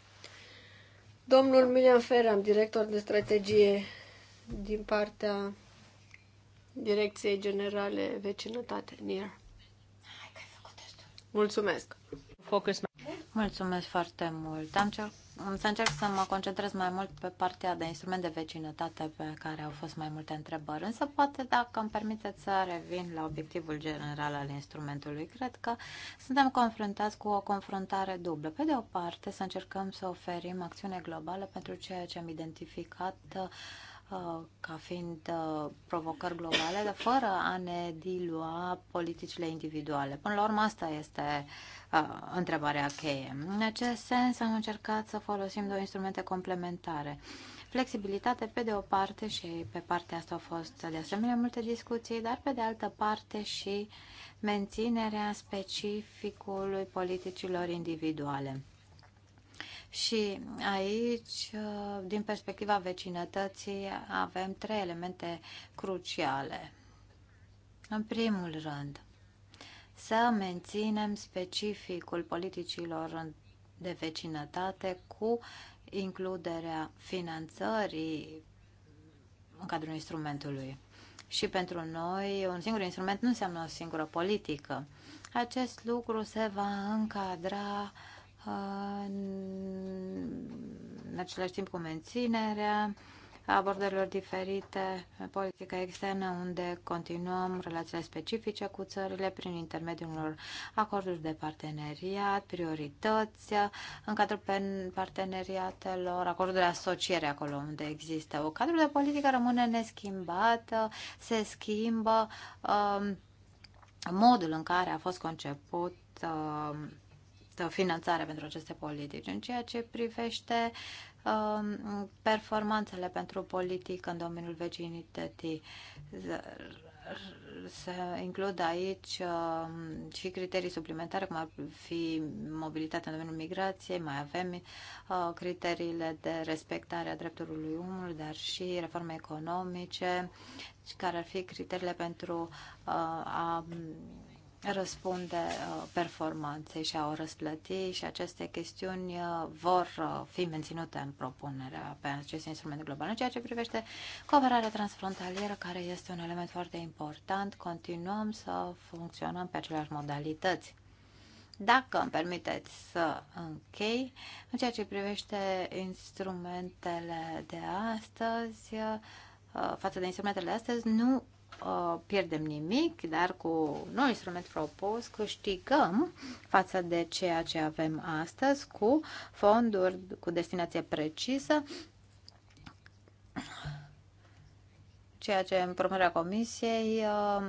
Domnul Milian Feram, director de strategie din partea Direcției Generale Vecinătate, NIR. Mulțumesc! Mulțumesc foarte mult! Am cer să încerc să mă concentrez mai mult pe partea de instrument de vecinătate pe care au fost mai multe întrebări, însă poate dacă îmi permiteți să revin la obiectivul general al instrumentului. Cred că suntem confruntați cu o confruntare dublă. Pe de o parte, să încercăm să oferim acțiune globală pentru ceea ce am identificat Uh, ca fiind uh, provocări globale, dar fără a ne dilua politicile individuale. Până la urmă, asta este uh, întrebarea cheie. În acest sens, am încercat să folosim două instrumente complementare. Flexibilitate pe de o parte și pe partea asta au fost de asemenea multe discuții, dar pe de altă parte și menținerea specificului politicilor individuale. Și aici, uh, din perspectiva vecinătății, avem trei elemente cruciale. În primul rând, să menținem specificul politicilor de vecinătate cu includerea finanțării în cadrul instrumentului. Și pentru noi, un singur instrument nu înseamnă o singură politică. Acest lucru se va încadra uh, în același timp cu menținerea abordărilor diferite, politica externă, unde continuăm relațiile specifice cu țările prin intermediul unor acorduri de parteneriat, priorități în cadrul parteneriatelor, acorduri de asociere acolo unde există. O cadru de politică rămâne neschimbată, se schimbă um, modul în care a fost conceput um, finanțare pentru aceste politici. În ceea ce privește um, performanțele pentru politic în domeniul vecinității, se includ aici um, și criterii suplimentare, cum ar fi mobilitatea în domeniul migrației, mai avem uh, criteriile de respectare a drepturilor omului, dar și reforme economice, care ar fi criteriile pentru uh, a răspunde uh, performanței și a o răsplăti și aceste chestiuni uh, vor uh, fi menținute în propunerea pe acest instrument global. În ceea ce privește cooperarea transfrontalieră, care este un element foarte important, continuăm să funcționăm pe aceleași modalități. Dacă îmi permiteți să închei, în ceea ce privește instrumentele de astăzi, față de instrumentele de astăzi, nu Uh, pierdem nimic, dar cu noi instrument propus câștigăm față de ceea ce avem astăzi cu fonduri cu destinație precisă, ceea ce în propunerea comisiei uh,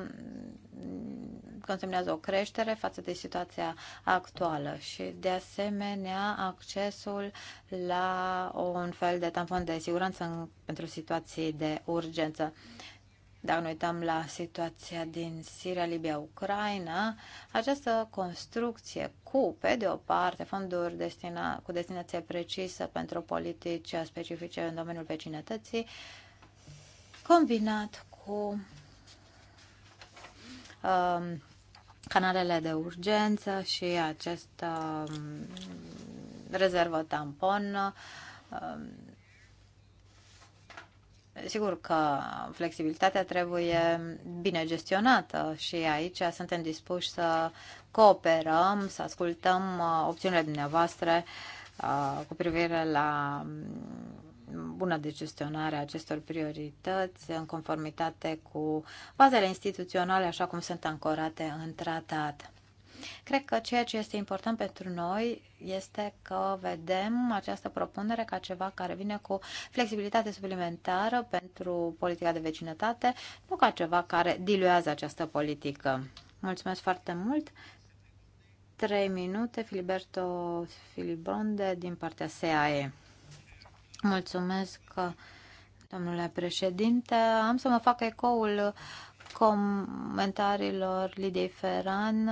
consemnează o creștere față de situația actuală și, de asemenea, accesul la un fel de tampon de siguranță pentru situații de urgență. Dacă ne uităm la situația din Siria, Libia, Ucraina, această construcție cu, pe de o parte, fonduri destina, cu destinație precisă pentru politici specifice în domeniul vecinătății, combinat cu um, canalele de urgență și acest um, rezervă tampon um, Sigur că flexibilitatea trebuie bine gestionată și aici suntem dispuși să cooperăm, să ascultăm uh, opțiunile dumneavoastră uh, cu privire la mm, bună de gestionare a acestor priorități în conformitate cu bazele instituționale așa cum sunt ancorate în tratat. Cred că ceea ce este important pentru noi este că vedem această propunere ca ceva care vine cu flexibilitate suplimentară pentru politica de vecinătate, nu ca ceva care diluează această politică. Mulțumesc foarte mult! Trei minute, Filiberto Filibronde din partea SAE. Mulțumesc, domnule președinte. Am să mă fac ecoul comentariilor Lidiei Ferran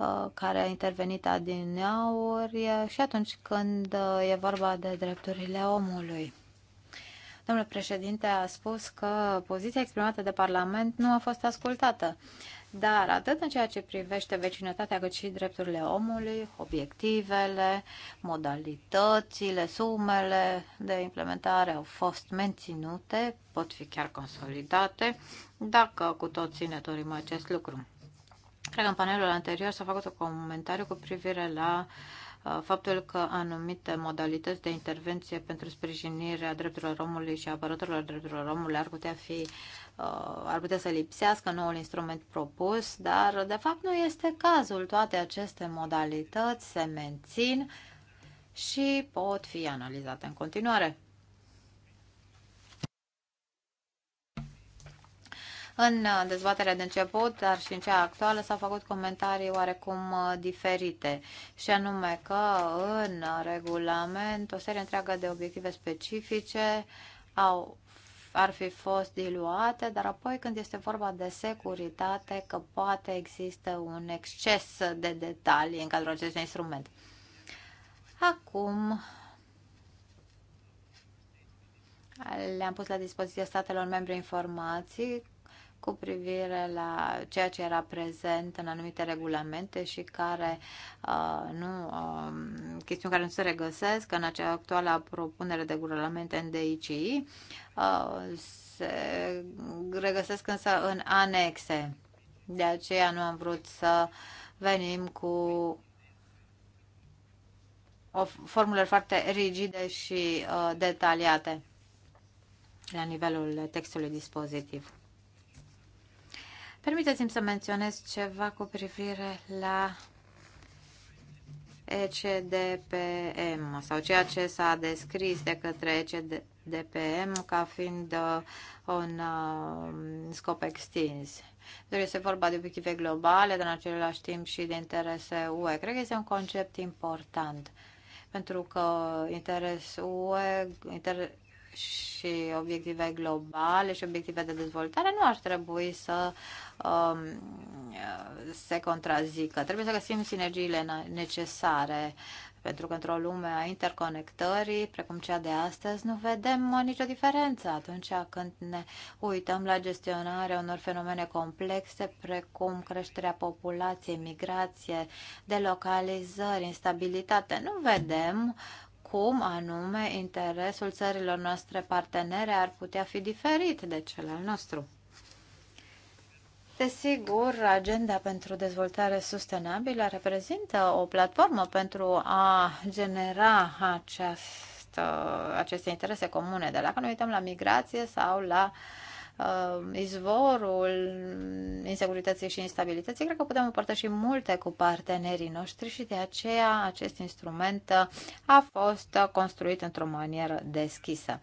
Uh, care a intervenit adineauri uh, și atunci când uh, e vorba de drepturile omului. Domnul președinte a spus că poziția exprimată de Parlament nu a fost ascultată. Dar atât în ceea ce privește vecinătatea, cât și drepturile omului, obiectivele, modalitățile, sumele de implementare au fost menținute, pot fi chiar consolidate, dacă cu toții ne dorim acest lucru. Cred că în panelul anterior s-a făcut un comentariu cu privire la uh, faptul că anumite modalități de intervenție pentru sprijinirea drepturilor omului și apărătorilor drepturilor omului ar putea fi uh, ar putea să lipsească noul instrument propus, dar de fapt nu este cazul. Toate aceste modalități se mențin și pot fi analizate în continuare. În uh, dezbaterea de început, dar și în cea actuală, s-au făcut comentarii oarecum uh, diferite, și anume că în regulament o serie întreagă de obiective specifice au ar fi fost diluate, dar apoi când este vorba de securitate, că poate există un exces de detalii în cadrul acestui instrument. Acum le-am pus la dispoziția statelor membre informații cu privire la ceea ce era prezent în anumite regulamente și care uh, nu, uh, chestiuni care nu se regăsesc în acea actuală propunere de regulamente în DICI, uh, se regăsesc însă în anexe. De aceea nu am vrut să venim cu o formule foarte rigide și uh, detaliate la nivelul textului dispozitiv. Permiteți-mi să menționez ceva cu privire la ECDPM sau ceea ce s-a descris de către ECDPM ca fiind uh, un uh, scop extins. Deci este vorba de obiective globale, dar în același timp și de interese UE. Cred că este un concept important pentru că interesul UE inter- și obiective globale și obiective de dezvoltare nu ar trebui să um, se contrazică. Trebuie să găsim sinergiile necesare pentru că într-o lume a interconectării, precum cea de astăzi, nu vedem nicio diferență atunci când ne uităm la gestionarea unor fenomene complexe, precum creșterea populației, migrație, delocalizări, instabilitate. Nu vedem cum anume interesul țărilor noastre partenere ar putea fi diferit de cel al nostru. Desigur, agenda pentru dezvoltare sustenabilă reprezintă o platformă pentru a genera această, aceste interese comune, de la că nu uităm la migrație sau la uh, Uh, izvorul insecurității și instabilității, cred că putem împărtăși multe cu partenerii noștri și de aceea acest instrument uh, a fost uh, construit într-o manieră deschisă.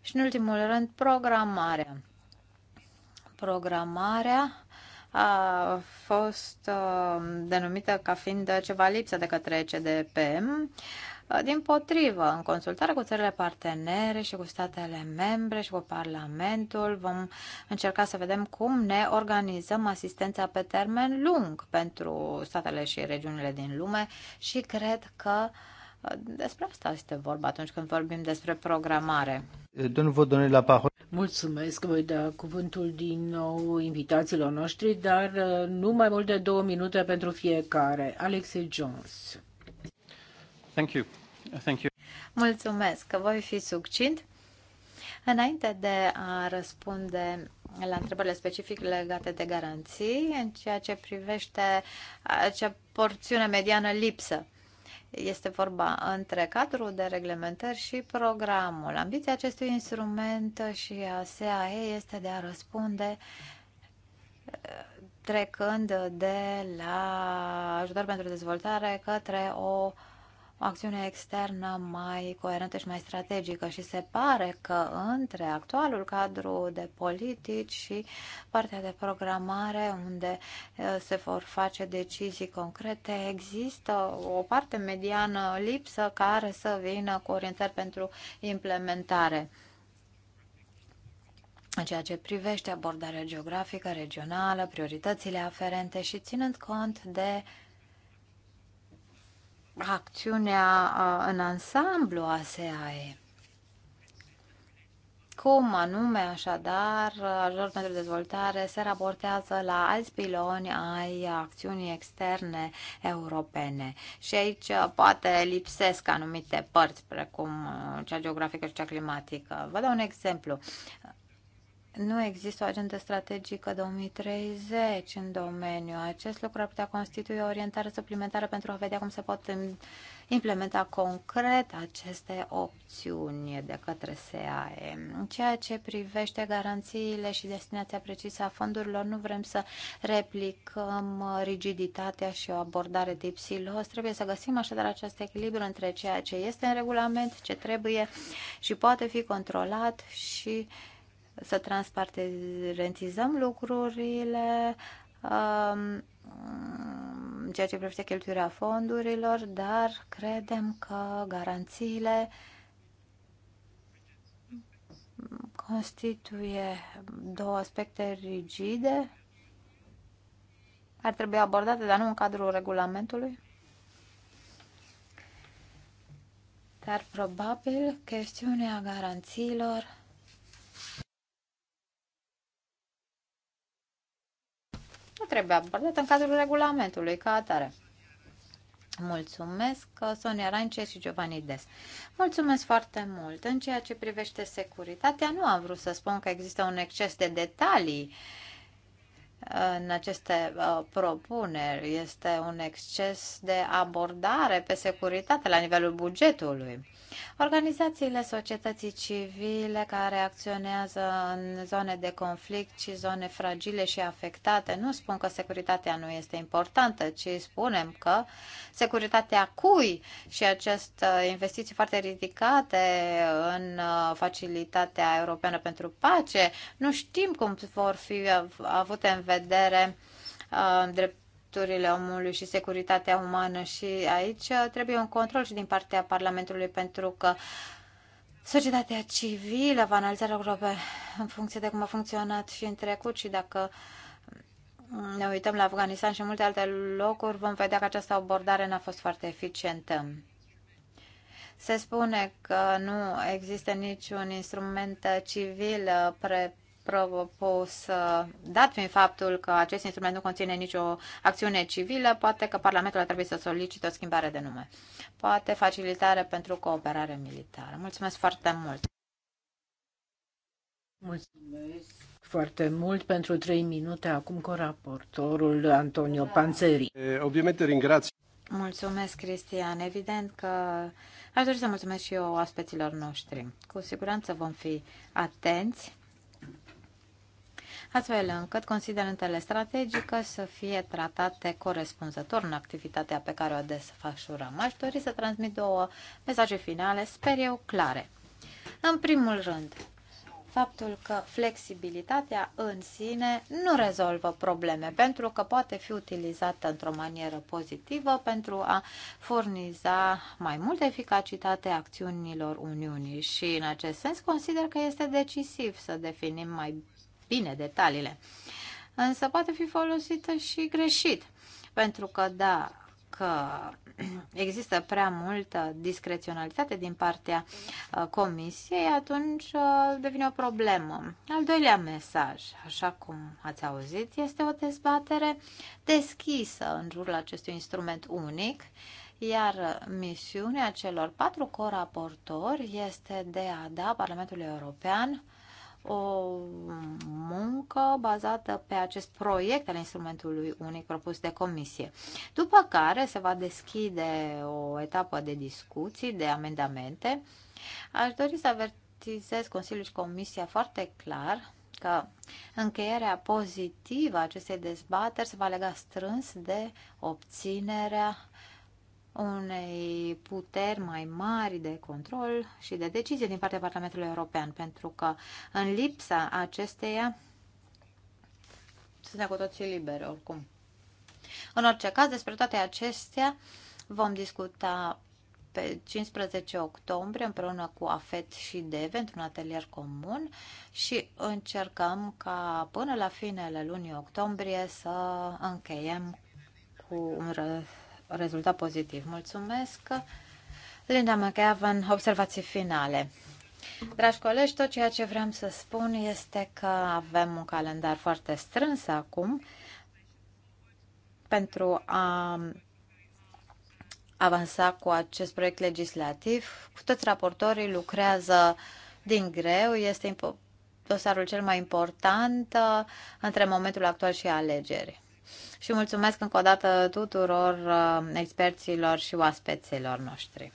Și în ultimul rând, programarea. Programarea a fost uh, denumită ca fiind ceva lipsă de către CDPM. Uh, Uh, din potrivă, în consultare cu țările partenere și cu statele membre și cu Parlamentul, vom încerca să vedem cum ne organizăm asistența pe termen lung pentru statele și regiunile din lume și cred că uh, despre asta este vorba atunci când vorbim despre programare. Mulțumesc, voi da cuvântul din nou invitațiilor noștri, dar uh, nu mai mult de două minute pentru fiecare. Alexei Jones. Thank you. Thank you. Mulțumesc că voi fi succint. Înainte de a răspunde la întrebările specifice legate de garanții, în ceea ce privește acea porțiune mediană lipsă, este vorba între cadrul de reglementări și programul. Ambiția acestui instrument și a SAE este de a răspunde trecând de la ajutor pentru dezvoltare către o uh, acțiune externă mai coerentă și mai strategică și se pare că între actualul cadru de politici și partea de programare unde se vor face decizii concrete există o parte mediană lipsă care să vină cu orientări pentru implementare. În ceea ce privește abordarea geografică, regională, prioritățile aferente și ținând cont de uh, acțiunea în ansamblu a SAE. Cum anume, așadar, ajutorul pentru dezvoltare se raportează la alți piloni ai acțiunii externe europene. Și aici uh, poate lipsesc anumite părți, precum uh, cea geografică și cea climatică. Vă dau un exemplu nu există o agendă strategică 2030 în domeniu. Acest lucru ar putea constitui o orientare suplimentară pentru a vedea cum se pot implementa concret aceste opțiuni de către SAE. În ceea ce privește garanțiile și destinația precisă a fondurilor, nu vrem să replicăm rigiditatea și o abordare tip silos. Trebuie să găsim așadar acest echilibru între ceea ce este în regulament, ce trebuie și poate fi controlat și uh, să transparentizăm lucrurile, um, ceea ce privește cheltuirea fondurilor, dar credem că garanțiile constituie două aspecte rigide. Ar trebui abordate, dar nu în cadrul regulamentului. Dar probabil chestiunea garanțiilor nu trebuie abordat în cadrul regulamentului ca atare. Mulțumesc, Sonia Rance și Giovanni Des. Mulțumesc foarte mult. În ceea ce privește securitatea, nu am vrut să spun că există un exces de detalii uh, în aceste uh, propuneri. Este un exces de abordare pe securitate la nivelul bugetului. Organizațiile societății civile care acționează în zone de conflict și zone fragile și afectate nu spun că securitatea nu este importantă, ci spunem că securitatea cui și aceste investiții foarte ridicate în uh, facilitatea europeană pentru pace, nu știm cum vor fi uh, avute în vedere uh, drepturile omului și securitatea umană și aici uh, trebuie un control și din partea Parlamentului pentru că societatea civilă va analiza lucrurile în funcție de cum a funcționat și în trecut și dacă ne uităm la Afganistan și multe alte locuri, vom vedea că această abordare n-a fost foarte eficientă. Se spune că nu există niciun instrument civil pre propus, uh, dat fiind faptul că acest instrument nu conține nicio acțiune civilă, poate că Parlamentul ar trebui să solicite o schimbare de nume. Poate facilitare pentru cooperare militară. Mulțumesc foarte mult! Mulțumesc foarte mult pentru trei minute acum cu raportorul Antonio da. Panzeri. Obviamente ringrați. Mulțumesc, Cristian. Evident că aș dori să mulțumesc și eu aspeților noștri. Cu siguranță vom fi atenți astfel încât considerentele strategice să fie tratate corespunzător în activitatea pe care o desfășurăm. Aș dori să transmit două mesaje finale, sper eu, clare. În primul rând, faptul că flexibilitatea în sine nu rezolvă probleme, pentru că poate fi utilizată într-o manieră pozitivă pentru a furniza mai multă eficacitate acțiunilor Uniunii și în acest sens consider că este decisiv să definim mai bine detaliile. Însă poate fi folosită și greșit, pentru că da, că *clears throat* există prea multă discreționalitate din partea uh, comisiei, atunci uh, devine o problemă. Al doilea mesaj, așa cum ați auzit, este o dezbatere deschisă în jurul acestui instrument unic, iar misiunea celor patru coraportori este de a da Parlamentului European o muncă bazată pe acest proiect al instrumentului unic propus de comisie. După care se va deschide o etapă de discuții, de amendamente. Aș dori să avertizez Consiliul și Comisia foarte clar că încheierea pozitivă a acestei dezbateri se va lega strâns de obținerea unei puteri mai mari de control și de decizie din partea Parlamentului European, pentru că în lipsa acesteia suntem cu toții liberi oricum. În orice caz, despre toate acestea vom discuta pe 15 octombrie împreună cu AFET și DEVE într-un atelier comun și încercăm ca până la finele lunii octombrie să încheiem cu un răspuns rezultat pozitiv. Mulțumesc! Linda McGavin, observații finale. Dragi colegi, tot ceea ce vreau să spun este că avem un calendar foarte strâns acum pentru a avansa cu acest proiect legislativ. Cu toți raportorii lucrează din greu, este dosarul cel mai important uh, între momentul actual și alegeri și mulțumesc încă o dată tuturor uh, experților și oaspeților noștri.